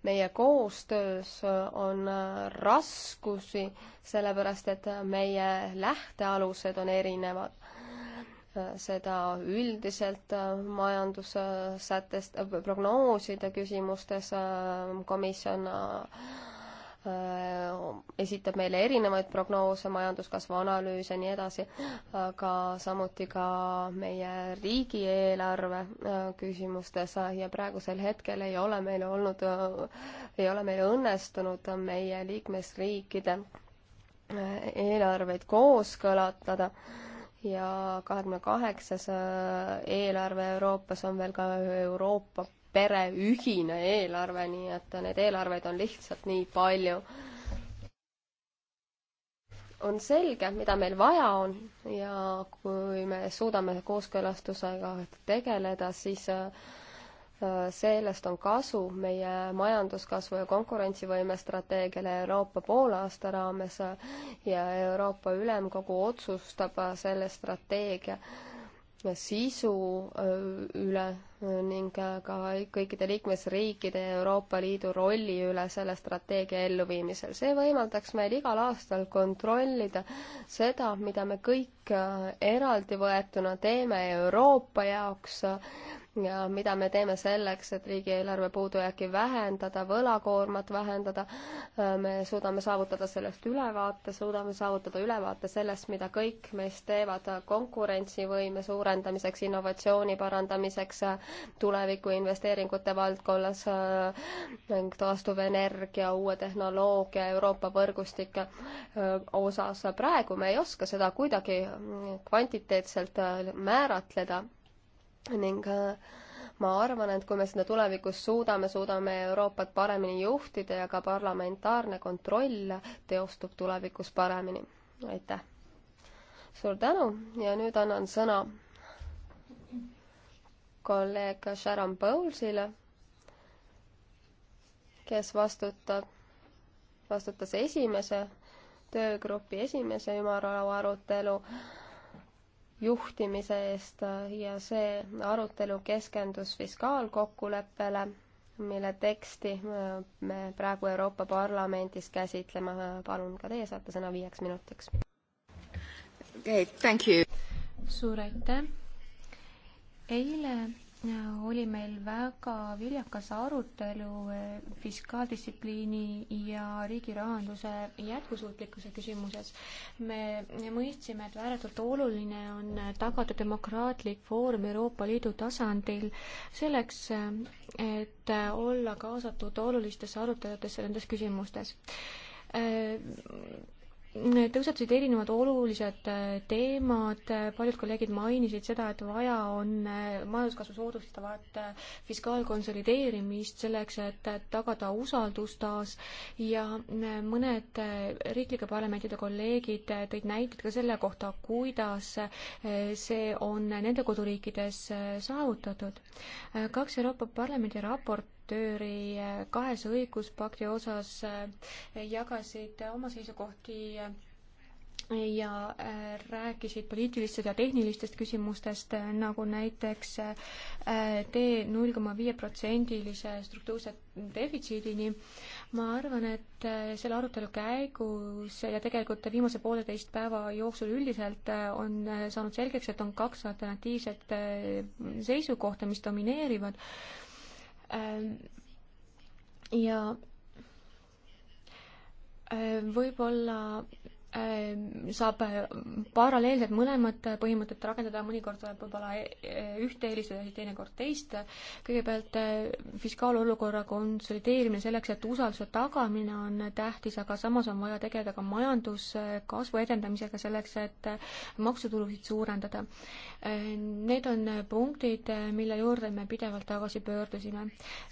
meie koostöös äh, on äh, raskusi, sellepärast et meie lähtealused on erinevad. seda üldiselt majandussätest, prognooside küsimustes komisjon Äh, esitab meile erinevaid prognoose, majanduskasvu analüüse, nii edasi, aga samuti ka meie riigieelarve äh, küsimustes ja praegusel hetkel ei ole meil olnud, äh, ei ole meil õnnestunud meie liikmesriikide eelarveid kooskõlatada ja kahekümne kaheksas eelarve Euroopas on veel ka Euroopa pere ühine eelarve, nii et neid eelarveid on lihtsalt nii palju. on selge, mida meil vaja on ja kui me suudame kooskõlastusega tegeleda, siis äh, sellest on kasu meie majanduskasvu ja konkurentsivõime strateegiale Euroopa poolaasta raames ja Euroopa Ülemkogu otsustab äh, selle strateegia õigusloome sisu üle ning äh, ka kõikide liikmesriikide ja Euroopa Liidu rolli üle selle strateegia elluviimisel. see võimaldaks meil igal aastal kontrollida seda, mida me kõik äh, eraldi võetuna teeme Euroopa jaoks ja mida me teeme selleks, et riigieelarve puudujääki vähendada, võlakoormat vähendada, me suudame saavutada sellest ülevaate, suudame saavutada ülevaate sellest, mida kõik meist teevad konkurentsivõime suurendamiseks, innovatsiooni parandamiseks, tulevikuinvesteeringute valdkonnas ning taastuvenergia, uue tehnoloogia, Euroopa võrgustike osas. praegu me ei oska seda kuidagi kvantiteetselt äh, määratleda ning äh, ma arvan, et kui me seda tulevikus suudame, suudame Euroopat paremini juhtida ja ka parlamentaarne kontroll teostub tulevikus paremini. aitäh! suur tänu ja nüüd annan sõna kolleeg Sharon Bowlesile, kes vastutab, vastutas esimese töögrupi esimese ümarlaua arutelu juhtimise eest äh, ja see arutelu keskendus fiskaalkokkuleppele, mille teksti äh, me praegu Euroopa Parlamendis käsitleme. palun ka teie saate sõna viieks minutiks. okei okay,, thank you! suur aitäh! eile oli meil väga viljakas arutelu eh, fiskaaldistsipliini ja riigi rahanduse jätkusuutlikkuse küsimuses. me mõistsime, et ääretult oluline on tagada demokraatlik foorum Euroopa Liidu tasandil selleks, et olla kaasatud olulistesse aruteludesse nendes küsimustes eh, tõusetusid erinevad olulised äh, teemad, paljud kolleegid mainisid seda, et vaja on äh, majanduskasvu soodustavat äh, fiskaalkonsolideerimist selleks, et tagada usaldus taas ja mõned riiklike parlamentide kolleegid tõid näiteid ka selle kohta, kuidas see on nende koduriikides saavutatud. kaks Euroopa Parlamendi raport raportööri eh, kahese õiguspakti osas eh, jagasid oma seisukohti eh, ja rääkisid poliitilistest ja tehnilistest küsimustest, nagu näiteks tee null koma viie protsendilise struktuurse defitsiidini. ma arvan, et selle arutelu käigus ja tegelikult viimase pooleteist päeva jooksul üldiselt on saanud selgeks, et on kaks alternatiivset seisukohta, mis domineerivad Ähm, ja äh, võib-olla ähm, saab äh, paralleelselt mõlemat põhimõtet rakendada, mõnikord tuleb võib-olla äh, ühte eelistada, teinekord teist. kõigepealt fiskaalolukorra konsolideerimine selleks, et usalduse tagamine on tähtis, aga samas on vaja tegeleda ka majanduskasvu edendamisega selleks, et maksutulusid suurendada. Need on punktid, mille juurde me pidevalt tagasi pöördusime.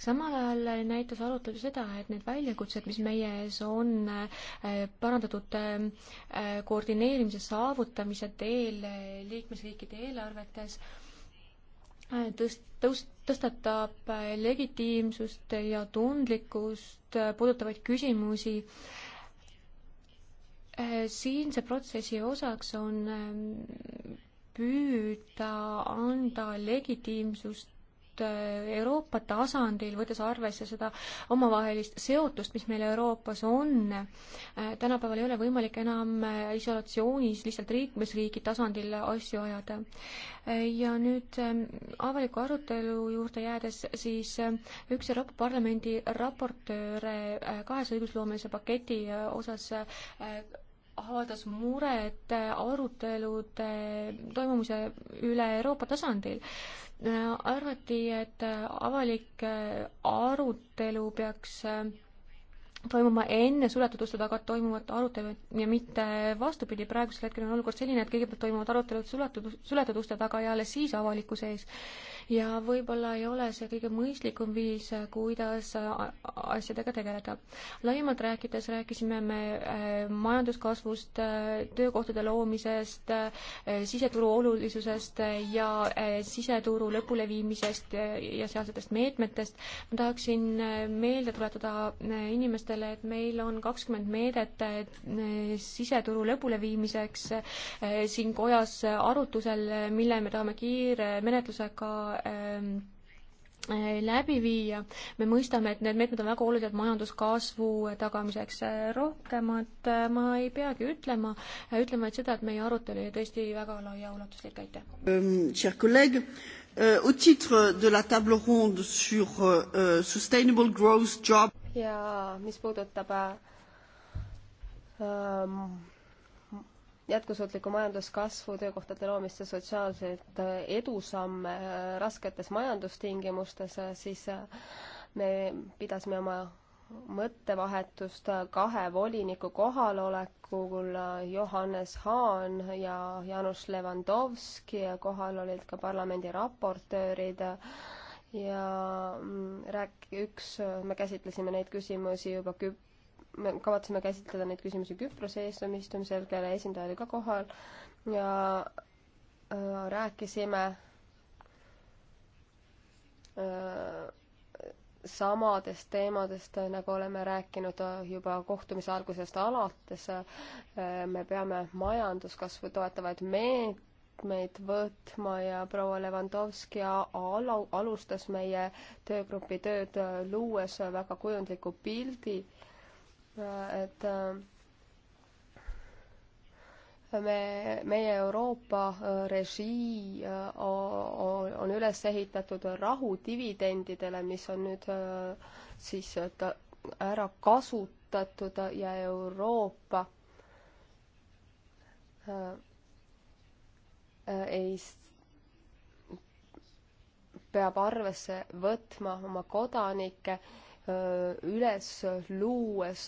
samal ajal näitas arutelu seda, et need väljakutsed, mis meie ees on eh, parandatud eh, koordineerimise saavutamise teel eh, liikmesriikide eelarvetes, tõst-, tõus-, tõstatab legitiimsust ja tundlikkust puudutavaid küsimusi siinse protsessi osaks on püüda anda legitiimsust äh, Euroopa tasandil, võttes arvesse seda omavahelist seotust, mis meil Euroopas on, äh, tänapäeval ei ole võimalik enam äh, isolatsioonis lihtsalt liikmesriigi tasandil asju ajada. ja nüüd ähm, avaliku arutelu juurde jäädes, siis üks Euroopa Parlamendi raportööre kahes õigusloomelise paketi osas avaldas muret arutelude toimumise üle Euroopa tasandil. arvati, et avalik arutelu peaks toimuma enne suletud uste taga toimuvat arutelu ja mitte vastupidi, praegusel hetkel on olukord selline, et kõigepealt toimuvad arutelud suletud, suletud uste taga ja alles siis avalikkuse ees ja võib-olla ei ole see kõige mõistlikum viis, kuidas asjadega tegeleda. laiemalt rääkides rääkisime me äh, majanduskasvust, äh, töökohtade loomisest, äh, siseturu olulisusest ja siseturu lõpuleviimisest ja sealsetest meetmetest. ma tahaksin meelde tuletada inimestele, et meil on kakskümmend meedet siseturu lõpuleviimiseks siin kojas arutusel, mille me tahame kiire menetlusega Ähm, äh, läbi viia. me mõistame, et need meetmed on väga olulised majanduskasvu tagamiseks. rohkemat äh, ma ei peagi ütlema, äh, ütlen vaid seda, et meie arutelu oli tõesti väga laiaulatuslik, aitäh um,. Chers collègues, au titre de la table ronde sur uh, sustainable growth job ja mis puudutab um, jätkusuutliku majanduskasvu, töökohtade loomist ja sotsiaalseid äh, edusamme äh, rasketes majandustingimustes, äh, siis me pidasime oma mõttevahetust kahe voliniku kohalolekul, Johannes Haan ja Janus Levandovski ja kohal olid ka parlamendi raportöörid ja mm, rääk-, üks, me käsitlesime neid küsimusi juba Küp-, me kavatseme käsitleda neid küsimusi Küprose eesistumisel, kelle esindaja oli ka kohal ja äh, rääkisime äh, samadest teemadest, nagu oleme rääkinud äh, juba kohtumise algusest alates. Äh, me peame majanduskasvu toetavaid meetmeid võtma ja proua Levanovski alu-, alustas meie töögrupi tööd, äh, luues väga kujundliku pildi äh, et äh, me, meie Euroopa äh, režii äh, on üles ehitatud rahudividendidele, mis on nüüd siis ära kasutatud ja Euroopa ei peab arvesse võtma oma kodanikke üles luues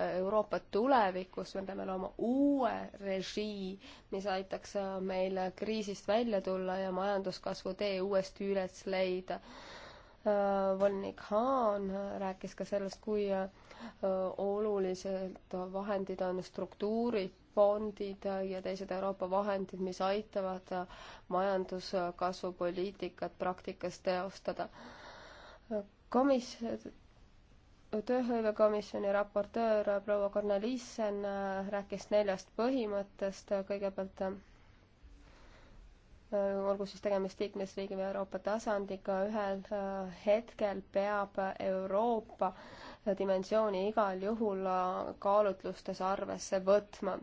Euroopat tulevikus, me peame looma uue režii, mis aitaks meil kriisist välja tulla ja majanduskasvu tee uuesti üles leida. Volnik Haan rääkis ka sellest, kui olulised vahendid on struktuurid, fondid ja teised Euroopa vahendid, mis aitavad majanduskasvupoliitikat praktikas teostada komis-, tööhõivekomisjoni raportöör proua Kornelissen äh, rääkis neljast põhimõttest, kõigepealt äh, olgu siis tegemist liikmesriigi või Euroopa tasandiga, ühel äh, hetkel peab Euroopa dimensiooni igal juhul kaalutlustes arvesse võtma.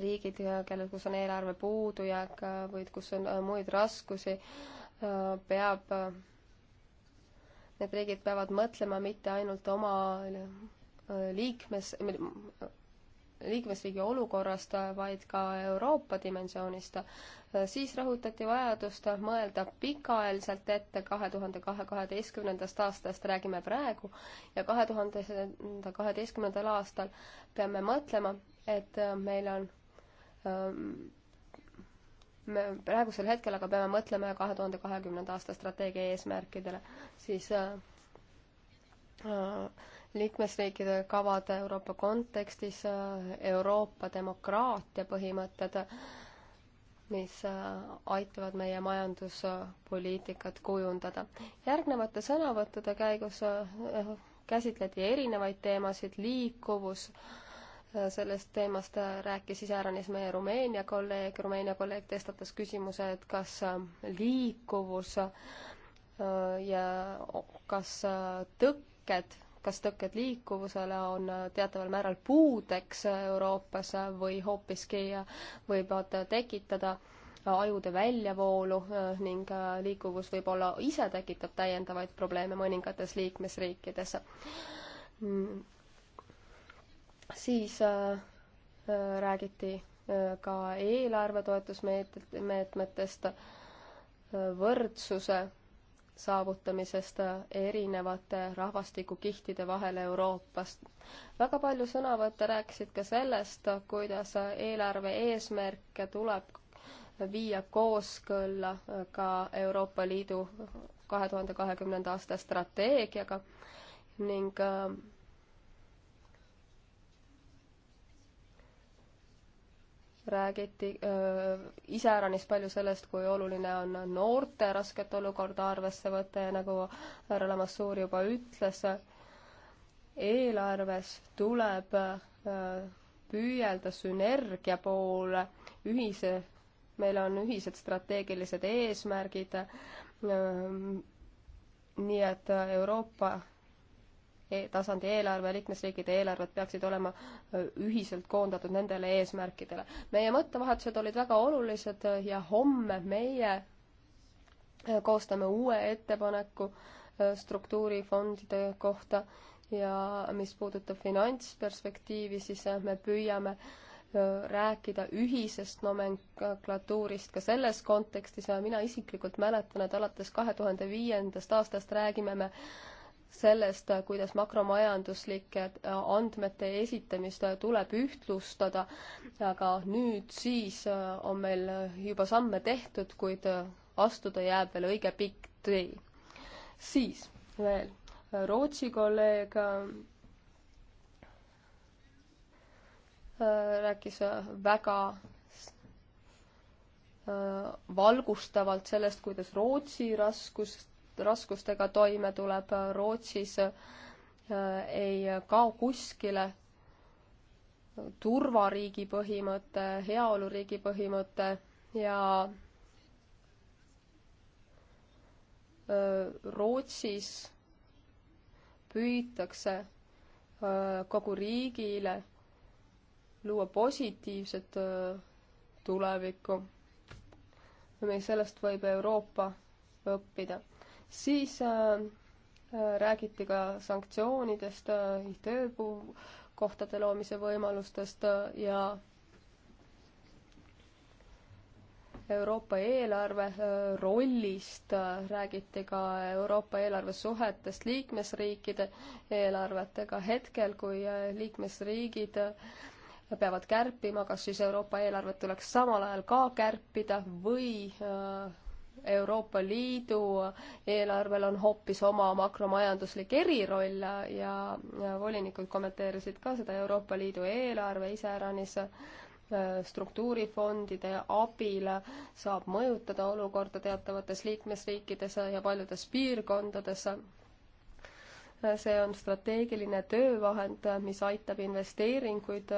riigid, kellel, kus on eelarve puudujääk või kus on muid raskusi, peab need riigid peavad mõtlema mitte ainult oma äh, liikmes, liikmesriigi olukorrast, vaid ka Euroopa dimensioonist, siis rõhutati vajadust mõelda pikaajaliselt ette kahe tuhande kahe, kaheteistkümnendast aastast räägime praegu ja kahe tuhande kaheteistkümnendal aastal peame mõtlema, et meil on ähm, me praegusel hetkel aga peame mõtlema kahe tuhande kahekümnenda aasta strateegia eesmärkidele, siis äh, äh, liikmesriikide kavad Euroopa kontekstis äh,, Euroopa demokraatia põhimõtted, mis äh, aitavad meie majanduspoliitikat kujundada. järgnevate sõnavõttude käigus äh, äh, käsitleti erinevaid teemasid, liikuvus äh,, Äh, sellest teemast äh, rääkis iseäranis meie Rumeenia kolleeg, Rumeenia kolleeg tõstatas küsimuse, et kas äh, liikuvus ja kas tõkked, kas tõkked liikuvusele on teataval määral puudeks Euroopas või hoopiski võivad tekitada ajude väljavoolu ning liikuvus võib-olla ise tekitab täiendavaid probleeme mõningates liikmesriikides mm siis äh, äh, räägiti äh, ka eelarve toetusmeetmetest, võrdsuse saavutamisest erinevate rahvastikukihtide vahel Euroopas. väga palju sõnavõtte rääkisid ka sellest, kuidas eelarve eesmärke tuleb viia kooskõlla ka Euroopa Liidu kahe tuhande kahekümnenda aasta strateegiaga ning räägiti iseäranis palju sellest, kui oluline on noorte rasket olukorda arvesse võtta ja nagu härra Lamassuur juba ütles, eelarves tuleb püüelda sünergia poole, ühise, meil on ühised strateegilised eesmärgid, nii et Euroopa tasandi eelarve, liikmesriikide eelarved peaksid olema ühiselt koondatud nendele eesmärkidele. meie mõttevahetused olid väga olulised ja homme meie koostame uue ettepaneku struktuurifondide kohta ja mis puudutab finantsperspektiivi, siis me püüame rääkida ühisest nomenklatuurist ka selles kontekstis ja mina isiklikult mäletan, et alates kahe tuhande viiendast aastast räägime me sellest, kuidas makromajanduslike äh, andmete esitamist äh, tuleb ühtlustada, aga nüüd siis äh, on meil juba samme tehtud, kuid astuda jääb veel õige pikk tee. siis veel Rootsi kolleeg rääkis väga valgustavalt sellest, kuidas Rootsi raskus raskustega toime tuleb, Rootsis äh, ei kao kuskile turvariigi põhimõte, heaoluriigi põhimõte ja äh, Rootsis püütakse äh, kogu riigile luua positiivset tulevikku. sellest võib Euroopa õppida siis äh, äh, räägiti ka sanktsioonidest, äh, töökohtade loomise võimalustest ja Euroopa eelarve rollist, räägiti ka Euroopa eelarve suhetest liikmesriikide eelarvetega hetkel, kui liikmesriigid peavad kärpima, kas siis Euroopa eelarvet tuleks samal ajal ka kärpida või Euroopa Liidu eelarvel on hoopis oma makromajanduslik eriroll ja, ja volinikud kommenteerisid ka seda Euroopa Liidu eelarve iseäranis äh, struktuurifondide abil saab mõjutada olukorda teatavates liikmesriikides ja paljudes piirkondades. Äh, see on strateegiline töövahend, mis aitab investeeringuid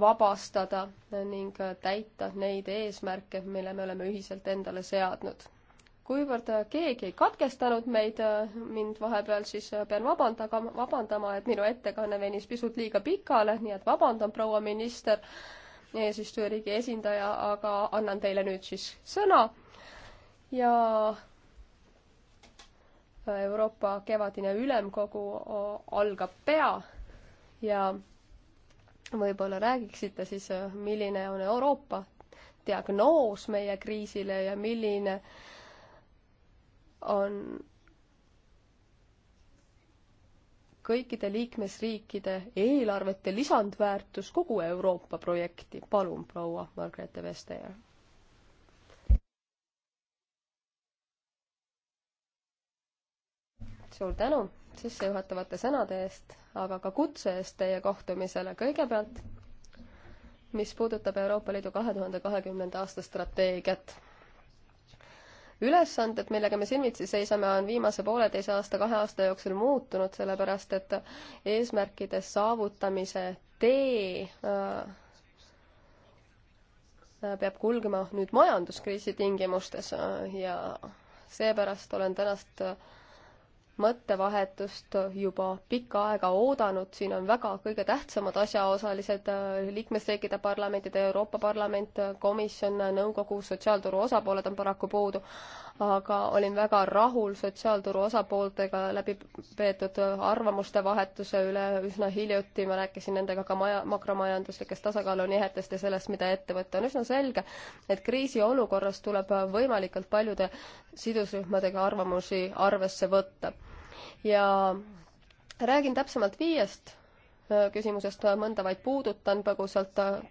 vabastada ning täita neid eesmärke, mille me oleme ühiselt endale seadnud. kuivõrd keegi ei katkestanud meid, mind vahepeal, siis pean vabandaga, vabandama, et minu ettekanne venis pisut liiga pikale, nii et vabandan, proua minister, eesistujariigi esindaja, aga annan teile nüüd siis sõna ja Euroopa kevadine ülemkogu algab pea ja võib-olla räägiksite siis, äh, milline on Euroopa diagnoos meie kriisile ja milline on kõikide liikmesriikide eelarvete lisandväärtus kogu Euroopa projekti. palun, proua Margrethe Vestager. suur tänu sissejuhatavate sõnade eest, aga ka kutse eest teie kohtumisele. kõigepealt, mis puudutab Euroopa Liidu kahe tuhande kahekümnenda aasta strateegiat ülesanded, millega me silmitsi seisame, on viimase pooleteise aasta, kahe aasta jooksul muutunud, sellepärast et eesmärkide saavutamise tee äh, äh peab kulgema nüüd majanduskriisi tingimustes äh, ja seepärast olen tänast äh, mõttevahetust juba pikka aega oodanud, siin on väga kõige tähtsamad asjaosalised, äh, liikmesriikide parlamendid, Euroopa Parlament, komisjon, nõukogu, sotsiaalturu osapooled on paraku puudu, aga olin väga rahul sotsiaalturu osapooltega läbi peetud arvamuste vahetuse üle üsna hiljuti, ma rääkisin nendega ka maja, makromajanduslikest tasakaalunihetest ja sellest, mida ette võtta. on üsna selge, et kriisiolukorras tuleb võimalikult paljude sidusrühmadega arvamusi arvesse võtta. ja räägin täpsemalt viiest äh, küsimusest mõnda vaid puudutan põgusalt. Äh,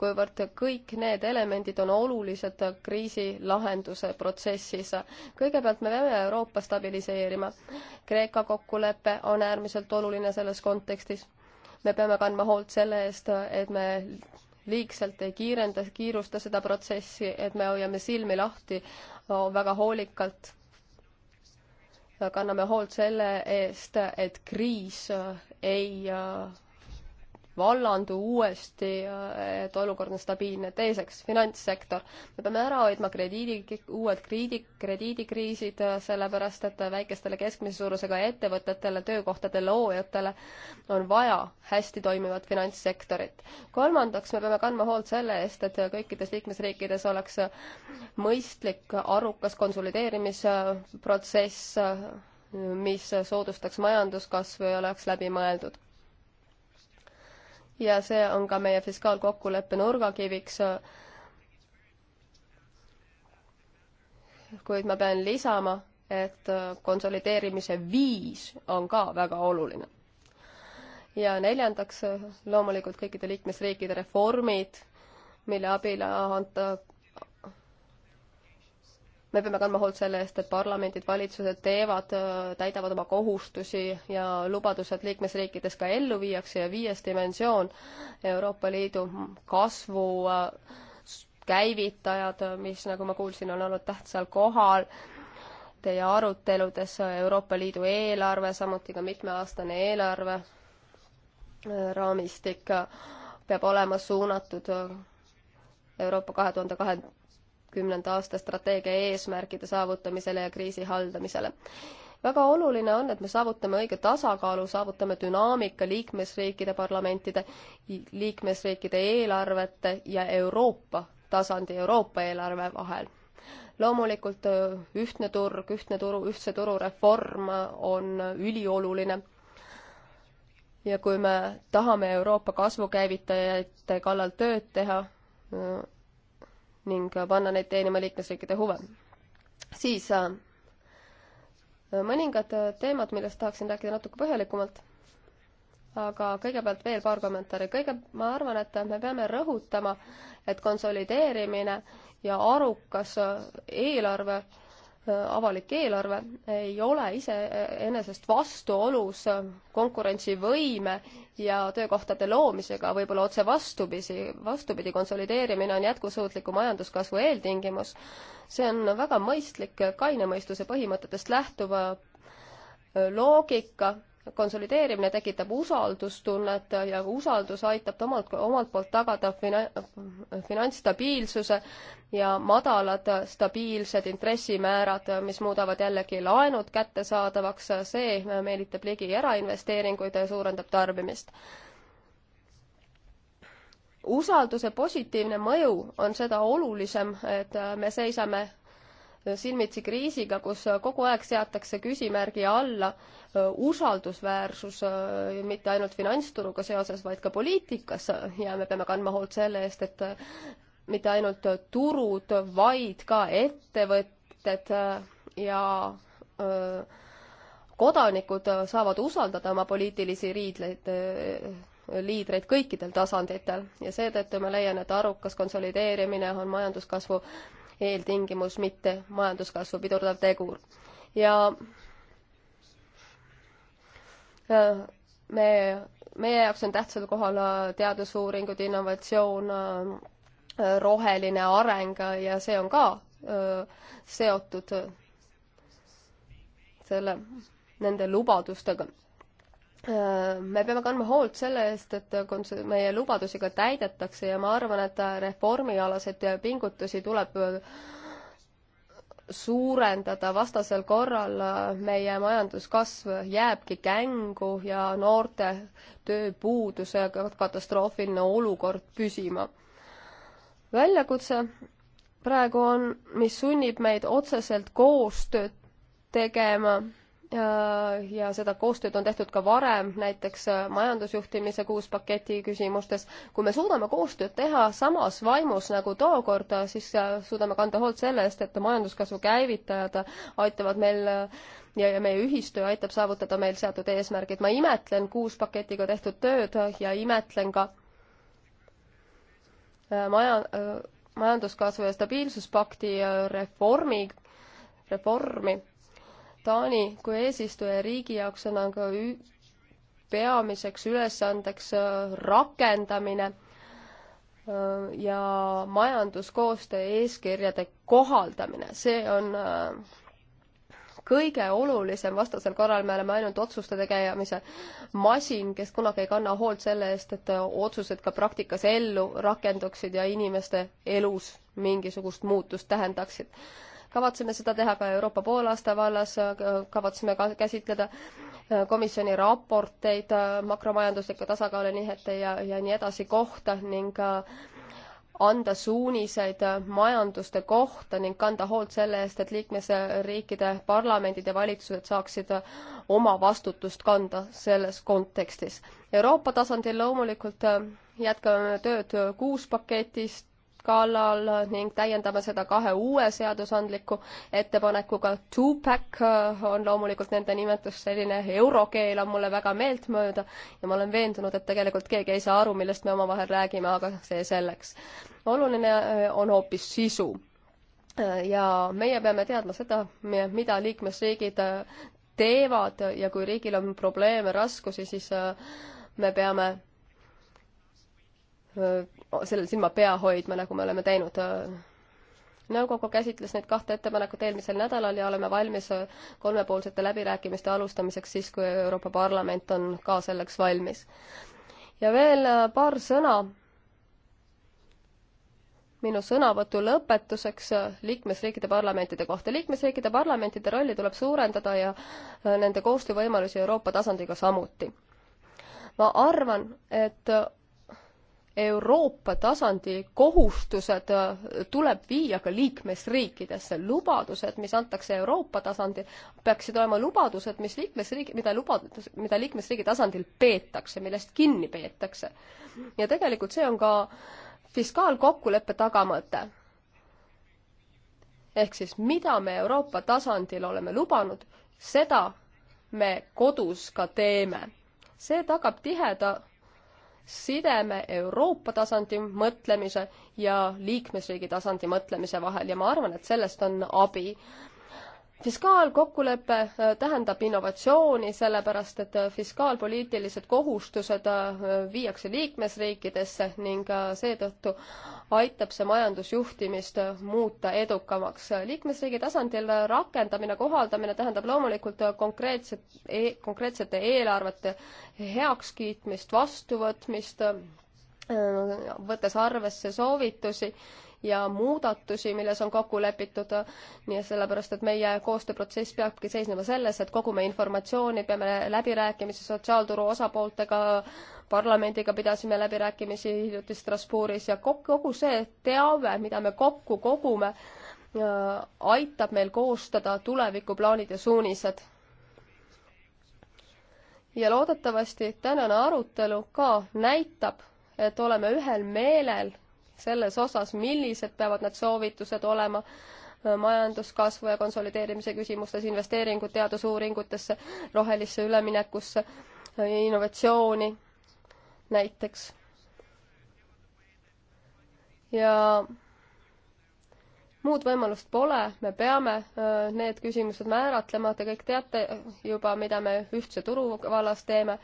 kuivõrd kõik need elemendid on olulised kriisi lahenduse protsessis. kõigepealt me peame Euroopa stabiliseerima. Kreeka kokkulepe on äärmiselt oluline selles kontekstis. me peame kandma hoolt selle eest, et me liigselt ei kiirenda, kiirusta seda protsessi, et me hoiame silmi lahti väga hoolikalt. kanname hoolt selle eest, et kriis ei vallandu uuesti, et olukord on stabiilne. teiseks, finantssektor. me peame ära hoidma krediidi, uued krediidi, krediidikriisid, sellepärast et väikestele keskmise suurusega ettevõtetele, töökohtade loojatele on vaja hästi toimivat finantssektorit. kolmandaks, me peame kandma hoolt selle eest, et kõikides liikmesriikides oleks mõistlik, arukas konsolideerimisprotsess, mis soodustaks majanduskasvu ja oleks läbimõeldud ja see on ka meie fiskaalkokkuleppe nurgakiviks. kuid ma pean lisama, et konsolideerimise viis on ka väga oluline. ja neljandaks loomulikult kõikide liikmesriikide reformid, mille abil anta me peame kandma hoolt selle eest, et parlamendid, valitsused teevad, äh, täidavad oma kohustusi ja lubadused liikmesriikides ka ellu viiakse ja viies dimensioon, Euroopa Liidu kasvu äh, käivitajad, äh, mis, nagu ma kuulsin, on olnud tähtsal kohal teie aruteludes Euroopa Liidu eelarve, samuti ka mitmeaastane eelarve raamistik peab olema suunatud Euroopa kahe tuhande kahe kümnenda aasta strateegia eesmärkide saavutamisele ja kriisi haldamisele. väga oluline on, et me saavutame õige tasakaalu, saavutame dünaamika liikmesriikide parlamentide, liikmesriikide eelarvete ja Euroopa tasandi, Euroopa eelarve vahel. loomulikult ühtne turg, ühtne turu, ühtse turu reform on ülioluline ja kui me tahame Euroopa kasvukäivitajate kallal tööd teha, ning panna neid teenima liikmesriikide huve. siis äh, mõningad teemad, millest tahaksin rääkida natuke põhjalikumalt, aga kõigepealt veel paar kommentaari. kõige, ma arvan, et me peame rõhutama, et konsolideerimine ja arukas äh, eelarve äh, avalik eelarve ei ole iseenesest vastuolus konkurentsivõime ja töökohtade loomisega, võib-olla otse vastupidi, vastupidi, konsolideerimine on jätkusuutliku majanduskasvu eeltingimus. see on väga mõistlik kaine mõistuse põhimõtetest lähtuva loogika konsolideerimine tekitab usaldustunnet ja usaldus aitab omalt, omalt poolt tagada fina-, finantsstabiilsuse ja madalad stabiilsed intressimäärad, mis muudavad jällegi laenud kättesaadavaks, see meelitab ligi erainvesteeringuid ja suurendab tarbimist. usalduse positiivne mõju on seda olulisem, et me seisame silmitsi kriisiga, kus kogu aeg seatakse küsimärgi alla Äh, usaldusväärsus äh, mitte ainult finantsturuga seoses, vaid ka poliitikas äh, ja me peame kandma hoolt selle eest, et mitte ainult turud, vaid ka ettevõtted ja kodanikud saavad usaldada oma poliitilisi riidleid, liidreid kõikidel tasanditel ja seetõttu ma leian, et arukas konsolideerimine on majanduskasvu eeltingimus, mitte majanduskasvu pidurdav tegur. ja Äh, me, meie jaoks on tähtsal kohal äh, teadusuuringud, innovatsioon, äh, roheline areng ja see on ka öö, seotud selle, nende lubadustega. me peame kandma hoolt selle eest, et kons-, meie lubadusi ka täidetakse ja ma arvan, et reformialaseid pingutusi tuleb öö, suurendada, vastasel korral äh, meie majanduskasv jääbki kängu ja noorte tööpuuduse katastroofiline olukord püsima. väljakutse praegu on, mis sunnib meid otseselt koostööd tegema Äh, ja seda koostööd on tehtud ka varem, näiteks äh, majandusjuhtimise kuus paketi küsimustes. kui me suudame koostööd teha samas vaimus nagu tookord, äh, siis suudame kanda hoolt selle eest, et majanduskasvu käivitajad aitavad meil ja, ja meie ühistöö aitab saavutada meil seatud eesmärgid. ma imetlen kuus paketiga tehtud tööd ja imetlen ka maja, majanduskasvu ja stabiilsuspakti reformi, reformi Taani kui eesistujariigi jaoks on aga peamiseks ülesandeks äh, rakendamine äh, ja majanduskoostöö eeskirjade kohaldamine, see on äh, kõige olulisem, vastasel korral me oleme ainult otsuste tegemise masin, kes kunagi ei kanna hoolt selle eest, et otsused ka praktikas ellu rakenduksid ja inimeste elus mingisugust muutust tähendaksid kavatseme seda teha ka Euroopa poolaasta vallas, kavatseme ka käsitleda äh, komisjoni raporteid äh, makromajandusliku tasakaalu nihete ja, ja nii edasi kohta ning äh, anda suuniseid majanduste kohta ning kanda hoolt selle eest, et liikmesriikide parlamendid ja valitsused saaksid oma vastutust kanda selles kontekstis. Euroopa tasandil loomulikult jätkame tööd kuus paketist, kallal ning täiendame seda kahe uue seadusandliku ettepanekuga. Tupac äh, on loomulikult nende nimetus, selline eurokeel on mulle väga meeltmööda ja ma olen veendunud, et tegelikult keegi ei saa aru, millest me omavahel räägime, aga see selleks. oluline äh, on hoopis sisu äh, ja meie peame teadma seda, mida liikmesriigid teevad ja kui riigil on probleeme, raskusi, siis me peame sellel silma pea hoidma, nagu me oleme teinud. nõukogu käsitles neid kahte ettepanekut eelmisel nädalal ja oleme valmis kolmepoolsete läbirääkimiste alustamiseks siis, kui Euroopa Parlament on ka selleks valmis. ja veel paar sõna minu sõnavõtu lõpetuseks liikmesriikide parlamentide kohta. liikmesriikide parlamentide rolli tuleb suurendada ja nende koostöövõimalusi Euroopa tasandiga samuti. ma arvan, et Euroopa tasandi kohustused äh, tuleb viia ka liikmesriikidesse. lubadused, mis antakse Euroopa tasandil, peaksid olema lubadused, mis liikmesriigi, mida lubadus, mida liikmesriigi tasandil peetakse, millest kinni peetakse. ja tegelikult see on ka fiskaalkokkuleppe tagamõte. ehk siis, mida me Euroopa tasandil oleme lubanud, seda me kodus ka teeme. see tagab tiheda sideme Euroopa tasandi mõtlemise ja liikmesriigi tasandi mõtlemise vahel ja ma arvan, et sellest on abi fiskaalkokkulepe äh, tähendab innovatsiooni, sellepärast et äh, fiskaalpoliitilised kohustused äh, viiakse liikmesriikidesse ning seetõttu aitab see majandusjuhtimist muuta edukamaks. liikmesriigi tasandil rakendamine, kohaldamine tähendab loomulikult konkreetset, e, konkreetsete eelarvete heakskiitmist, vastuvõtmist, võttes arvesse soovitusi ja muudatusi, milles on kokku lepitud. nii et sellepärast, et meie koostööprotsess peabki seisnema selles, et kogume informatsiooni, peame läbirääkimisi sotsiaalturu osapooltega, parlamendiga pidasime läbirääkimisi hiljuti Strasbourgis ja kogu see teave, mida me kokku kogume, äh, aitab meil koostada tulevikuplaanid ja suunised. ja loodetavasti tänane arutelu ka näitab, et oleme ühel meelel selles osas, millised peavad need soovitused olema äh, majanduskasvu ja konsolideerimise küsimustes, investeeringud teadusuuringutesse, rohelisse üleminekusse, äh, innovatsiooni näiteks. ja muud võimalust pole, me peame äh, need küsimused määratlema, te kõik teate juba, mida me ühtse turu vallas teeme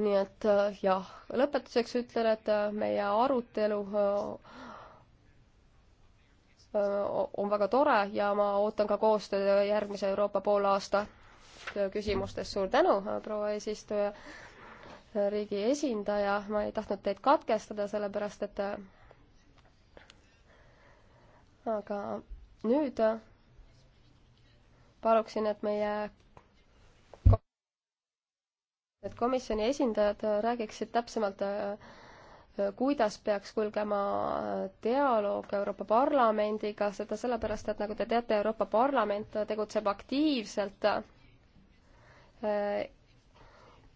nii et äh, jah, lõpetuseks ütlen, et äh, meie arutelu äh, on väga tore ja ma ootan ka koostööd järgmise Euroopa poolaasta küsimustes. suur tänu, proua eesistuja, riigi esindaja, ma ei tahtnud teid katkestada, sellepärast et aga nüüd paluksin, et meie et komisjoni esindajad äh, räägiksid täpsemalt, äh, äh, kuidas peaks kulgema dialoog Euroopa Parlamendiga, seda sellepärast, et nagu te teate, Euroopa Parlament tegutseb aktiivselt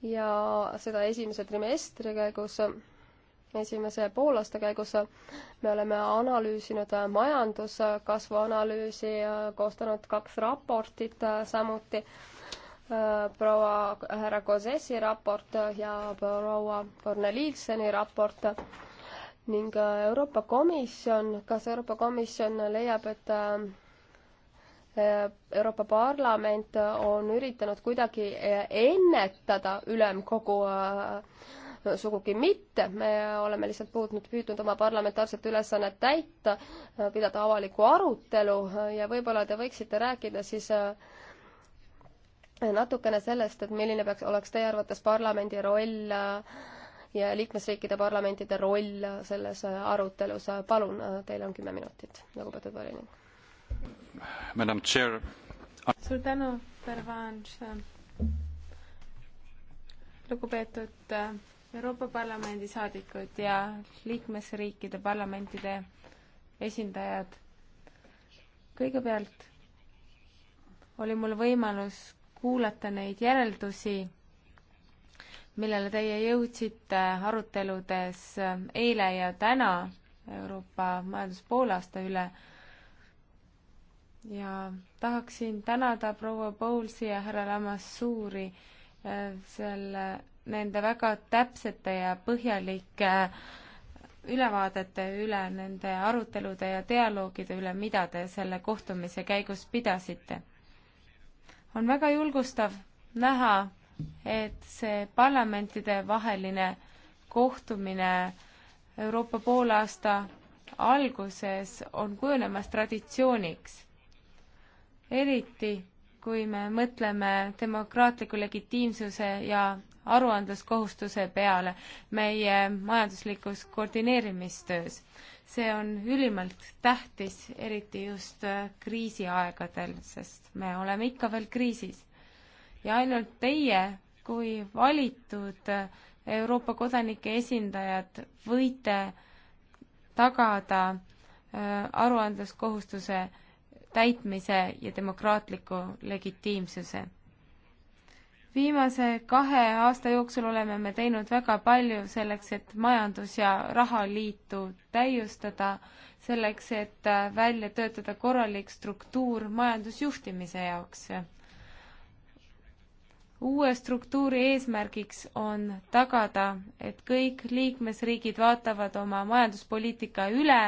ja seda esimese trimestri käigus, esimese poolaasta käigus me oleme analüüsinud majanduskasvu analüüsi, koostanud kaks raportit samuti proua härra Kozesi raport ja proua Korneliivseni raport ning äh, Euroopa Komisjon, kas Euroopa Komisjon leiab, et äh, äh, Euroopa Parlament on üritanud kuidagi ennetada ülemkogu sugugi mitte, me oleme lihtsalt puudnud, püüdnud oma parlamentaarset ülesannet täita, pidada avalikku arutelu ja võib-olla te võiksite rääkida siis äh, natukene sellest, et milline peaks, oleks teie arvates parlamendi roll äh, ja liikmesriikide parlamentide roll selles äh, arutelus. palun, äh, teil on kümme minutit, lugupeetud volinik. Madam Chair. suur tänu, Pervanš. lugupeetud Euroopa Parlamendi saadikud ja liikmesriikide parlamentide esindajad. kõigepealt oli mul võimalus kuulata neid järeldusi, millele teie jõudsite aruteludes eile ja täna Euroopa majanduspoolaasta üle. ja tahaksin tänada proua Paulsi ja härra Lamassuuri äh, selle, nende väga täpsete ja põhjalike äh, ülevaadete üle, nende arutelude ja dialoogide üle, mida te selle kohtumise käigus pidasite on väga julgustav näha, et see parlamentidevaheline kohtumine Euroopa poolaasta alguses on kujunemas traditsiooniks. eriti, kui me mõtleme demokraatliku legitiimsuse ja aruandluskohustuse peale meie majanduslikus koordineerimistöös see on ülimalt tähtis, eriti just äh, kriisiaegadel, sest me oleme ikka veel kriisis. ja ainult teie kui valitud äh, Euroopa kodanike esindajad võite tagada äh, aruandluskohustuse täitmise ja demokraatliku legitiimsuse viimase kahe aasta jooksul oleme me teinud väga palju selleks, et majandus- ja rahaliitu täiustada, selleks, et äh, välja töötada korralik struktuur majandusjuhtimise jaoks. uue struktuuri eesmärgiks on tagada, et kõik liikmesriigid vaatavad oma majanduspoliitika üle,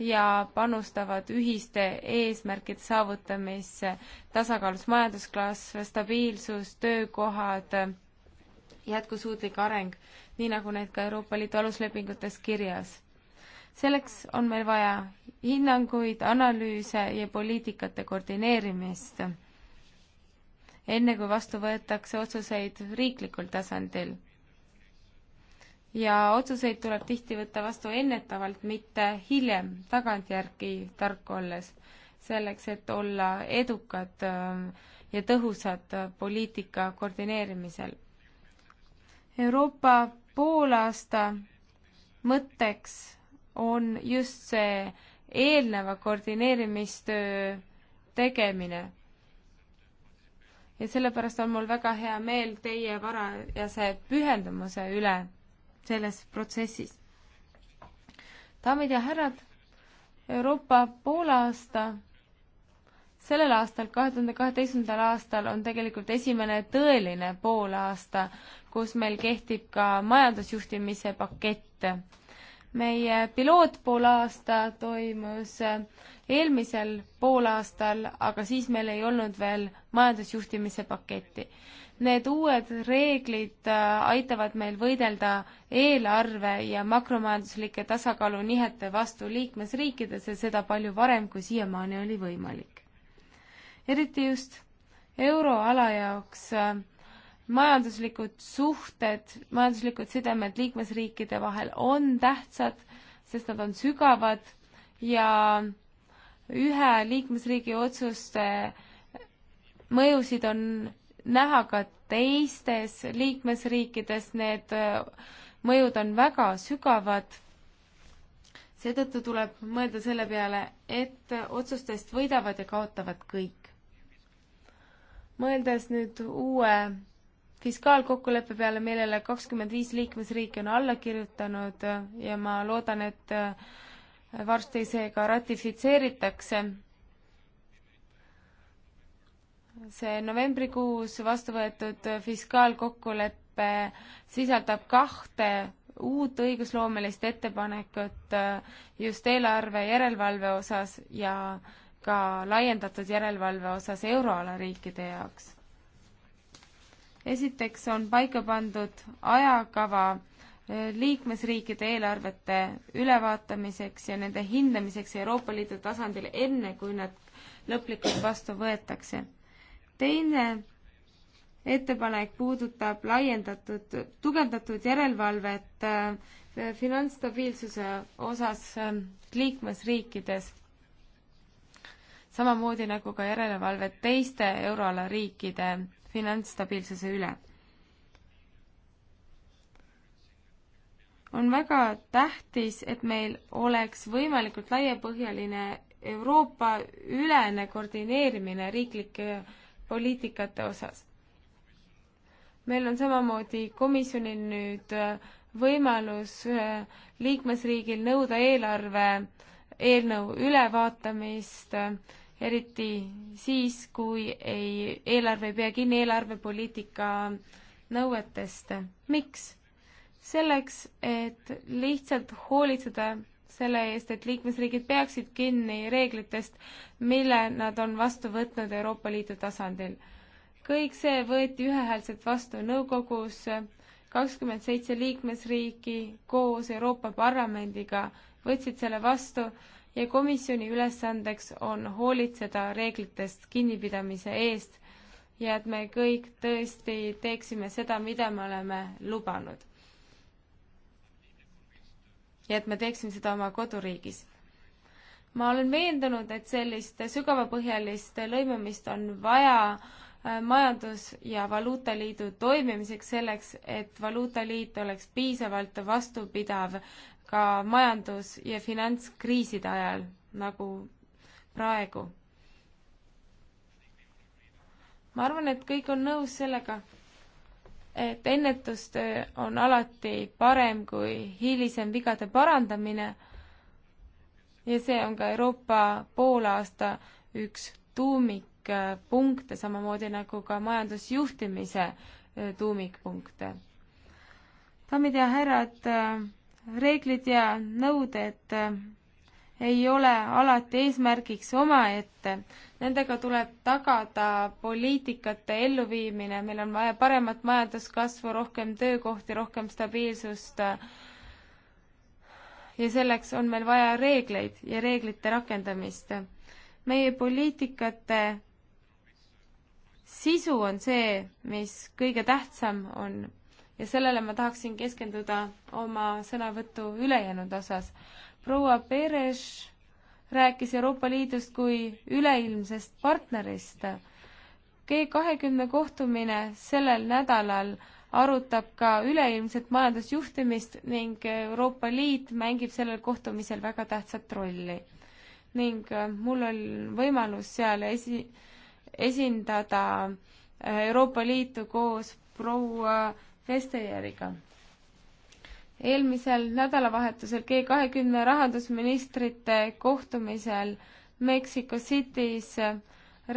ja panustavad ühiste eesmärkide saavutamisse, tasakaalus majanduskasv, stabiilsus, töökohad, jätkusuutlik areng, nii nagu need ka Euroopa Liidu aluslepingutes kirjas. selleks on meil vaja hinnanguid, analüüse ja poliitikate koordineerimist, enne kui vastu võetakse otsuseid riiklikul tasandil ja otsuseid tuleb tihti võtta vastu ennetavalt, mitte hiljem tagantjärgi tark olles, selleks et olla edukad ähm, ja tõhusad äh, poliitika koordineerimisel. Euroopa poolaasta mõtteks on just see eelneva koordineerimistöö tegemine. ja sellepärast on mul väga hea meel teie varajase pühendumuse üle selles protsessis. daamid ja härrad, Euroopa poolaasta sellel aastal, kahe tuhande kaheteistkümnendal aastal on tegelikult esimene tõeline poolaasta, kus meil kehtib ka majandusjuhtimise pakett meie pilootpoolaasta toimus eelmisel poolaastal, aga siis meil ei olnud veel majandusjuhtimise paketti. Need uued reeglid äh, aitavad meil võidelda eelarve ja makromajanduslike tasakaalu nihete vastu liikmesriikides ja seda palju varem, kui siiamaani oli võimalik. eriti just euroala jaoks äh, majanduslikud suhted, majanduslikud sidemed liikmesriikide vahel on tähtsad, sest nad on sügavad ja ühe liikmesriigi otsuste mõjusid on näha ka teistes liikmesriikides, need äh, mõjud on väga sügavad. seetõttu tuleb mõelda selle peale, et otsustest võidavad ja kaotavad kõik. mõeldes nüüd uue fiskaalkokkuleppe peale, millele kakskümmend viis liikmesriiki on alla kirjutanud äh, ja ma loodan, et äh, varsti see ka ratifitseeritakse. see novembrikuus vastu võetud fiskaalkokkulepe sisaldab kahte uut õigusloomelist ettepanekut äh, just eelarve järelevalve osas ja ka laiendatud järelevalve osas euroala riikide jaoks esiteks on paika pandud ajakava eh, liikmesriikide eelarvete ülevaatamiseks ja nende hindamiseks Euroopa Liidu tasandil, enne kui nad lõplikult vastu võetakse. teine ettepanek puudutab laiendatud, tugevdatud järelevalvet äh, finantsstabiilsuse osas äh, liikmesriikides, samamoodi nagu ka järelevalvet teiste euroala riikide finantsstabiilsuse üle. on väga tähtis, et meil oleks võimalikult laiapõhjaline Euroopa ülene koordineerimine riiklike poliitikate osas. meil on samamoodi komisjonil nüüd võimalus äh, liikmesriigil nõuda eelarve eelnõu ülevaatamist äh, eriti siis, kui ei, eelarve ei pea kinni eelarvepoliitika nõuetest. miks? selleks, et lihtsalt hoolitseda selle eest, et liikmesriigid peaksid kinni reeglitest, mille nad on vastu võtnud Euroopa Liidu tasandil. kõik see võeti ühehäälselt vastu nõukogus, kakskümmend seitse liikmesriiki koos Euroopa Parlamendiga võtsid selle vastu ja komisjoni ülesandeks on hoolitseda reeglitest kinnipidamise eest ja et me kõik tõesti teeksime seda, mida me oleme lubanud. ja et me teeksime seda oma koduriigis. ma olen veendunud, et sellist sügavapõhjalist lõimumist on vaja äh, majandus- ja valuutaliidu toimimiseks selleks, et valuutaliit oleks piisavalt vastupidav ka majandus- ja finantskriiside ajal, nagu praegu. ma arvan, et kõik on nõus sellega, et ennetustöö on alati parem kui hilisem vigade parandamine ja see on ka Euroopa poolaasta üks tuumikpunkte, samamoodi nagu ka majandusjuhtimise tuumikpunkte. daamid ja härrad, reeglid ja nõuded äh, ei ole alati eesmärgiks omaette. Nendega tuleb tagada poliitikate elluviimine, meil on vaja paremat majanduskasvu, rohkem töökohti, rohkem stabiilsust. Äh, ja selleks on meil vaja reegleid ja reeglite rakendamist. meie poliitikate sisu on see, mis kõige tähtsam on ja sellele ma tahaksin keskenduda oma sõnavõtu ülejäänud osas. proua Peres rääkis Euroopa Liidust kui üleilmsest partnerist. G kahekümne kohtumine sellel nädalal arutab ka üleilmset majandusjuhtimist ning Euroopa Liit mängib sellel kohtumisel väga tähtsat rolli. ning äh, mul on võimalus seal esi, esindada äh, Euroopa Liitu koos proua Vestejäriga. eelmisel nädalavahetusel G kahekümne rahandusministrite kohtumisel Mexico City's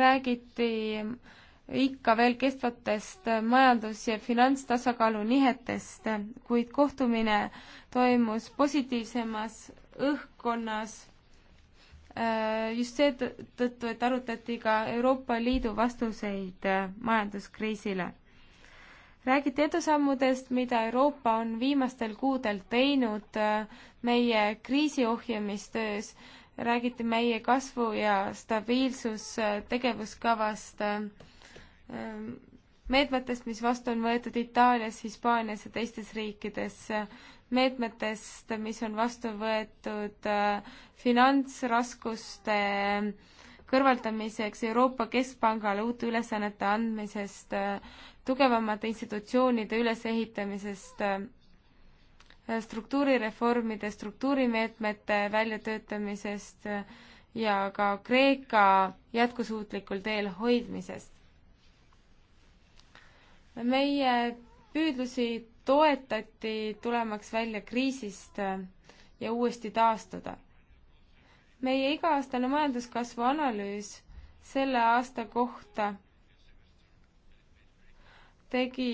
räägiti ikka veel kestvatest majandus- ja finantstasakaalu nihetest, kuid kohtumine toimus positiivsemas õhkkonnas äh, just seetõttu, et arutati ka Euroopa Liidu vastuseid majanduskriisile räägiti edusammudest, mida Euroopa on viimastel kuudel teinud äh, meie kriisiohjamistöös, räägiti meie kasvu- ja stabiilsustegevuskavast, äh, äh, meetmetest, mis vastu on võetud Itaalias, Hispaanias ja teistes riikides, meetmetest, mis on vastu võetud finantsraskuste kõrvaldamiseks Euroopa Keskpangale uute ülesannete andmisest, tugevamate institutsioonide ülesehitamisest, äh, struktuurireformide, struktuurimeetmete väljatöötamisest ja ka Kreeka jätkusuutlikul teel hoidmisest. meie püüdlusi toetati tulemaks välja kriisist äh, ja uuesti taastuda. meie iga-aastane majanduskasvu analüüs selle aasta kohta tegi,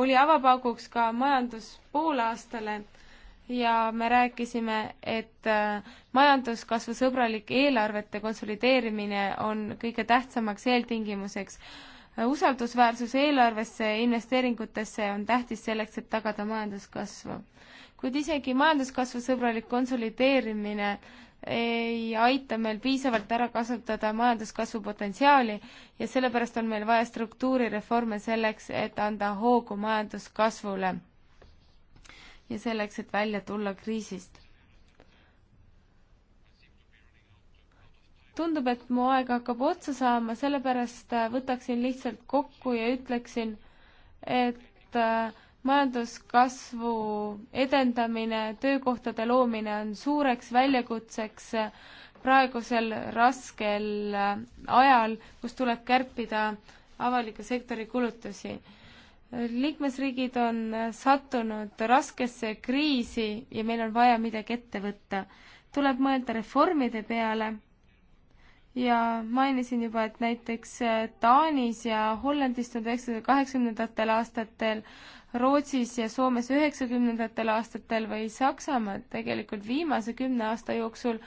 oli avapauguks ka majandus poolaastale ja me rääkisime, et äh, majanduskasvu sõbralik eelarvete konsolideerimine on kõige tähtsamaks eeltingimuseks. Äh, usaldusväärsus eelarvesse ja investeeringutesse on tähtis selleks, et tagada majanduskasvu. kuid isegi majanduskasvu sõbralik konsolideerimine äh, ei aita meil piisavalt ära kasutada majanduskasvu potentsiaali ja sellepärast on meil vaja struktuurireforme selleks, et anda hoogu majanduskasvule ja selleks, et välja tulla kriisist. tundub, et mu aeg hakkab otsa saama, sellepärast võtaksin lihtsalt kokku ja ütleksin, et äh, majanduskasvu edendamine, töökohtade loomine on suureks väljakutseks praegusel raskel ajal, kus tuleb kärpida avaliku sektori kulutusi. liikmesriigid on sattunud raskesse kriisi ja meil on vaja midagi ette võtta. tuleb mõelda reformide peale ja mainisin juba, et näiteks Taanis ja Hollandis tuhande üheksasaja kaheksakümnendatel aastatel Rootsis ja Soomes üheksakümnendatel aastatel või Saksamaal tegelikult viimase kümne aasta jooksul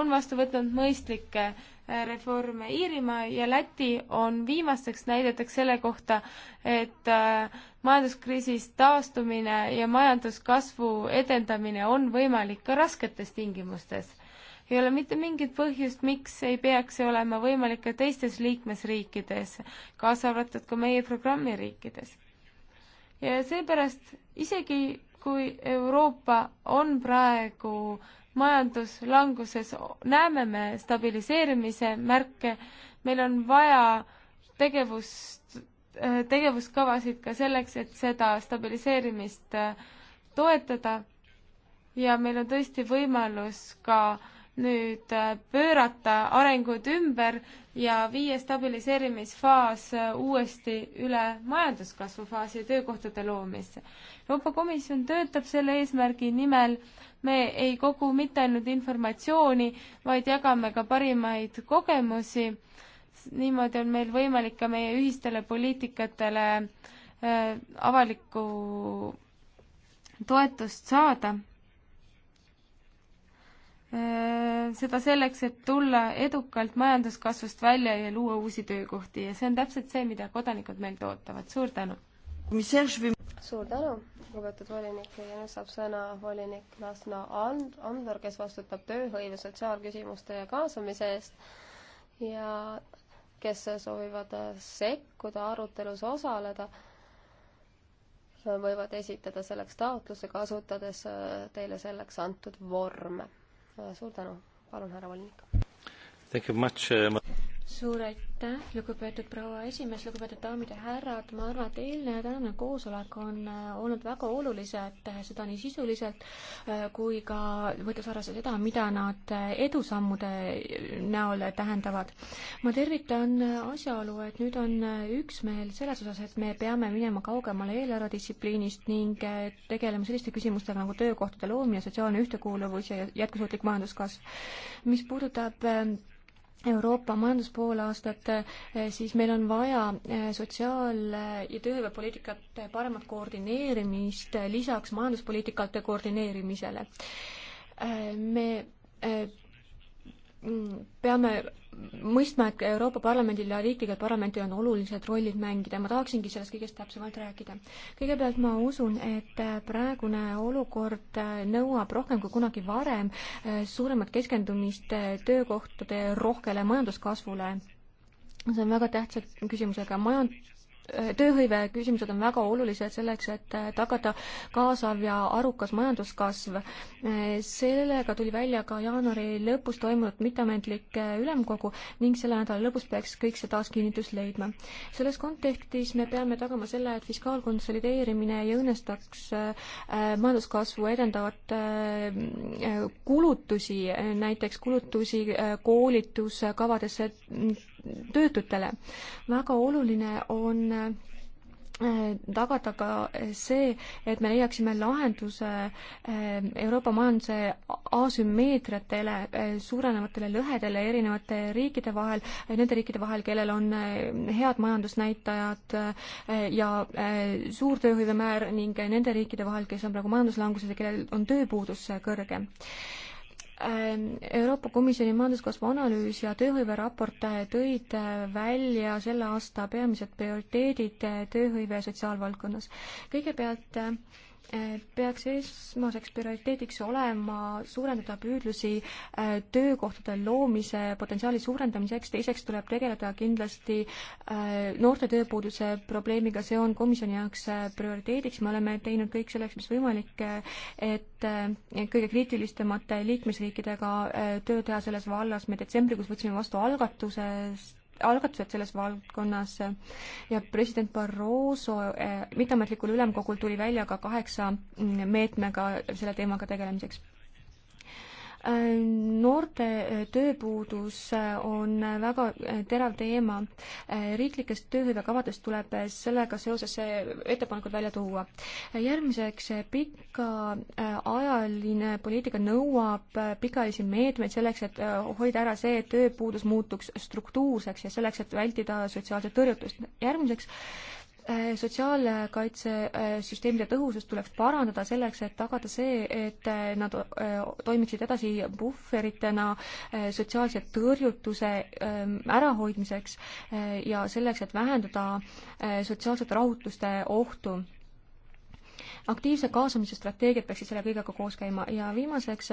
on vastu võtnud mõistlikke äh, reforme. Iirimaa ja Läti on viimasteks näideteks selle kohta, et äh, majanduskriisist taastumine ja majanduskasvu edendamine on võimalik ka rasketes tingimustes ei ole mitte mingit põhjust, miks ei peaks see olema võimalik ka teistes liikmesriikides, kaasa arvatud ka meie programmi riikides ja seepärast isegi kui Euroopa on praegu majanduslanguses, näeme me stabiliseerimise märke, meil on vaja tegevust, äh, tegevuskavasid ka selleks, et seda stabiliseerimist äh, toetada ja meil on tõesti võimalus ka äh, nüüd äh, pöörata arengud ümber ja viia stabiliseerimisfaas äh, uuesti üle majanduskasvu faasi ja töökohtade loomisse. Euroopa Komisjon töötab selle eesmärgi nimel, me ei kogu mitte ainult informatsiooni, vaid jagame ka parimaid kogemusi, niimoodi on meil võimalik ka meie ühistele poliitikatele äh, avalikku toetust saada Äh, seda selleks, et tulla edukalt majanduskasvust välja ja luua uusi töökohti ja see on täpselt see, mida kodanikud meilt ootavad. suur tänu! suur tänu, lugupeetud volinik ja nüüd saab sõna volinik Lasna And-, Andor, kes vastutab tööhõive, sotsiaalküsimuste ja kaasamise eest ja kes soovivad sekkuda, arutelus osaleda võivad esitada selleks taotluse, kasutades teile selleks antud vorme suur tänu, palun, härra volinik suur aitäh, lugupeetud proua esimees, lugupeetud daamid ja härrad, ma arvan, et eilne ja tänane koosolek on äh, olnud väga olulised, äh, seda nii sisuliselt äh, kui ka võttes arvesse seda, mida nad edusammude näol tähendavad. ma tervitan asjaolu, et nüüd on üksmeel selles osas, et me peame minema kaugemale eelarvedistsipliinist ning tegelema selliste küsimustega nagu töökohtade loomine, sotsiaalne ühtekuuluvus ja jätkusuutlik majanduskasv. mis puudutab Euroopa majanduspoolaastat, eh, siis meil on vaja eh, sotsiaal- ja tööhõivepoliitikate eh, paremat koordineerimist lisaks majanduspoliitikate koordineerimisele. me mm, peame mõistma, et Euroopa Parlamendil ja riiklikel parlamendil on olulised rollid mängida, ma tahaksingi sellest kõigest täpsemalt rääkida. kõigepealt ma usun, et praegune olukord nõuab rohkem kui kunagi varem eh, suuremat keskendumist eh, töökohtade rohkele majanduskasvule see on väga tähtsa küsimusega. majand-, tööhõive küsimused on väga olulised selleks, et tagada kaasav ja arukas majanduskasv. sellega tuli välja ka jaanuari lõpus toimunud mitteametlik ülemkogu ning selle nädala lõpus peaks kõik see taas kinnitust leidma. selles kontekstis me peame tagama selle, et fiskaalkonsolideerimine ei õõnestaks äh, majanduskasvu edendavat äh, kulutusi, näiteks kulutusi äh, koolituskavadesse, töötutele. väga oluline on äh, tagada ka see, et me leiaksime lahenduse äh, Euroopa majanduse asümmeetriatele, äh, suurenevatele lõhedele erinevate riikide vahel, nende riikide vahel, kellel on head majandusnäitajad ja suur tööhõivemäär ning nende riikide vahel, kes on praegu majanduslanguses ja kellel on tööpuudus kõrge Ähm, Euroopa Komisjoni majanduskasvu analüüs ja tööhõiveraport äh, tõid äh, välja selle aasta peamised prioriteedid äh, tööhõive ja sotsiaalvaldkonnas. kõigepealt peaks esmaseks prioriteediks olema suurendada püüdlusi äh, töökohtade loomise potentsiaali suurendamiseks, teiseks tuleb tegeleda kindlasti äh, noorte tööpuuduse probleemiga, see on komisjoni jaoks äh, prioriteediks, me oleme teinud kõik selleks, mis võimalik, et kõige kriitilisemate liikmesriikidega töö teha selles vallas, me detsembrikuus võtsime vastu algatusest algatused selles valdkonnas ja president Barroso eh, mitteametlikul ülemkogul tuli välja ka kaheksa mm, meetmega selle teemaga tegelemiseks noorte eh, tööpuudus eh, on eh, väga terav teema. riiklikest tööhõivekavadest tuleb sellega seoses ettepanekud välja tuua. järgmiseks, pikaajaline poliitika nõuab pikaajalisi meetmeid selleks, et hoida ära see, et tööpuudus muutuks struktuurseks ja selleks, et vältida sotsiaalset tõrjutust. järgmiseks, Eh, sotsiaalkaitsesüsteemide tõhusust tuleks parandada selleks, et tagada see, et eh, nad eh, toimiksid edasi puhveritena sotsiaalse tõrjutuse ehm, ärahoidmiseks ja selleks, et vähendada sotsiaalsete rahutuste ohtu aktiivse kaasamise strateegiad peaksid selle kõigega koos käima ja viimaseks,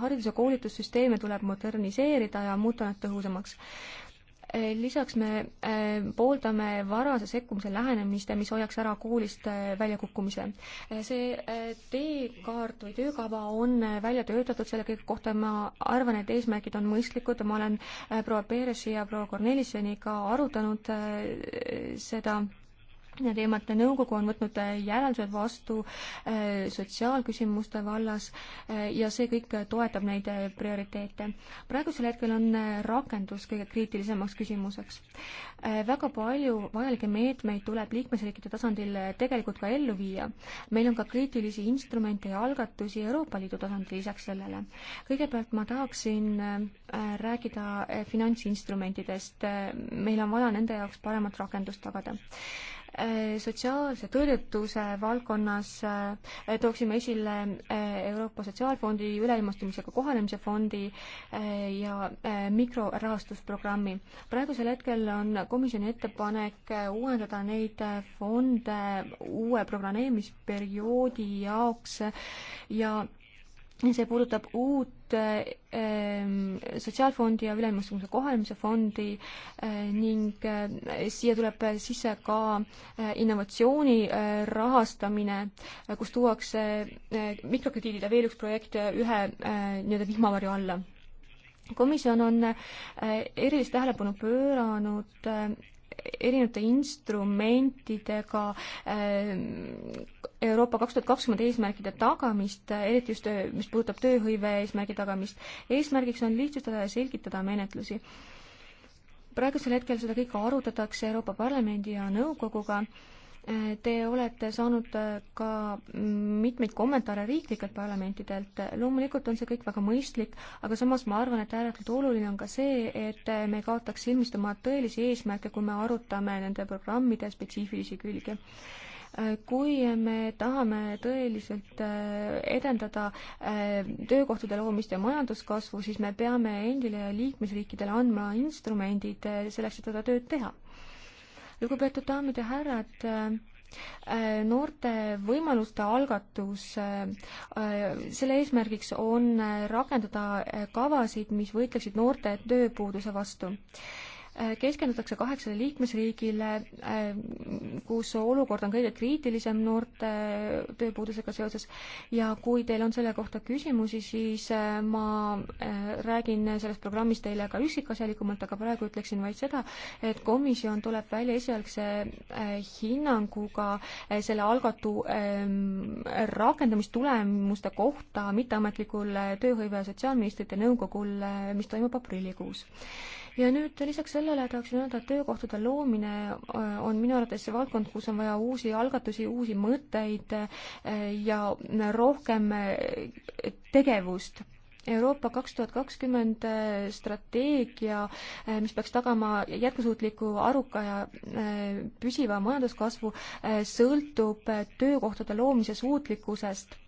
haridus- ja koolitussüsteeme tuleb moderniseerida ja muuta nad tõhusamaks lisaks me äh, pooldame varase sekkumise lähenemist, mis hoiaks ära koolist äh, väljakukkumise. Äh, see teekaart või töökava on välja töötatud selle kõige kohta, ma arvan, et eesmärgid on mõistlikud, ma olen proua Peresi ja proua Kornelissoniga arutanud seda teemat. nõukogu on võtnud äh, järeldused vastu äh, sotsiaalküsimuste vallas äh, ja see kõik toetab neid prioriteete. praegusel hetkel on rakendus kõige kriitilisemaks küsimuseks. väga palju vajalikke meetmeid tuleb liikmesriikide tasandil tegelikult ka ellu viia. meil on ka kriitilisi instrumente ja algatusi Euroopa Liidu tasandil lisaks sellele. kõigepealt ma tahaksin rääkida finantsinstrumentidest. meil on vaja nende jaoks paremat rakendust tagada Äh, sotsiaalse tõrjutuse valdkonnas äh, tooksime esile äh, Euroopa Sotsiaalfondi üleilmastumisega kohanemise fondi ja mikrorahastusprogrammi. praegusel hetkel on komisjoni ettepanek uuendada neid fonde uue programmeerimisperioodi jaoks ja see puudutab uut ähm, sotsiaalfondi ja üleilmastumuse kohanemise fondi äh, ning äh, siia tuleb sisse ka äh, innovatsiooni rahastamine, kus tuuakse mikrokrediidide veel üks projekt ühe nii-öelda vihmavarju alla. komisjon on erilist tähelepanu pööranud erinevate instrumentidega äh, Euroopa kaks tuhat kakskümmend eesmärkide tagamist, äh, eriti just mis puudutab tööhõive eesmärgi tagamist. eesmärgiks on lihtsustada ja selgitada menetlusi. praegusel hetkel seda kõike arutatakse Euroopa Parlamendi ja nõukoguga Te olete saanud äh, ka mitmeid kommentaare riiklikelt parlamentidelt. loomulikult on see kõik väga mõistlik, aga samas ma arvan, et ääretult oluline on ka see, et me kaotaks silmist oma tõelisi eesmärke, kui me arutame nende programmide spetsiifilisi külgi äh, kui me tahame tõeliselt äh, edendada töökohtade loomist ja majanduskasvu, siis me peame endile ja liikmesriikidele andma instrumendid selleks, et seda tööd teha lugupeetud daamid ja härrad äh, noorte võimaluste algatus, äh, selle eesmärgiks on äh, rakendada kavasid, mis võitleksid noorte tööpuuduse vastu. Äh, keskendutakse kaheksale liikmesriigile, äh, kus olukord on kõige kriitilisem noorte äh, tööpuudusega seoses ja kui teil on selle kohta küsimusi, siis ma räägin sellest programmist teile ka üksikasjalikumalt, aga praegu ütleksin vaid seda, et komisjon tuleb välja esialgse hinnanguga selle algatu ähm, rakendamistulemuste kohta mitteametlikul tööhõive ja sotsiaalministrite nõukogul, mis toimub aprillikuus ja nüüd lisaks sellele tahaksin öelda, et töökohtade loomine äh, on minu arvates see valdkond, kus on vaja uusi algatusi, uusi mõtteid äh, ja rohkem äh, tegevust Euroopa kaks tuhat kakskümmend strateegia, mis peaks tagama jätkusuutliku, aruka ja püsiva majanduskasvu, sõltub töökohtade loomise suutlikkusest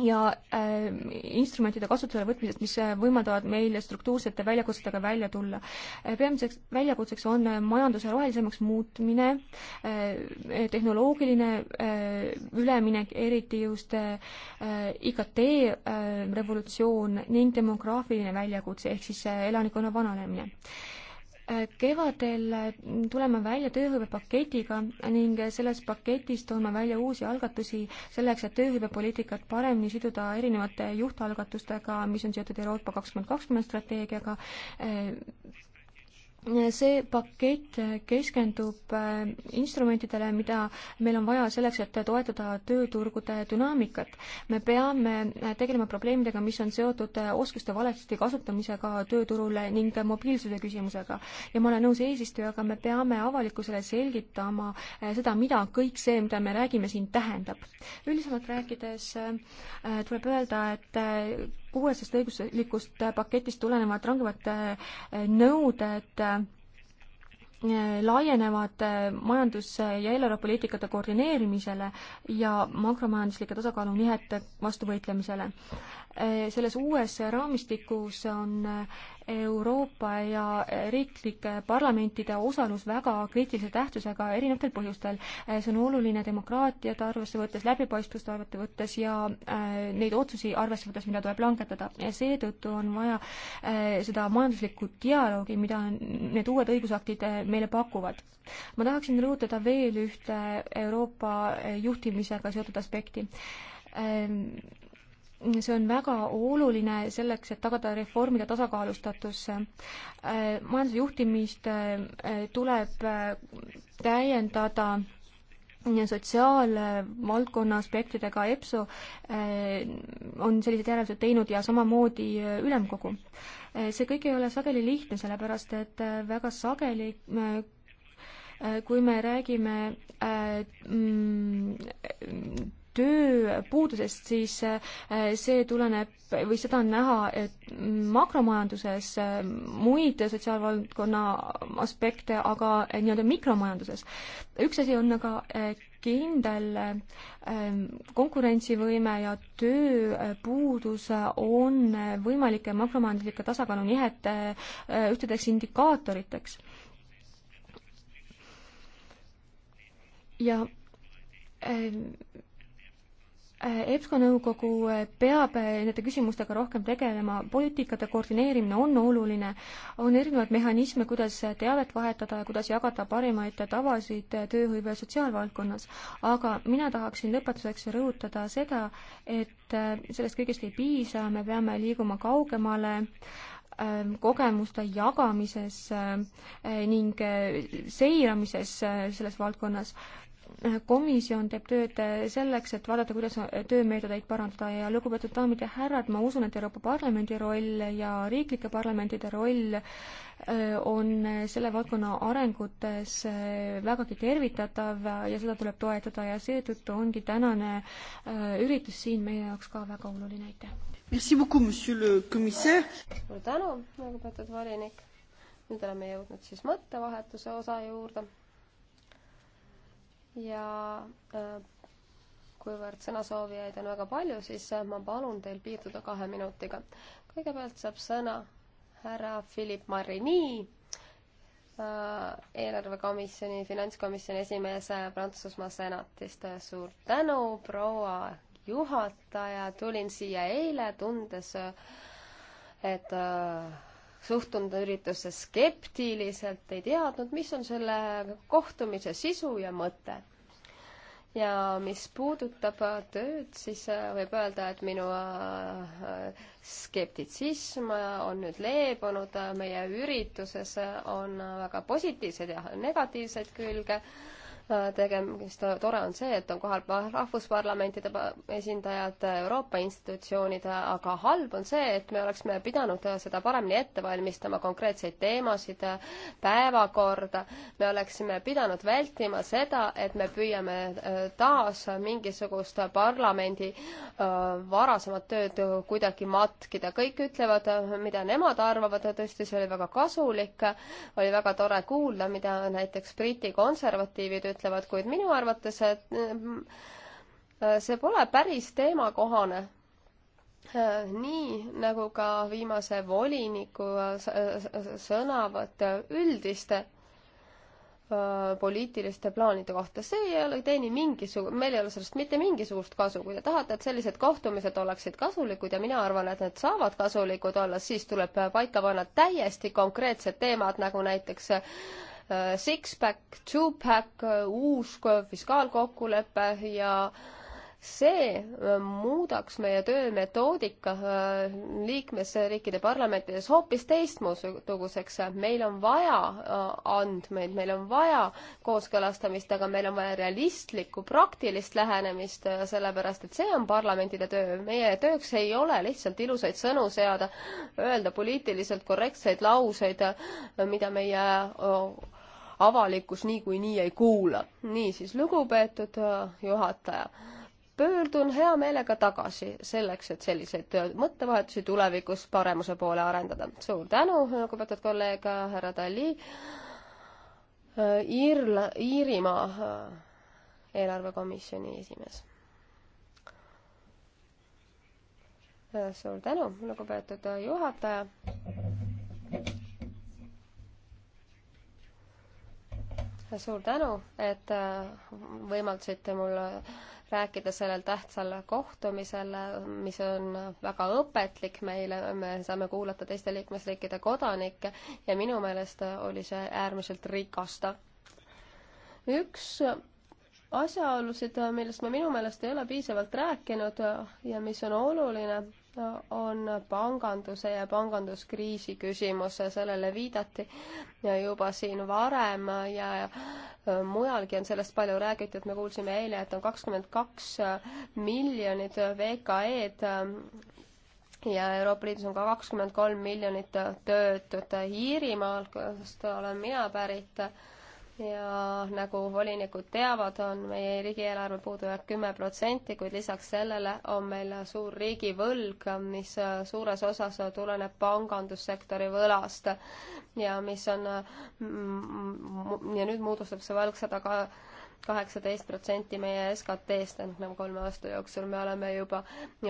ja äh, instrumentide kasutusele võtmisest, mis äh, võimaldavad meil struktuursete väljakutsetega välja tulla. Äh, peamiseks väljakutseks on äh, majanduse rohelisemaks muutmine äh,, tehnoloogiline äh, üleminek, eriti just äh, IKT äh, revolutsioon ning demograafiline väljakutse ehk siis äh, elanikkonna vananemine äh, kevadel tuleme välja tööhõivepaketiga ning selles paketis toome välja uusi algatusi selleks, et tööhõivepoliitikat paremini siduda erinevate juhtalgatustega, mis on seotud Euroopa kakskümmend kakskümmend strateegiaga, see pakett keskendub äh, instrumentidele, mida meil on vaja selleks, et toetada tööturgude dünaamikat. me peame äh, tegelema probleemidega, mis on seotud äh, oskuste valesti kasutamisega tööturul ning mobiilsuse küsimusega. ja ma olen nõus eesistujaga, me peame avalikkusele selgitama seda, mida kõik see, mida me räägime siin, tähendab. üldisemalt rääkides tuleb öelda, et uuesest õiguslikust paketist tulenevad rangemad äh, nõuded äh, laienevad äh, majandus- ja eelarvepoliitikate koordineerimisele ja makromajanduslike tasakaalunihete vastu võitlemisele. selles uues raamistikus on Euroopa ja riiklike parlamentide osalus väga kriitilise tähtsusega erinevatel põhjustel. Äh, see on oluline demokraatiat arvesse võttes, läbipaistvust arvete võttes ja äh, neid otsusi arvesse võttes, mida tuleb langetada. ja seetõttu on vaja äh, seda majanduslikku dialoogi, mida need uued õigusaktid meile pakuvad. ma tahaksin rõhutada veel ühte Euroopa juhtimisega seotud aspekti ähm, see on väga oluline selleks, et tagada reformide tasakaalustatus. majanduse juhtimist äh, tuleb äh, täiendada sotsiaalvaldkonna aspektidega EPSO äh, on sellised järeldused teinud ja samamoodi ülemkogu. see kõik ei ole sageli lihtne, sellepärast et väga sageli kui me räägime äh, mm, tööpuudusest, siis äh, see tuleneb või seda on näha makromajanduses, äh, muid sotsiaalvaldkonna aspekte, aga äh, nii-öelda mikromajanduses. üks asi on aga kindel ähm, konkurentsivõime ja tööpuudus on võimalike makromajanduslike tasakaalu nihete ühtedeks indikaatoriteks ja äh, EBSCO nõukogu peab nende küsimustega rohkem tegelema, poliitikate koordineerimine on oluline, on erinevaid mehhanisme, kuidas teavet vahetada ja kuidas jagada parimaid tavasid tööhõive ja sotsiaalvaldkonnas. aga mina tahaksin lõpetuseks rõhutada seda, et sellest kõigest ei piisa, me peame liiguma kaugemale ähm, kogemuste jagamises äh, ning seiramises äh, selles valdkonnas komisjon teeb tööd selleks, et vaadata, kuidas töömeetodeid parandada ja lugupeetud daamid ja härrad, ma usun, et Euroopa Parlamendi roll ja riiklike parlamentide roll äh, on selle valdkonna arengutes äh, vägagi tervitatav ja seda tuleb toetada ja seetõttu ongi tänane äh, üritus siin meie jaoks ka väga oluline, aitäh! suur tänu, lugupeetud volinik! nüüd oleme jõudnud siis mõttevahetuse osa juurde ja äh, kuivõrd sõnasoovijaid on väga palju, siis äh, ma palun teil piirduda kahe minutiga. kõigepealt saab sõna härra Philip Marini, äh, eelarvekomisjoni, finantskomisjoni esimees Prantsusmaa senatist. suur tänu, proua juhataja, tulin siia eile, tundes, et äh, suhtunud üritusse skeptiliselt, ei teadnud, mis on selle kohtumise sisu ja mõte. ja mis puudutab tööd, siis äh, võib öelda, et minu äh, skeptitsism on nüüd leebunud, meie ürituses on väga positiivseid ja negatiivseid külge tegemist, tore on see, et on kohal rahvusparlamentide esindajad, Euroopa institutsioonid, aga halb on see, et me oleksime pidanud seda paremini ette valmistama, konkreetseid teemasid, päevakorda, me oleksime pidanud vältima seda, et me püüame äh, taas mingisugust parlamendi äh, varasemat tööd kuidagi matkida. kõik ütlevad, mida nemad arvavad ja tõesti, see oli väga kasulik, oli väga tore kuulda, mida näiteks Briti konservatiivid ütlevad, kuid minu arvates, et äh, see pole päris teemakohane. Äh, nii nagu ka viimase voliniku äh, sõnavõtt üldiste poliitiliste plaanide kohta, see ei ole, teeni mingisugu-, meil ei ole sellest mitte mingisugust kasu, kui te tahate, et sellised kohtumised oleksid kasulikud ja mina arvan, et need saavad kasulikud olla, siis tuleb paika panna täiesti konkreetsed teemad, nagu näiteks Äh, six-pack, two-pack, äh, uus fiskaalkokkulepe ja see äh, muudaks meie töömetoodika liikmesriikide parlamentides hoopis teistmuguseks. meil on vaja andmeid, meil on vaja kooskõlastamist, aga meil on vaja realistlikku, praktilist lähenemist, sellepärast et see on parlamentide töö. meie tööks ei ole lihtsalt ilusaid sõnu seada, öelda poliitiliselt korrektseid lauseid, mida meie avalikkus niikuinii ei kuula. niisiis, lugupeetud äh, juhataja, pöördun hea meelega tagasi selleks, et selliseid äh, mõttevahetusi tulevikus paremuse poole arendada. suur tänu, lugupeetud kolleeg äh, härra Tali. Iirla, Iirimaa eelarvekomisjoni esimees. suur tänu, lugupeetud juhataja. suur tänu, et äh, võimaldasite mul rääkida sellel tähtsal kohtumisel, mis on väga õpetlik meile, me saame kuulata teiste liikmesriikide kodanikke ja minu meelest oli see äärmiselt rikastav. üks asjaolusid, millest me minu meelest ei ole piisavalt rääkinud ja mis on oluline on panganduse ja panganduskriisi küsimus, sellele viidati juba siin varem ja mujalgi on sellest palju räägitud, me kuulsime eile, et on kakskümmend kaks miljonit VKE-d ja Euroopa Liidus on ka kakskümmend kolm miljonit töötut. Iirimaal, kust olen mina pärit, ja nagu volinikud teavad, on meie riigieelarve puudujääk kümme protsenti, kuid lisaks sellele on meil suur riigivõlg, mis suures osas tuleneb pangandussektori võlast ja mis on ja nüüd moodustab see võlg sada ka kaheksateist protsenti meie SKT-st enam nagu kolme aasta jooksul, me oleme juba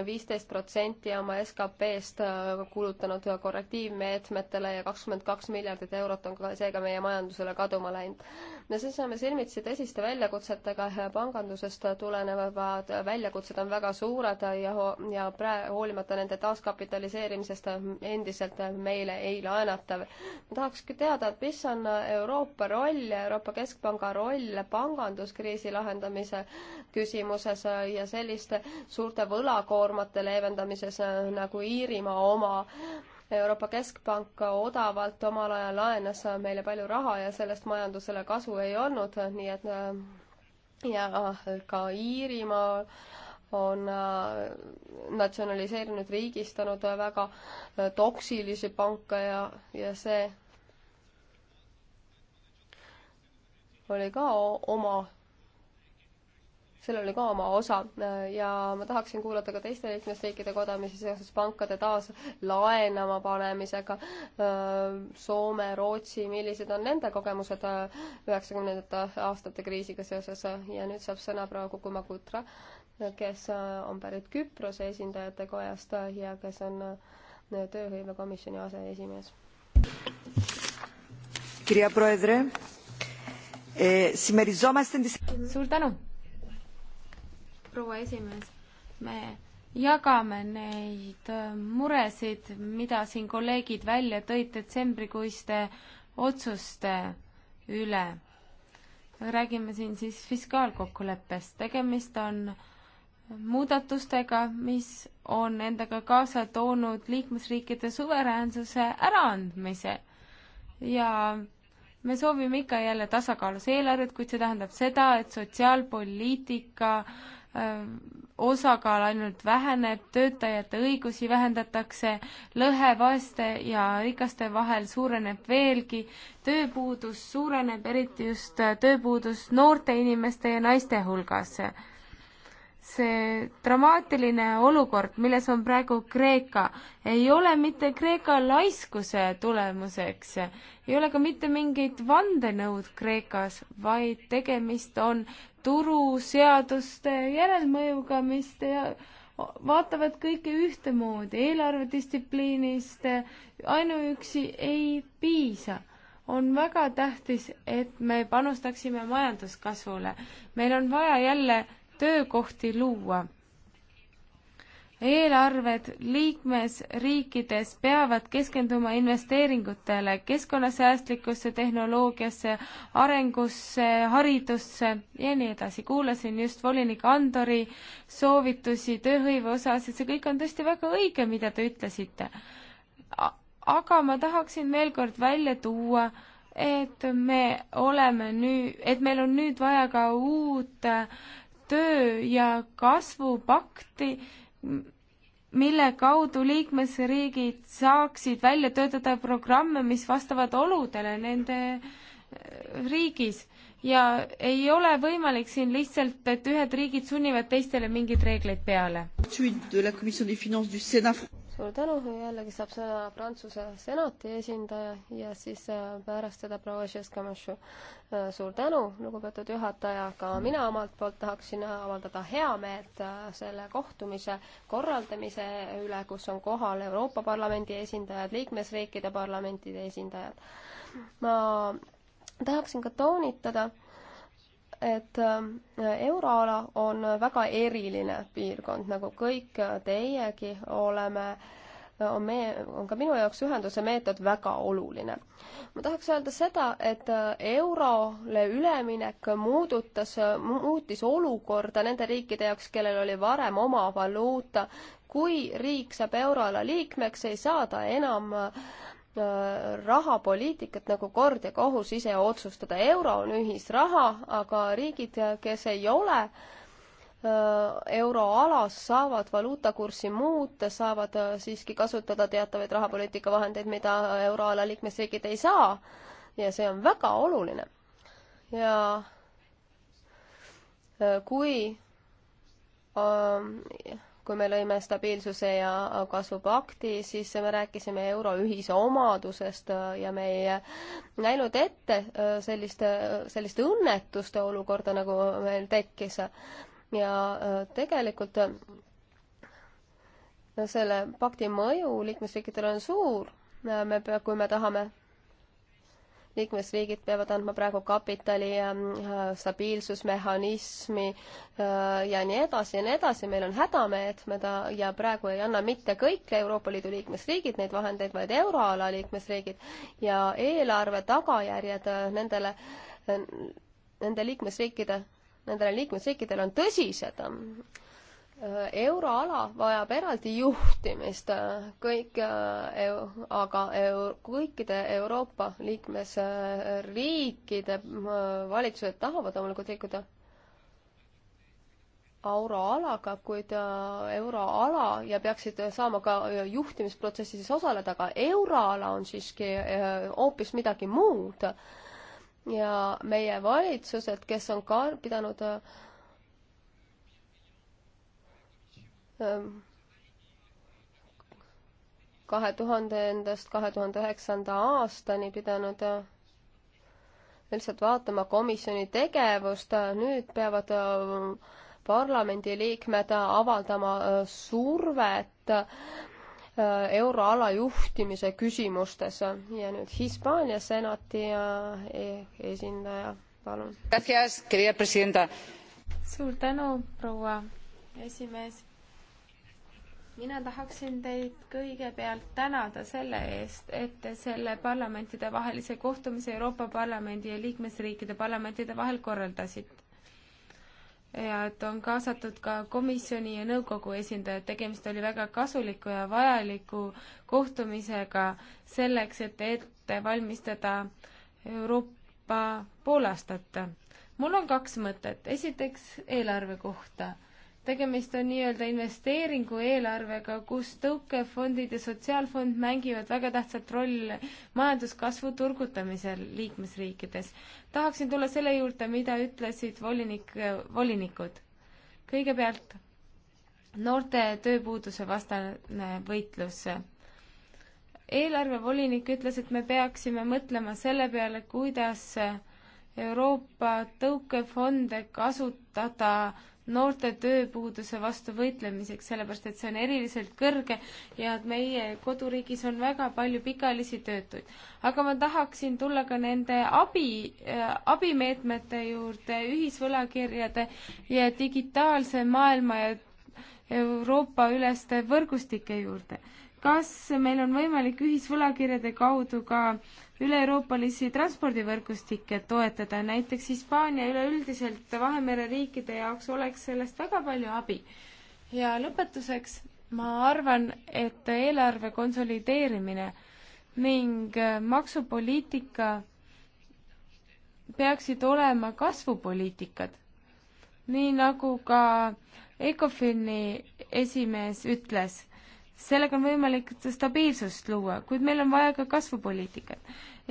viisteist protsenti oma SKP-st äh, kulutanud korrektiivmeetmetele ja kakskümmend kaks miljardit eurot on ka seega meie majandusele kaduma läinud. me seisame silmitsi tõsiste väljakutsetega ja pangandusest tulenevad väljakutsed on väga suured ja, ja prae-, hoolimata nende taaskapitaliseerimisest äh, endiselt meile ei laenata. ma tahakski teada, et mis on Euroopa roll ja Euroopa Keskpanga roll pangandus-, majanduskriisi lahendamise küsimuses ja selliste suurte võlakoormate leevendamises nagu Iirimaa oma. Euroopa Keskpank odavalt omal ajal laenas meile palju raha ja sellest majandusele kasu ei olnud, nii et ja ka Iirimaa on äh, natsionaliseerinud, riigistanud väga toksilisi panke ja, ja see oli ka oma, sellel oli ka oma osa ja ma tahaksin kuulata ka teiste liikmesriikide kodamisi seoses pankade taas laenama panemisega. Soome, Rootsi, millised on nende kogemused üheksakümnendate aastate kriisiga seoses ja nüüd saab sõna praegu Kuma Kutra, kes on pärit Küprose esindajate kojast ja kes on tööhõivekomisjoni aseesimees. kirja proedre Σημεριζόμαστε τις... Suur tänu, proua esimees. Me jagame neid äh, muresid, mida siin kolleegid välja tõid detsembrikuiste otsuste üle. Räägime siin siis fiskaalkokkuleppest. Tegemist on muudatustega, mis on endaga kaasa toonud liikmesriikide suveräänsuse äraandmise ja me soovime ikka jälle tasakaalus eelarvet, kuid see tähendab seda, et sotsiaalpoliitika ähm, osakaal ainult väheneb, töötajate õigusi vähendatakse, lõhe vaeste ja rikaste vahel suureneb veelgi, tööpuudus suureneb, eriti just äh, tööpuudus noorte inimeste ja naiste hulgas see dramaatiline olukord, milles on praegu Kreeka, ei ole mitte Kreeka laiskuse tulemuseks, ei ole ka mitte mingit vandenõud Kreekas, vaid tegemist on turuseaduste järelmõjuga, mis te vaatavad kõike ühtemoodi, eelarvedistsipliinist ainuüksi ei piisa on väga tähtis, et me panustaksime majanduskasvule. meil on vaja jälle töökohti luua. eelarved liikmesriikides peavad keskenduma investeeringutele keskkonnasäästlikkusse tehnoloogiasse, arengusse, haridusse ja nii edasi. kuulasin just volinik Andori soovitusi tööhõive osas ja see kõik on tõesti väga õige, mida te ütlesite. aga ma tahaksin veel kord välja tuua, et me oleme nüüd, et meil on nüüd vaja ka uut äh, töö ja kasvupakti, mille kaudu liikmesriigid saaksid välja töötada programme, mis vastavad oludele nende äh, riigis ja ei ole võimalik siin lihtsalt, et ühed riigid sunnivad teistele mingeid reegleid peale suur tänu, jällegi saab sõna Prantsuse senati esindaja ja siis äh, pärast seda proua Žeskamäšu. Äh, suur tänu, lugupeetud juhataja, ka mina omalt poolt tahaksin avaldada heameelt äh, selle kohtumise korraldamise üle, kus on kohal Euroopa Parlamendi esindajad, liikmesriikide parlamentide esindajad. ma tahaksin ka toonitada, et äh, euroala on väga eriline piirkond, nagu kõik teiegi oleme, äh, on meie, on ka minu jaoks ühenduse meetod väga oluline. ma tahaks öelda seda, et äh, eurole üleminek muudutas, muutis olukorda nende riikide jaoks, kellel oli varem oma valuuta. kui riik saab euroala liikmeks, ei saa ta enam äh, Äh, rahapoliitikat nagu kord ja kohus ise otsustada. euro on ühisraha, aga riigid, kes ei ole äh, euroalas, saavad valuutakurssi muuta, saavad äh, siiski kasutada teatavaid rahapoliitika vahendeid, mida euroala liikmesriigid ei saa. ja see on väga oluline. ja kui äh, kui me lõime stabiilsuse ja kasvupakti, siis me rääkisime euro ühise omadusest äh, ja me ei äh, näinud ette äh, sellist, sellist õnnetuste olukorda, nagu meil tekkis. ja tegelikult selle pakti mõju liikmesriikidele on suur, me pea-, kui me tahame liikmesriigid peavad andma praegu kapitali stabiilsusmehhanismi ja nii edasi ja nii edasi, meil on hädameetmed ja praegu ei anna mitte kõik Euroopa Liidu liikmesriigid neid vahendeid, vaid euroala liikmesriigid ja eelarve tagajärjed äh, nendele, äh, nende liikmesriikide, nendele liikmesriikidele on tõsised Äh, euroala vajab eraldi juhtimist, äh, kõik, äh, aga kõikide Euroopa liikmesriikide valitsused tahavad loomulikult liikuda euroalaga, kuid euroala ja peaksid saama ka juhtimisprotsessis osaleda, aga euroala on siiski hoopis midagi muud. ja meie valitsused, kes on ka pidanud äh, Ähm, kahe tuhandendast kahe tuhande üheksanda aastani pidanud äh, lihtsalt vaatama komisjoni tegevust, nüüd peavad äh, parlamendiliikmed avaldama äh, survet euroala juhtimise küsimustes ja nüüd Hispaania senati e-, esindaja, palun. suur tänu, proua esimees mina tahaksin teid kõigepealt tänada selle eest, et te selle parlamentidevahelise kohtumise Euroopa Parlamendi ja liikmesriikide parlamentide vahel korraldasite. ja et on kaasatud ka komisjoni ja nõukogu esindajad, tegemist oli väga kasuliku ja vajaliku kohtumisega selleks, et ette valmistada Euroopa poolaastat. mul on kaks mõtet, esiteks eelarve kohta tegemist on nii-öelda investeeringueelarvega, kus tõukefondid ja sotsiaalfond mängivad väga tähtsat rolli majanduskasvu turgutamisel liikmesriikides. tahaksin tulla selle juurde, mida ütlesid volinik, volinikud. kõigepealt noorte tööpuuduse vastane võitlus. eelarvevolinik ütles, et me peaksime mõtlema selle peale, kuidas Euroopa tõukefonde kasutada noorte tööpuuduse vastu võitlemiseks, sellepärast et see on eriliselt kõrge ja et meie koduriigis on väga palju pikaajalisi töötuid. aga ma tahaksin tulla ka nende abi, äh, abimeetmete juurde, ühisvõlakirjade ja digitaalse maailma ja Euroopa üleste võrgustike juurde. kas meil on võimalik ühisvõlakirjade kaudu ka üle-euroopalisi transpordivõrgustikke toetada, näiteks Hispaania üleüldiselt Vahemere riikide jaoks oleks sellest väga palju abi. ja lõpetuseks ma arvan, et eelarve konsolideerimine ning maksupoliitika peaksid olema kasvupoliitikad, nii nagu ka ECOFIN-i esimees ütles sellega on võimalik stabiilsust luua, kuid meil on vaja ka kasvupoliitikat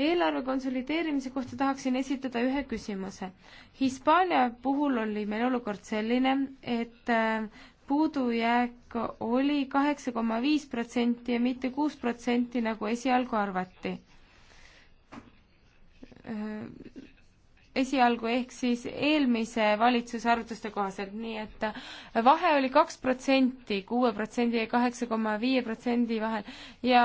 eelarve konsolideerimise kohta tahaksin esitada ühe küsimuse. Hispaania puhul oli meil olukord selline, et äh, puudujääk oli kaheksa koma viis protsenti ja mitte kuus protsenti, nagu esialgu arvati äh, esialgu ehk siis eelmise valitsuse arvutuste kohaselt, nii et vahe oli kaks protsenti, kuue protsendi ja kaheksa koma viie protsendi vahel ja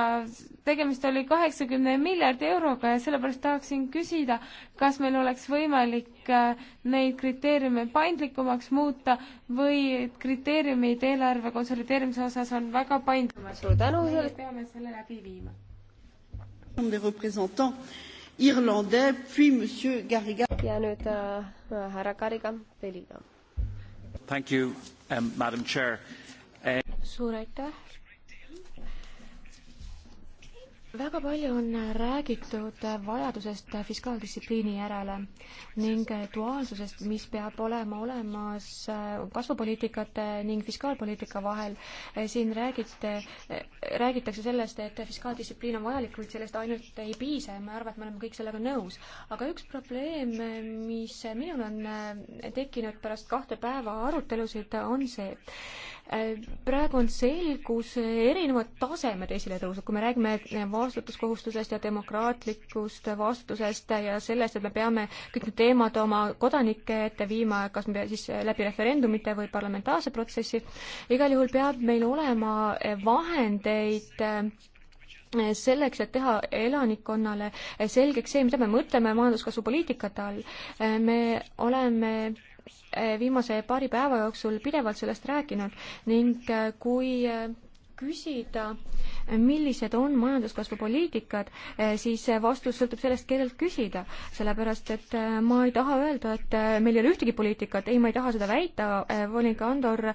tegemist oli kaheksakümne miljardi euroga ja sellepärast tahaksin küsida, kas meil oleks võimalik äh, neid kriteeriume paindlikumaks muuta või kriteeriumid eelarve konsolideerimise osas on väga paindumatud. suur tänu. peame selle läbi viima irlandais, puis Monsieur Garriga. ja nüüd äh, härra Garriga Peliga. Thank you um,, madam chair uh.... suur aitäh, väga palju on räägitud vajadusest fiskaaldistsipliini järele ning duaalsusest, mis peab olema olemas kasvupoliitikate ning fiskaalpoliitika vahel. siin räägite, räägitakse sellest, et fiskaaldistsipliin on vajalik, kuid sellest ainult ei piisa ja ma arvan, et me oleme kõik sellega nõus. aga üks probleem, mis minul on tekkinud pärast kahte päeva arutelusid, on see, praegu on selgus erinevad tasemed esile tõusnud, kui me räägime vastutuskohustusest ja demokraatlikust vastutusest ja sellest, et me peame kõik need teemad oma kodanike ette viima, kas me siis läbi referendumite või parlamentaarse protsessi. igal juhul peab meil olema vahendeid eh, selleks, et teha elanikkonnale selgeks see, mida me mõtleme majanduskasvupoliitikate all. Eh, me oleme eh, viimase paari päeva jooksul pidevalt sellest rääkinud ning kui küsida äh, millised on majanduskasvupoliitikad, eh, siis vastus sõltub sellest, kellelt küsida. sellepärast, et eh, ma ei taha öelda, et eh, meil ei ole ühtegi poliitikat, ei, ma ei taha seda väita, volinik Andor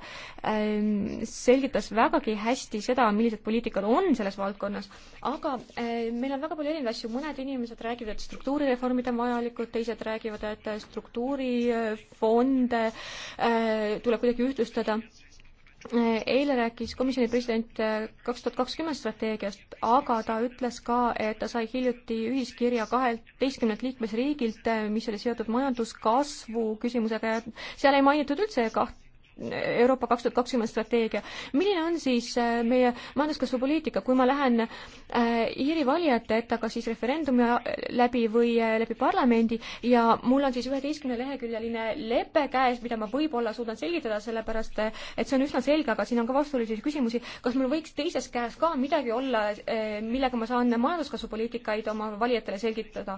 selgitas vägagi hästi seda, millised poliitikad on selles valdkonnas, aga meil on väga palju erinevaid asju, mõned inimesed räägivad, et struktuurireformid on vajalikud, teised räägivad, et struktuurifonde tuleb kuidagi ühtlustada eile rääkis komisjoni president äh, kaks tuhat kakskümmend strateegiast, aga ta ütles ka, et ta sai hiljuti ühiskirja kaheteistkümnelt liikmesriigilt, äh, mis oli seotud majanduskasvu küsimusega ja seal ei mainitud üldse kaht, Euroopa kaks tuhat kakskümmend strateegia. milline on siis äh, meie majanduskasvupoliitika, kui ma lähen äh, Iiri valijate ette, kas siis referendumi äh, läbi või läbi parlamendi ja mul on siis üheteistkümne leheküljeline lepe käes, mida ma võib-olla suudan selgitada, sellepärast et see on üsna selge, aga siin on ka vastuolulisi küsimusi. kas mul võiks teises käes ka midagi olla, millega ma saan majanduskasvupoliitikaid oma valijatele selgitada?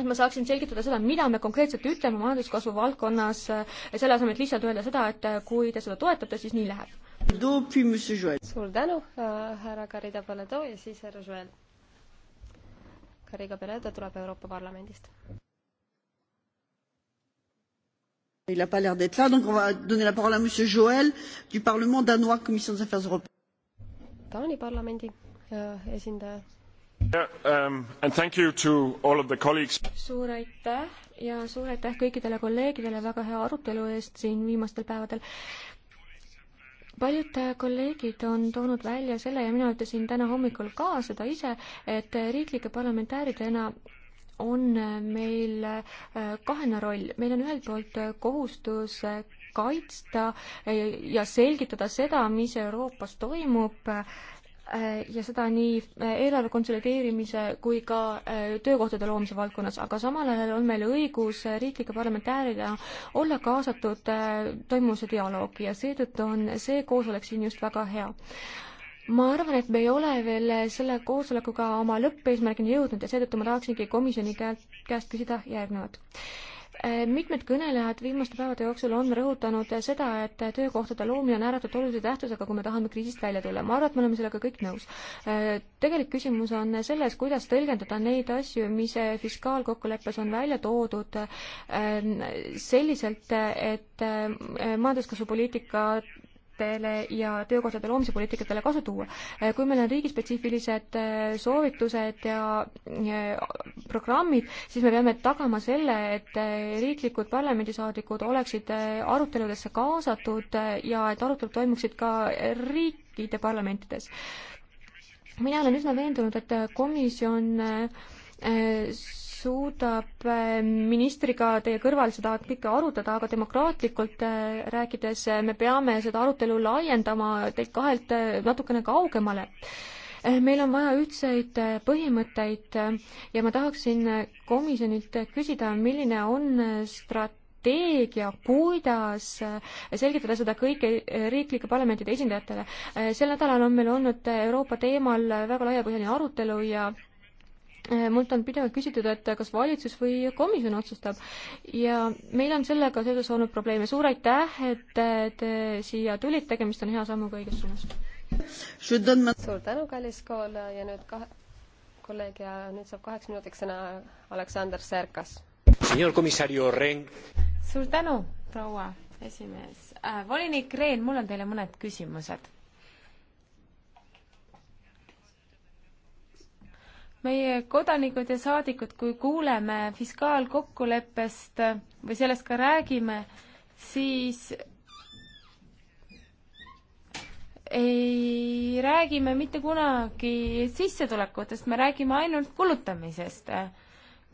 et ma saaksin selgitada seda, mida me konkreetselt ütleme majanduskasvu valdkonnas, selle asemel, et lihtsalt öelda seda, et kui te seda toetate, siis nii läheb. suur tänu, äh, härra Carida Paledo ja siis härra Joel. Carida Paledo tuleb Euroopa Parlamendist. Il n'a pas l'air d'être là, donc on va donner la parole à Monsieur Joël du Parlement danois, Commission des affaires européennes. Taani parlamendi äh, esindaja Um, suur aitäh ja suur aitäh kõikidele kolleegidele väga hea arutelu eest siin viimastel päevadel. paljud kolleegid on toonud välja selle ja mina ütlesin täna hommikul ka seda ise, et riiklike parlamentääridena on meil äh, kahene roll, meil on ühelt poolt kohustus kaitsta ja selgitada seda, mis Euroopas toimub Äh, ja seda nii äh, eelarve konsolideerimise kui ka äh, töökohtade loomise valdkonnas, aga samal ajal on meil õigus riiklike parlamentääridena olla kaasatud toimuvuse dialoogi ja seetõttu on see koosolek siin just väga hea ma arvan, et me ei ole veel selle koosolekuga oma lõppeesmärgini jõudnud ja seetõttu ma tahaksingi komisjoni käest, käest küsida järgnevat Äh, mitmed kõnelejad viimaste päevade jooksul on rõhutanud seda, et töökohtade loomine on ääretult olulise tähtsusega, kui me tahame kriisist välja tulla. ma arvan, et me oleme sellega kõik nõus. Äh, tegelik küsimus on selles, kuidas tõlgendada neid asju, mis fiskaalkokkuleppes on välja toodud äh, selliselt, et majanduskasvupoliitika poliitikatele ja töökohtade loomise poliitikatele kasu tuua. Äh, kui meil on riigispetsiifilised äh, soovitused ja äh, programmid, siis me peame tagama selle, et riiklikud parlamendisaadikud oleksid aruteludesse kaasatud ja et arutelud toimuksid ka riikide parlamentides. mina olen üsna veendunud, et komisjon suudab eh, ministriga teie kõrval seda kõike arutada, aga demokraatlikult eh, rääkides eh, me peame seda arutelu laiendama teilt kahelt natukene kaugemale. meil on vaja ühtseid põhimõtteid ja ma tahaksin komisjonilt küsida, milline on strat-, strateegia, kuidas selgitada seda kõike riiklike parlamentide esindajatele. sel nädalal on meil olnud Euroopa teemal väga laiapõhjaline arutelu ja Eh, mult on pidevalt küsitud, et kas valitsus või komisjon otsustab ja meil on sellega seoses olnud probleeme. suur aitäh, et te siia tulite, tegemist on hea sammuga õiges suunas. suur tänu, kallis kool ja nüüd kahe, kolleeg ja nüüd saab kaheks minutiks sõna Aleksander Serkas. suur tänu, proua esimees äh,. volinik Rehn, mul on teile mõned küsimused meie kodanikud ja saadikud, kui kuuleme fiskaalkokkuleppest või sellest ka räägime, siis ei räägi me mitte kunagi sissetulekutest, me räägime ainult kulutamisest.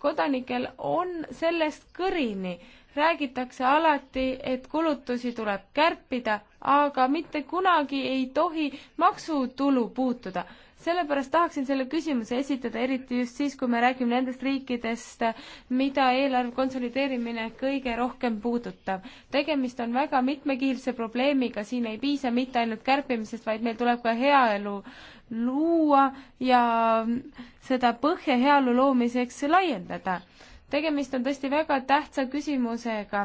kodanikel on sellest kõrini, räägitakse alati, et kulutusi tuleb kärpida, aga mitte kunagi ei tohi maksutulu puutuda sellepärast tahaksin selle küsimuse esitada, eriti just siis, kui me räägime nendest riikidest, mida eelarve konsolideerimine kõige rohkem puudutab. tegemist on väga mitmekiilse probleemiga, siin ei piisa mitte ainult kärpimisest, vaid meil tuleb ka heaelu luua ja seda põhja heaolu loomiseks laiendada. tegemist on tõesti väga tähtsa küsimusega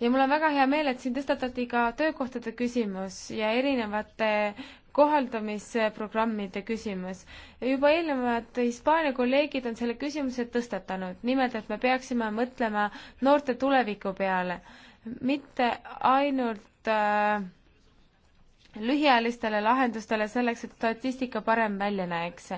ja mul on väga hea meel, et siin tõstatati ka töökohtade küsimus ja erinevate kohaldamisprogrammide küsimus. juba eelnevad Hispaania kolleegid on selle küsimuse tõstatanud, nimelt et me peaksime mõtlema noorte tuleviku peale, mitte ainult äh, lühiajalistele lahendustele selleks, et statistika parem välja näeks.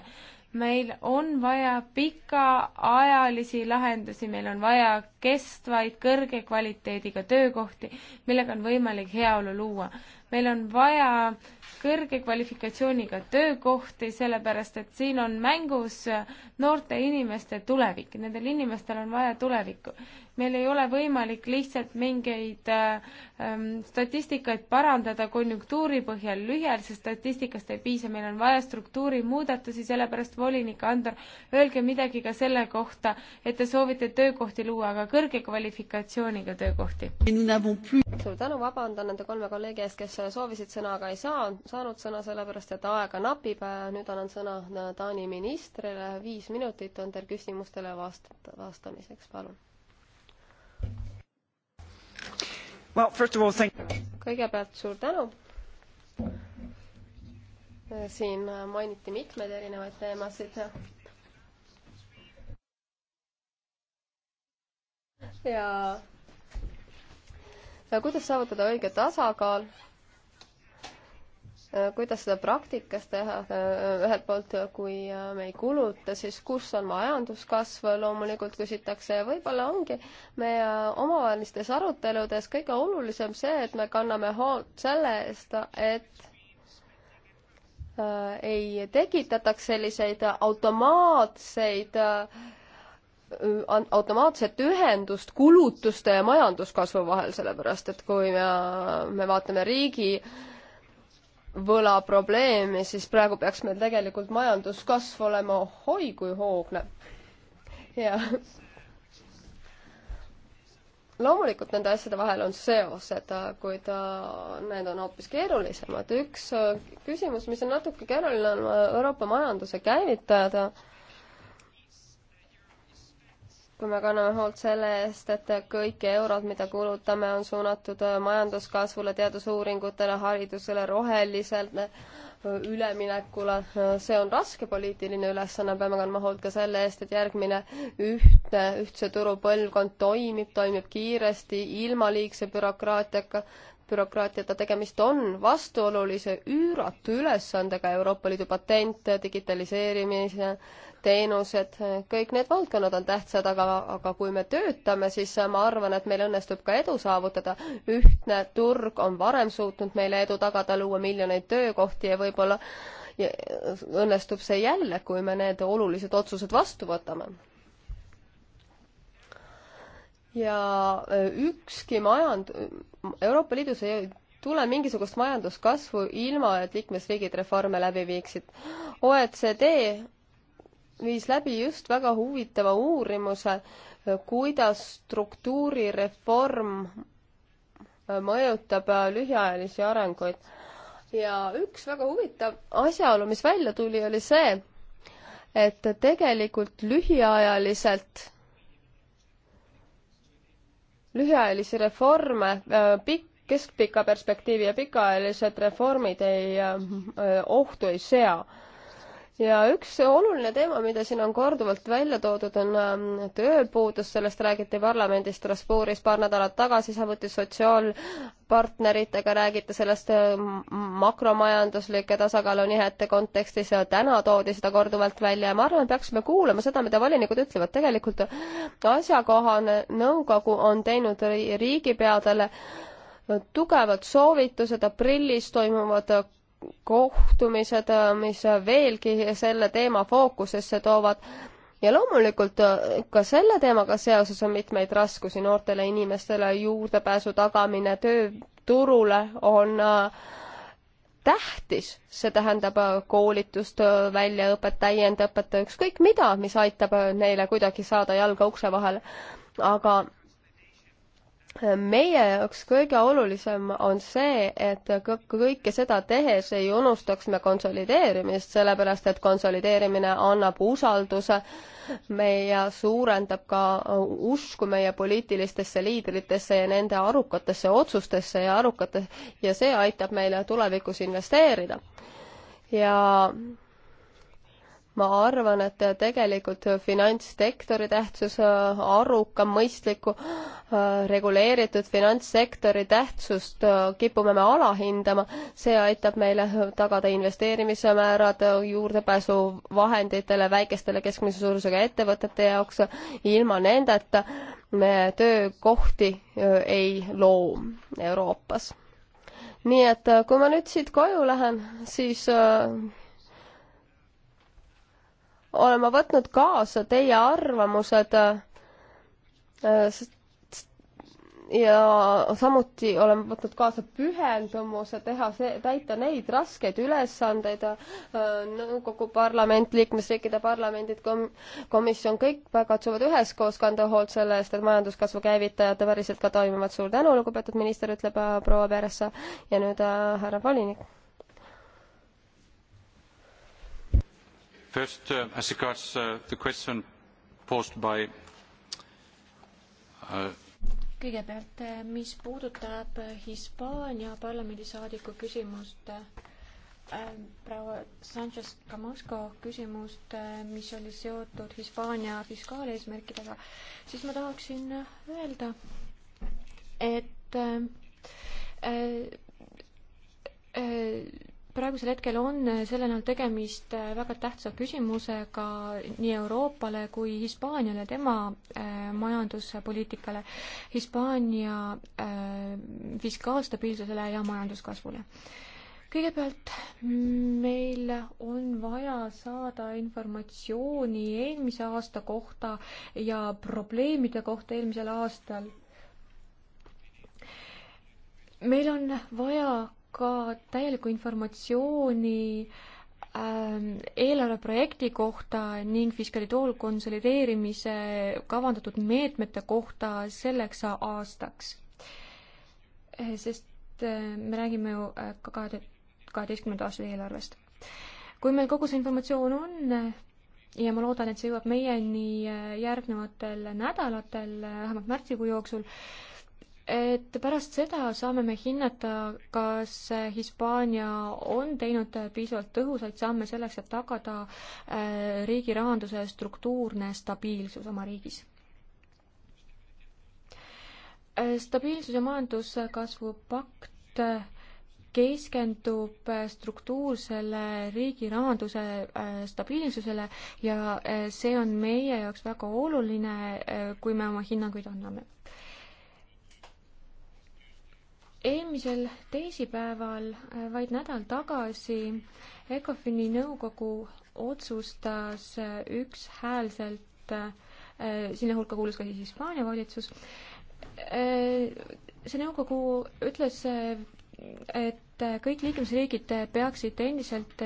meil on vaja pikaajalisi lahendusi, meil on vaja kestvaid, kõrge kvaliteediga töökohti, millega on võimalik heaolu luua. meil on vaja äh, kõrge kvalifikatsiooniga töökohti, sellepärast et siin on mängus noorte inimeste tulevik, nendel inimestel on vaja tulevikku meil ei ole võimalik lihtsalt mingeid äh, ähm, statistikaid parandada konjunktuuri põhjal lühiajalisest statistikast ei piisa, meil on vaja struktuurimuudatusi, sellepärast volinik Andor, öelge midagi ka selle kohta, et te soovite töökohti luua, aga kõrge kvalifikatsiooniga töökohti. suur tänu, vabandan nende kolme kolleegi ees, kes soovisid sõna, aga ei saa, saanud sõna sellepärast, et aega napib. nüüd annan sõna äh, Taani ministrile, viis minutit on teil küsimustele vast-, vastamiseks, palun Well, first of all, thank kõigepealt suur tänu. siin mainiti mitmeid erinevaid teemasid. ja ja kuidas saavutada õige tasakaal Äh, kuidas seda praktikas teha, äh, ühelt poolt, äh, kui me ei kuluta, siis kus on majanduskasv, loomulikult küsitakse, võib-olla ongi meie omavahelistes aruteludes kõige olulisem see, et me kanname hoolt selle eest, et ei tekitataks selliseid automaatseid automaatset ühendust kulutuste ja majanduskasvu vahel, sellepärast et kui me, me vaatame riigi äh, võlaprobleemi, siis praegu peaks meil tegelikult majanduskasv olema oi kui hoogne. ja loomulikult nende asjade vahel on seosed, kuid äh, need on hoopis keerulisemad. üks äh, küsimus, mis on natuke keeruline, on Euroopa majanduse käivitajad kui me kanname hoolt selle eest, et kõik eurod, mida kulutame, on suunatud äh, majanduskasvule, teadusuuringutele, haridusele, rohelisele äh, üleminekule, äh, see on raske poliitiline ülesanne, peame kandma hoolt ka selle eest, et järgmine ühtne, ühtse turu põlvkond toimib, toimib kiiresti, ilma liigse bürokraatiaga, bürokraatiata tegemist on vastuolulise üüratu ülesandega Euroopa Liidu patent digitaliseerimise äh, teenused, kõik need valdkonnad on tähtsad, aga, aga kui me töötame, siis ma arvan, et meil õnnestub ka edu saavutada. ühtne turg on varem suutnud meile edu tagada, luua miljoneid töökohti ja võib-olla õnnestub see jälle, kui me need olulised otsused vastu võtame. ja ükski majand-, Euroopa Liidus ei tule mingisugust majanduskasvu ilma, et liikmesriigid reforme läbi viiksid. OECD viis läbi just väga huvitava uurimuse, kuidas struktuurireform äh, mõjutab äh, lühiajalisi arenguid. ja üks väga huvitav asjaolu, mis välja tuli, oli see, et tegelikult lühiajaliselt lühiajalisi reforme, äh, pikk, keskpika perspektiivi ja pikaajalised reformid ei, ohtu ei sea ja üks oluline teema, mida siin on korduvalt välja toodud, on ähm, tööpuudus, sellest räägiti parlamendis Strasbourgis paar nädalat tagasi, samuti sotsiaalpartneritega räägiti sellest ähm, makromajanduslike tasakaalunihete kontekstis ja täna toodi seda korduvalt välja ja ma arvan, et peaksime kuulama seda, mida volinikud ütlevad. tegelikult asjakohane nõukogu on teinud riigipeadele tugevad soovitused, aprillis toimuvad kohtumised, mis veelgi selle teema fookusesse toovad. ja loomulikult äh, ka selle teemaga seoses on mitmeid raskusi noortele inimestele, juurdepääsu tagamine tööturule on äh, tähtis, see tähendab äh, koolitust, väljaõpet, täiendõpet, ükskõik mida, mis aitab neile kuidagi saada jalga ukse vahele. aga meie jaoks kõige olulisem on see, et kõike seda tehes ei unustaks me konsolideerimist, sellepärast et konsolideerimine annab usalduse ja suurendab ka usku meie poliitilistesse liidritesse ja nende arukatesse otsustesse ja arukate ja see aitab meile tulevikus investeerida. ja ma arvan, et tegelikult finantssektori tähtsus, äh, aruka, mõistliku, äh, reguleeritud finantssektori tähtsust äh, kipume me alahindama, see aitab meile tagada investeerimise määrad, juurdepääsu vahenditele väikestele keskmise suurusega ettevõtete jaoks, ilma nendeta me töökohti ei loo Euroopas. nii et kui ma nüüd siit koju lähen, siis olen ma võtnud kaasa teie arvamused äh, ja samuti olen võtnud kaasa pühendumuse teha see, täita neid raskeid ülesandeid, äh, nõukogu parlament, liikmesriikide parlamendid kom,, komisjon, kõik katsuvad üheskoos kanda hoolt selle eest, et majanduskasvu käivitajad päriselt ka toimivad. suur tänu, lugupeetud minister, ütleb äh, proua Peresse ja nüüd härra volinik First, uh, as regards uh, the question posed by uh, kõigepealt, uh, mis puudutab uh, Hispaania parlamendisaadiku küsimust äh,, proua Sanchez Camasco küsimust äh,, mis oli seotud Hispaania fiskaaleesmärkidega, siis ma tahaksin öelda, et um, äh, äh praegusel hetkel on selle näol tegemist äh, väga tähtsa küsimusega nii Euroopale kui Hispaaniale, tema äh, majanduspoliitikale, Hispaania äh, fiskaalstabiilsusele ja majanduskasvule. kõigepealt meil on vaja saada informatsiooni eelmise aasta kohta ja probleemide kohta eelmisel aastal meil on vaja ka täielikku informatsiooni ähm, eelarveprojekti kohta ning fiskaalitool konsolideerimise kavandatud meetmete kohta selleks aastaks. Eh, sest eh, me räägime ju eh, ka kahe, kaheteistkümnenda aasta eelarvest. kui meil kogu see informatsioon on, ja ma loodan, et see jõuab meieni järgnevatel nädalatel, vähemalt märtsikuu jooksul, et pärast seda saame me hinnata, kas Hispaania on teinud piisavalt tõhusaid samme selleks, et tagada äh, riigi rahanduse struktuurne stabiilsus oma riigis. Äh, stabiilsuse majanduskasvu pakt äh, keskendub struktuursele riigi rahanduse stabiilsusele ja see on meie jaoks väga oluline, kui me oma hinnanguid anname eelmisel teisipäeval, äh, vaid nädal tagasi, ECOFIN-i nõukogu otsustas äh, ükshäälselt, äh, sinna hulka kuulus ka siis Hispaania valitsus, see nõukogu ütles, et kõik liikmesriigid peaksid endiselt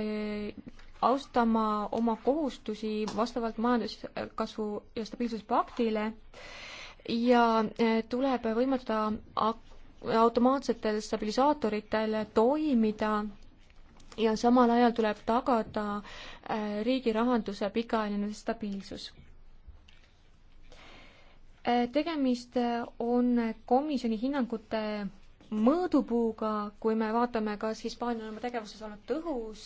austama oma kohustusi vastavalt majanduskasvu ja stabiilsuspaktile ja tuleb võimaldada automaatsetel stabilisaatoritel toimida ja samal ajal tuleb tagada äh, riigi rahanduse pikaajaline stabiilsus. Äh, tegemist äh, on komisjoni hinnangute mõõdupuuga, kui me vaatame, kas Hispaania on oma tegevuses olnud tõhus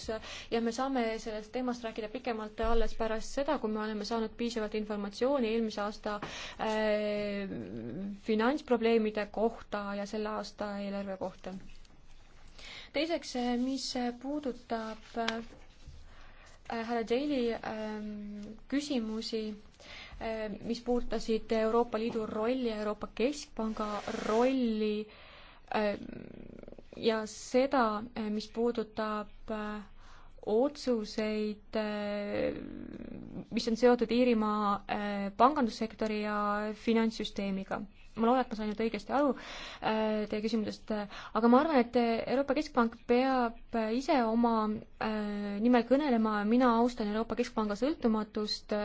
ja me saame sellest teemast rääkida pikemalt alles pärast seda, kui me oleme saanud piisavalt informatsiooni eelmise aasta äh, finantsprobleemide kohta ja selle aasta eelarve kohta. teiseks, äh, mis puudutab äh, härra Daly ähm, äh, küsimusi mis puudutasid Euroopa Liidu rolli ja Euroopa Keskpanga rolli Äh, ja seda, äh, mis puudutab äh, otsuseid, mis on seotud Iirimaa pangandussektori ja finantssüsteemiga. ma loodan, et ma sain nüüd õigesti aru teie küsimusest, aga ma arvan, et Euroopa Keskpank peab ise oma nimel kõnelema, mina austan Euroopa Keskpanga sõltumatust äh,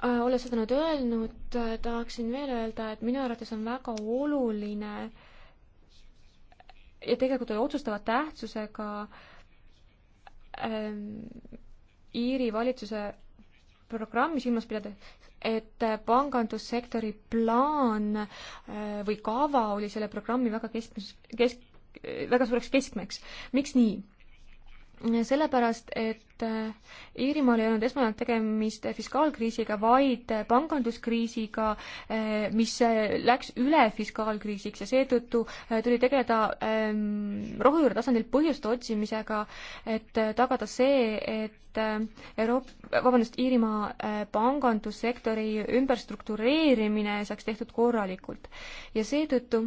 Äh, olles seda nüüd öelnud, äh, tahaksin veel öelda, et minu arvates on väga oluline ja tegelikult oli otsustava tähtsusega ähm, Iiri valitsuse programmi silmas pidada, et äh, pangandussektori plaan äh, või kava oli selle programmi väga keskmes, kesk-, väga suureks keskmeks. miks nii? sellepärast, et äh, Iirimaal ei olnud esmajoones tegemist fiskaalkriisiga, vaid panganduskriisiga, äh, mis äh, läks üle fiskaalkriisiks ja seetõttu tuli tegeleda ähm, rohujuure tasandil põhjuste otsimisega, et tagada see, et Euroop-, vabandust, Iirimaa pangandussektori ümberstruktureerimine saaks tehtud korralikult. ja seetõttu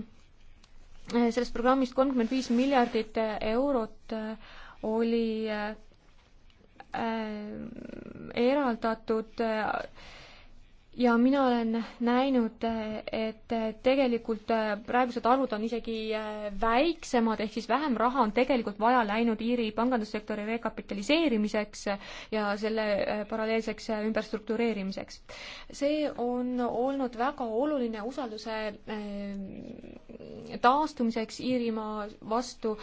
sellest programmist kolmkümmend viis miljardit eurot oli äh, äh eraldatud äh, ja mina olen näinud, äh, et tegelikult praegused arvud on isegi väiksemad, ehk siis vähem raha on tegelikult vaja läinud Iiri pangandussektori rekapitaliseerimiseks ja selle paralleelseks ümberstruktureerimiseks. see on olnud väga oluline usalduse taastumiseks Iirimaa vastu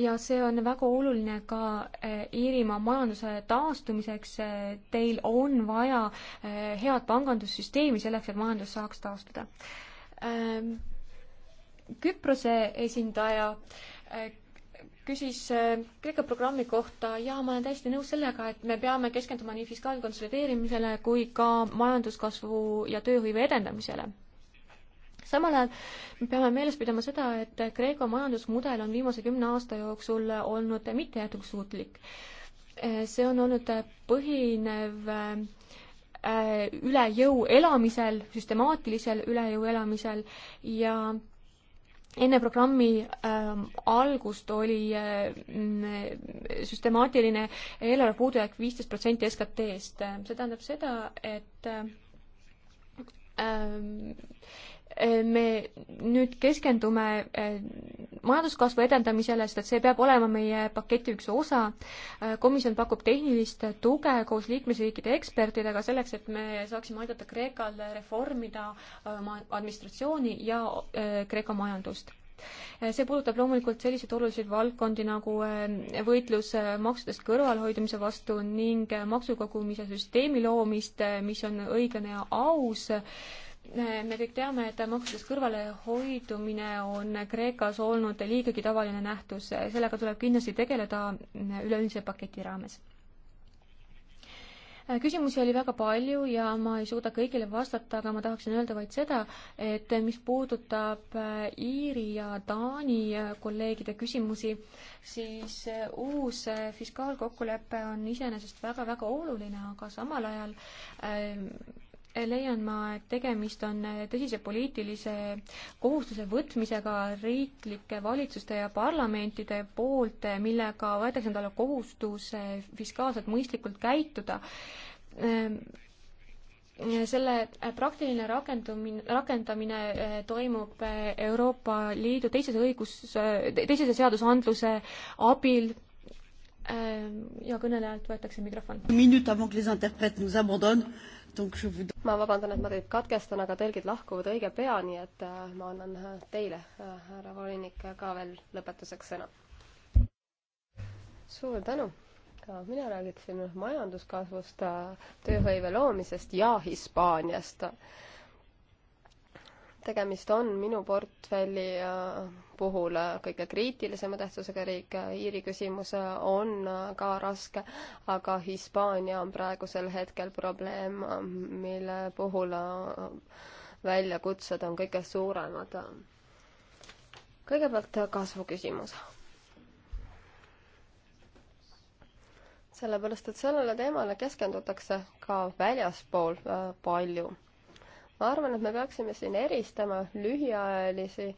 ja see on väga oluline ka eh, Iirimaa majanduse taastumiseks. Eh, teil on vaja eh, head pangandussüsteemi selleks, et majandus saaks taastuda. Ähm, Küprose esindaja küsis Kreeka programmi kohta ja ma olen täiesti nõus sellega, et me peame keskenduma nii fiskaalkonsolideerimisele kui ka majanduskasvu ja tööhõive edendamisele samal ajal me peame meeles pidama seda, et Kreeka majandusmudel on viimase kümne aasta jooksul olnud mittejätkusuutlik. see on olnud põhinev äh, üle jõu elamisel, süstemaatilisel üle jõu elamisel ja enne programmi ähm, algust oli äh, süstemaatiline eelarve puudujääk viisteist protsenti SKT-st. SKT see tähendab seda, et ähm, Äh, me nüüd keskendume äh, majanduskasvu edendamisele, sest et see peab olema meie paketi üks osa. Äh, komisjon pakub tehnilist tuge koos liikmesriikide ekspertidega selleks, et me saaksime aidata Kreekal reformida oma administratsiooni ja Kreeka majandust see puudutab loomulikult selliseid olulisi valdkondi nagu võitlus maksudest kõrvalhoidumise vastu ning maksukogumise süsteemi loomist, mis on õiglane ja aus me kõik teame, et maksudest kõrvalehoidumine on Kreekas olnud liigagi tavaline nähtus, sellega tuleb kindlasti tegeleda üleüldise paketi raames. küsimusi oli väga palju ja ma ei suuda kõigile vastata, aga ma tahaksin öelda vaid seda, et mis puudutab Iiri ja Taani kolleegide küsimusi, siis uus fiskaalkokkulepe on iseenesest väga-väga oluline, aga samal ajal äh, leian ma, et tegemist on tõsise poliitilise kohustuse võtmisega riiklike valitsuste ja parlamentide poolt, millega võetakse endale kohustus fiskaalselt mõistlikult käituda ehm, selle praktiline rakendumine, rakendamine eh, toimub eh, Euroopa Liidu teises õigus, teisese seadusandluse abil ehm, ja kõnelejalt võetakse mikrofon. minut avant que les interprètes nous abandonnent ma vabandan, et ma teid katkestan, aga tõlgid lahkuvad õige pea, nii et äh, ma annan äh, teile, äh, härra volinik, ka veel lõpetuseks sõna. suur tänu! ka mina räägiksin majanduskasvust, tööhõive loomisest ja Hispaaniast tegemist on minu portfelli äh, puhul äh, kõige kriitilisema tähtsusega riik, Iiri küsimus äh, on ka raske, aga Hispaania on praegusel hetkel probleem, mille puhul väljakutsed on kõige suuremad. kõigepealt kasvuküsimus. sellepärast, et sellele teemale keskendutakse ka väljaspool palju ma arvan, et me peaksime siin eristama lühiajalisi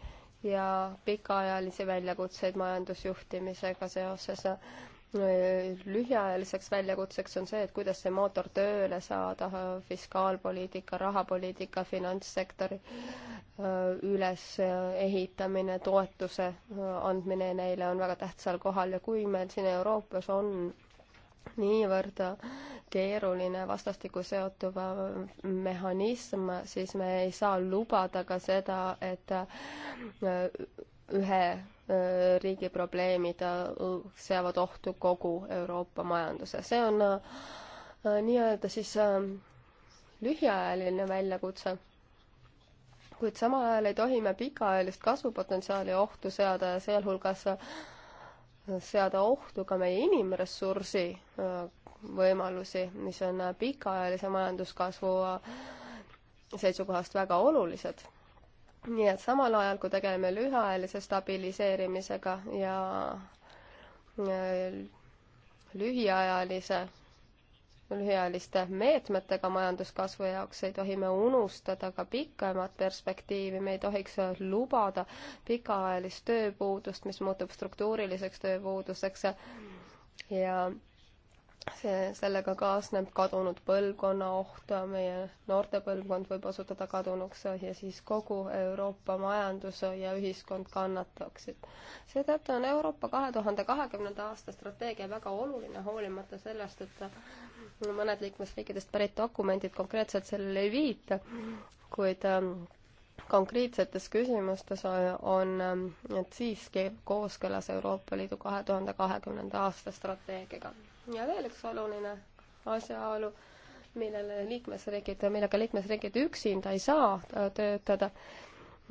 ja pikaajalisi väljakutseid majandusjuhtimisega seoses. lühiajaliseks väljakutseks on see, et kuidas see mootor tööle saada, fiskaalpoliitika, rahapoliitika, finantssektori ülesehitamine, toetuse andmine neile on väga tähtsal kohal ja kui meil siin Euroopas on niivõrd äh, keeruline vastastikku seotuv äh, mehhanism, siis me ei saa lubada ka seda, et äh, ühe äh, riigi probleemid seavad ohtu kogu Euroopa majanduse. see on nii-öelda siis lühiajaline väljakutse kuid samal ajal ei tohi me pikaajalist kasvupotentsiaali ohtu seada ja sealhulgas seada ohtu ka meie inimressursi võimalusi, mis on pikaajalise majanduskasvu seisukohast väga olulised. nii et samal ajal, kui tegeleme lühiajalise stabiliseerimisega ja lühiajalise, lühiajaliste meetmetega majanduskasvu jaoks, ei tohi me unustada ka pikemat perspektiivi, me ei tohiks lubada pikaajalist tööpuudust, mis muutub struktuuriliseks tööpuuduseks ja see, sellega kaasneb kadunud põlvkonna oht, meie noorte põlvkond võib osutuda kadunuks ja siis kogu Euroopa majandus ja ühiskond kannataksid. seetõttu on Euroopa kahe tuhande kahekümnenda aasta strateegia väga oluline, hoolimata sellest, et mõned liikmesriikidest pärit dokumendid konkreetselt sellele ei viita, kuid ähm, konkreetsetes küsimustes on ähm, need siiski kooskõlas Euroopa Liidu kahe tuhande kahekümnenda aasta strateegiaga ja veel üks oluline asjaolu, millele liikmesriigid, millega liikmesriigid üksinda ei saa äh, töötada,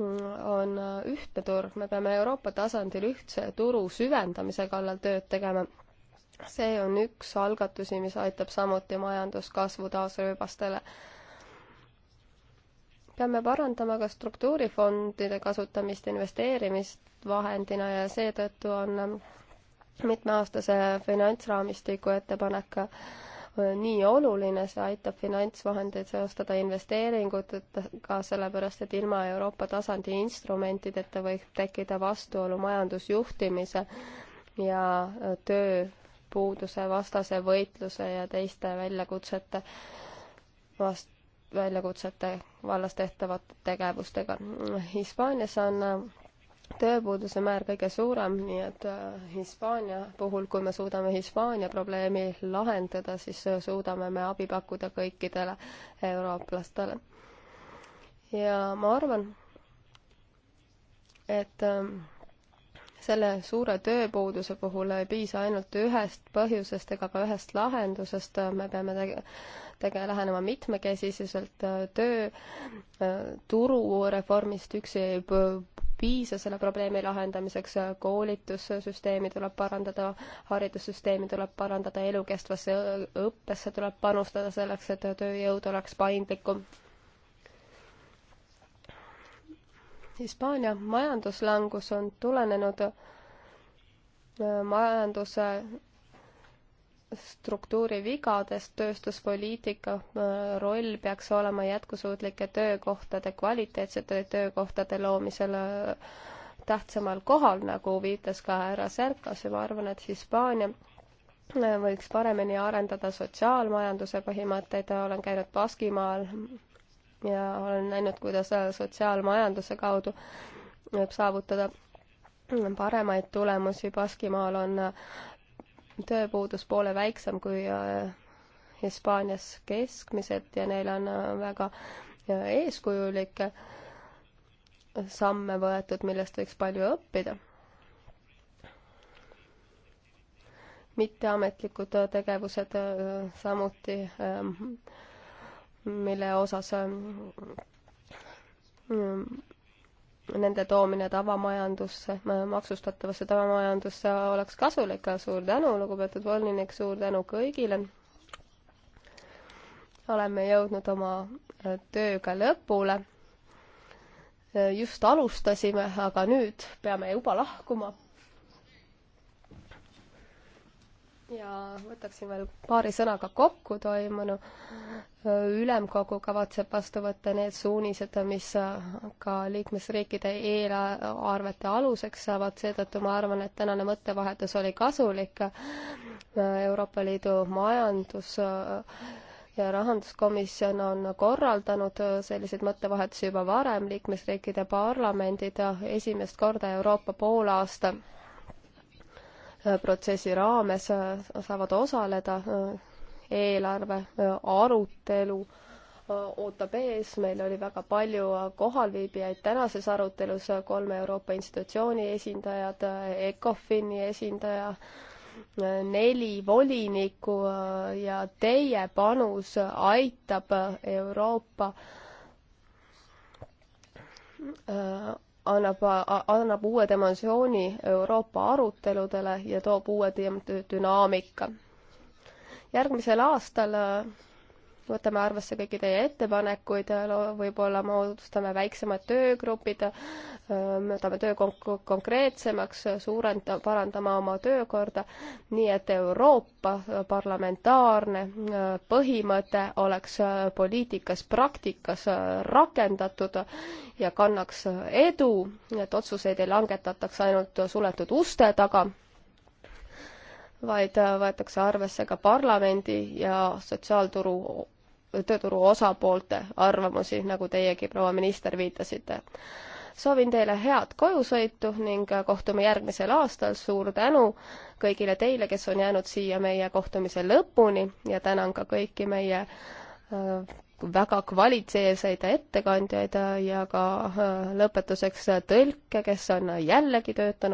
on äh, ühtne turg, me peame Euroopa tasandil ühtse turu süvendamise kallal tööd tegema. see on üks algatusi, mis aitab samuti majanduskasvu taasrööbastele. peame parandama ka struktuurifondide kasutamist investeerimisvahendina ja seetõttu on äh, mitmeaastase finantsraamistiku ettepanek äh, nii oluline, see aitab finantsvahendeid seostada investeeringutega, sellepärast et ilma Euroopa tasandi instrumentideta võib tekkida vastuolu majandusjuhtimise ja äh, tööpuuduse vastase võitluse ja teiste väljakutsete vast-, väljakutsete vallas tehtavate tegevustega. Hispaanias on äh, tööpuuduse määr kõige suurem, nii et äh, Hispaania puhul, kui me suudame Hispaania probleemi lahendada, siis suudame me abi pakkuda kõikidele eurooplastele. ja ma arvan, et ähm, selle suure tööpuuduse puhul ei piisa ainult ühest põhjusest ega ka ühest lahendusest, me peame tege-, tege-, lähenema mitmekesiselt, äh, töö, äh, turureformist üksi ei piisa selle probleemi lahendamiseks, koolitussüsteemi tuleb parandada, haridussüsteemi tuleb parandada, elukestvasse õppesse tuleb panustada selleks, et tööjõud oleks paindlikum. Hispaania majanduslangus on tulenenud majanduse struktuurivigadest, tööstuspoliitika äh, roll peaks olema jätkusuutlike töökohtade, kvaliteetsete töökohtade loomisel äh, tähtsamal kohal, nagu viitas ka härra Serkas ja ma arvan, et Hispaania äh, võiks paremini arendada sotsiaalmajanduse põhimõtteid, olen käinud Baskimaal ja olen näinud, kuidas sotsiaalmajanduse kaudu võib saavutada paremaid tulemusi, Baskimaal on tööpuudus poole väiksem kui äh, Hispaanias keskmiselt ja neil on äh, väga äh, eeskujulikke samme võetud, millest võiks palju õppida. mitteametlikud tegevused samuti, mille osas nende toomine tavamajandusse, maksustatavasse tavamajandusse oleks kasulik. suur tänu, lugupeetud volinik, suur tänu kõigile. oleme jõudnud oma äh, tööga lõpule. Äh, just alustasime, aga nüüd peame juba lahkuma. ja võtaksin veel paari sõnaga kokku toimunu. ülemkogu kavatseb vastu võtta need suunised, mis ka liikmesriikide eelarvete aluseks saavad, seetõttu ma arvan, et tänane mõttevahetus oli kasulik. Euroopa Liidu majandus ja rahanduskomisjon on korraldanud selliseid mõttevahetusi juba varem, liikmesriikide parlamendid esimest korda Euroopa poolaasta protsessi raames äh, saavad osaleda. Äh, eelarve äh, arutelu ootab ees, meil oli väga palju kohalviibijaid tänases arutelus, kolme Euroopa institutsiooni esindajad, ECOFIN-i esindaja, neli volinikku ja teie panus aitab Euroopa annab, annab uue dimensiooni Euroopa aruteludele ja toob uue dünaamika. järgmisel aastal võtame arvesse kõiki teie ettepanekuid, võib-olla moodustame väiksemad töögrupid, võtame töö konk-, konkreetsemaks, suurenda-, parandama oma töökorda, nii et Euroopa parlamentaarne põhimõte oleks poliitikas, praktikas rakendatud ja kannaks edu, et otsuseid ei langetataks ainult suletud uste taga, vaid võetakse arvesse ka parlamendi ja sotsiaalturu tööturu osapoolte arvamusi, nagu teiegi, proua minister, viitasite. soovin teile head kojusõitu ning kohtume järgmisel aastal, suur tänu kõigile teile, kes on jäänud siia meie kohtumise lõpuni ja tänan ka kõiki meie äh, väga kvaliteetseid ettekandjaid ja ka äh, lõpetuseks tõlke, kes on jällegi töötanud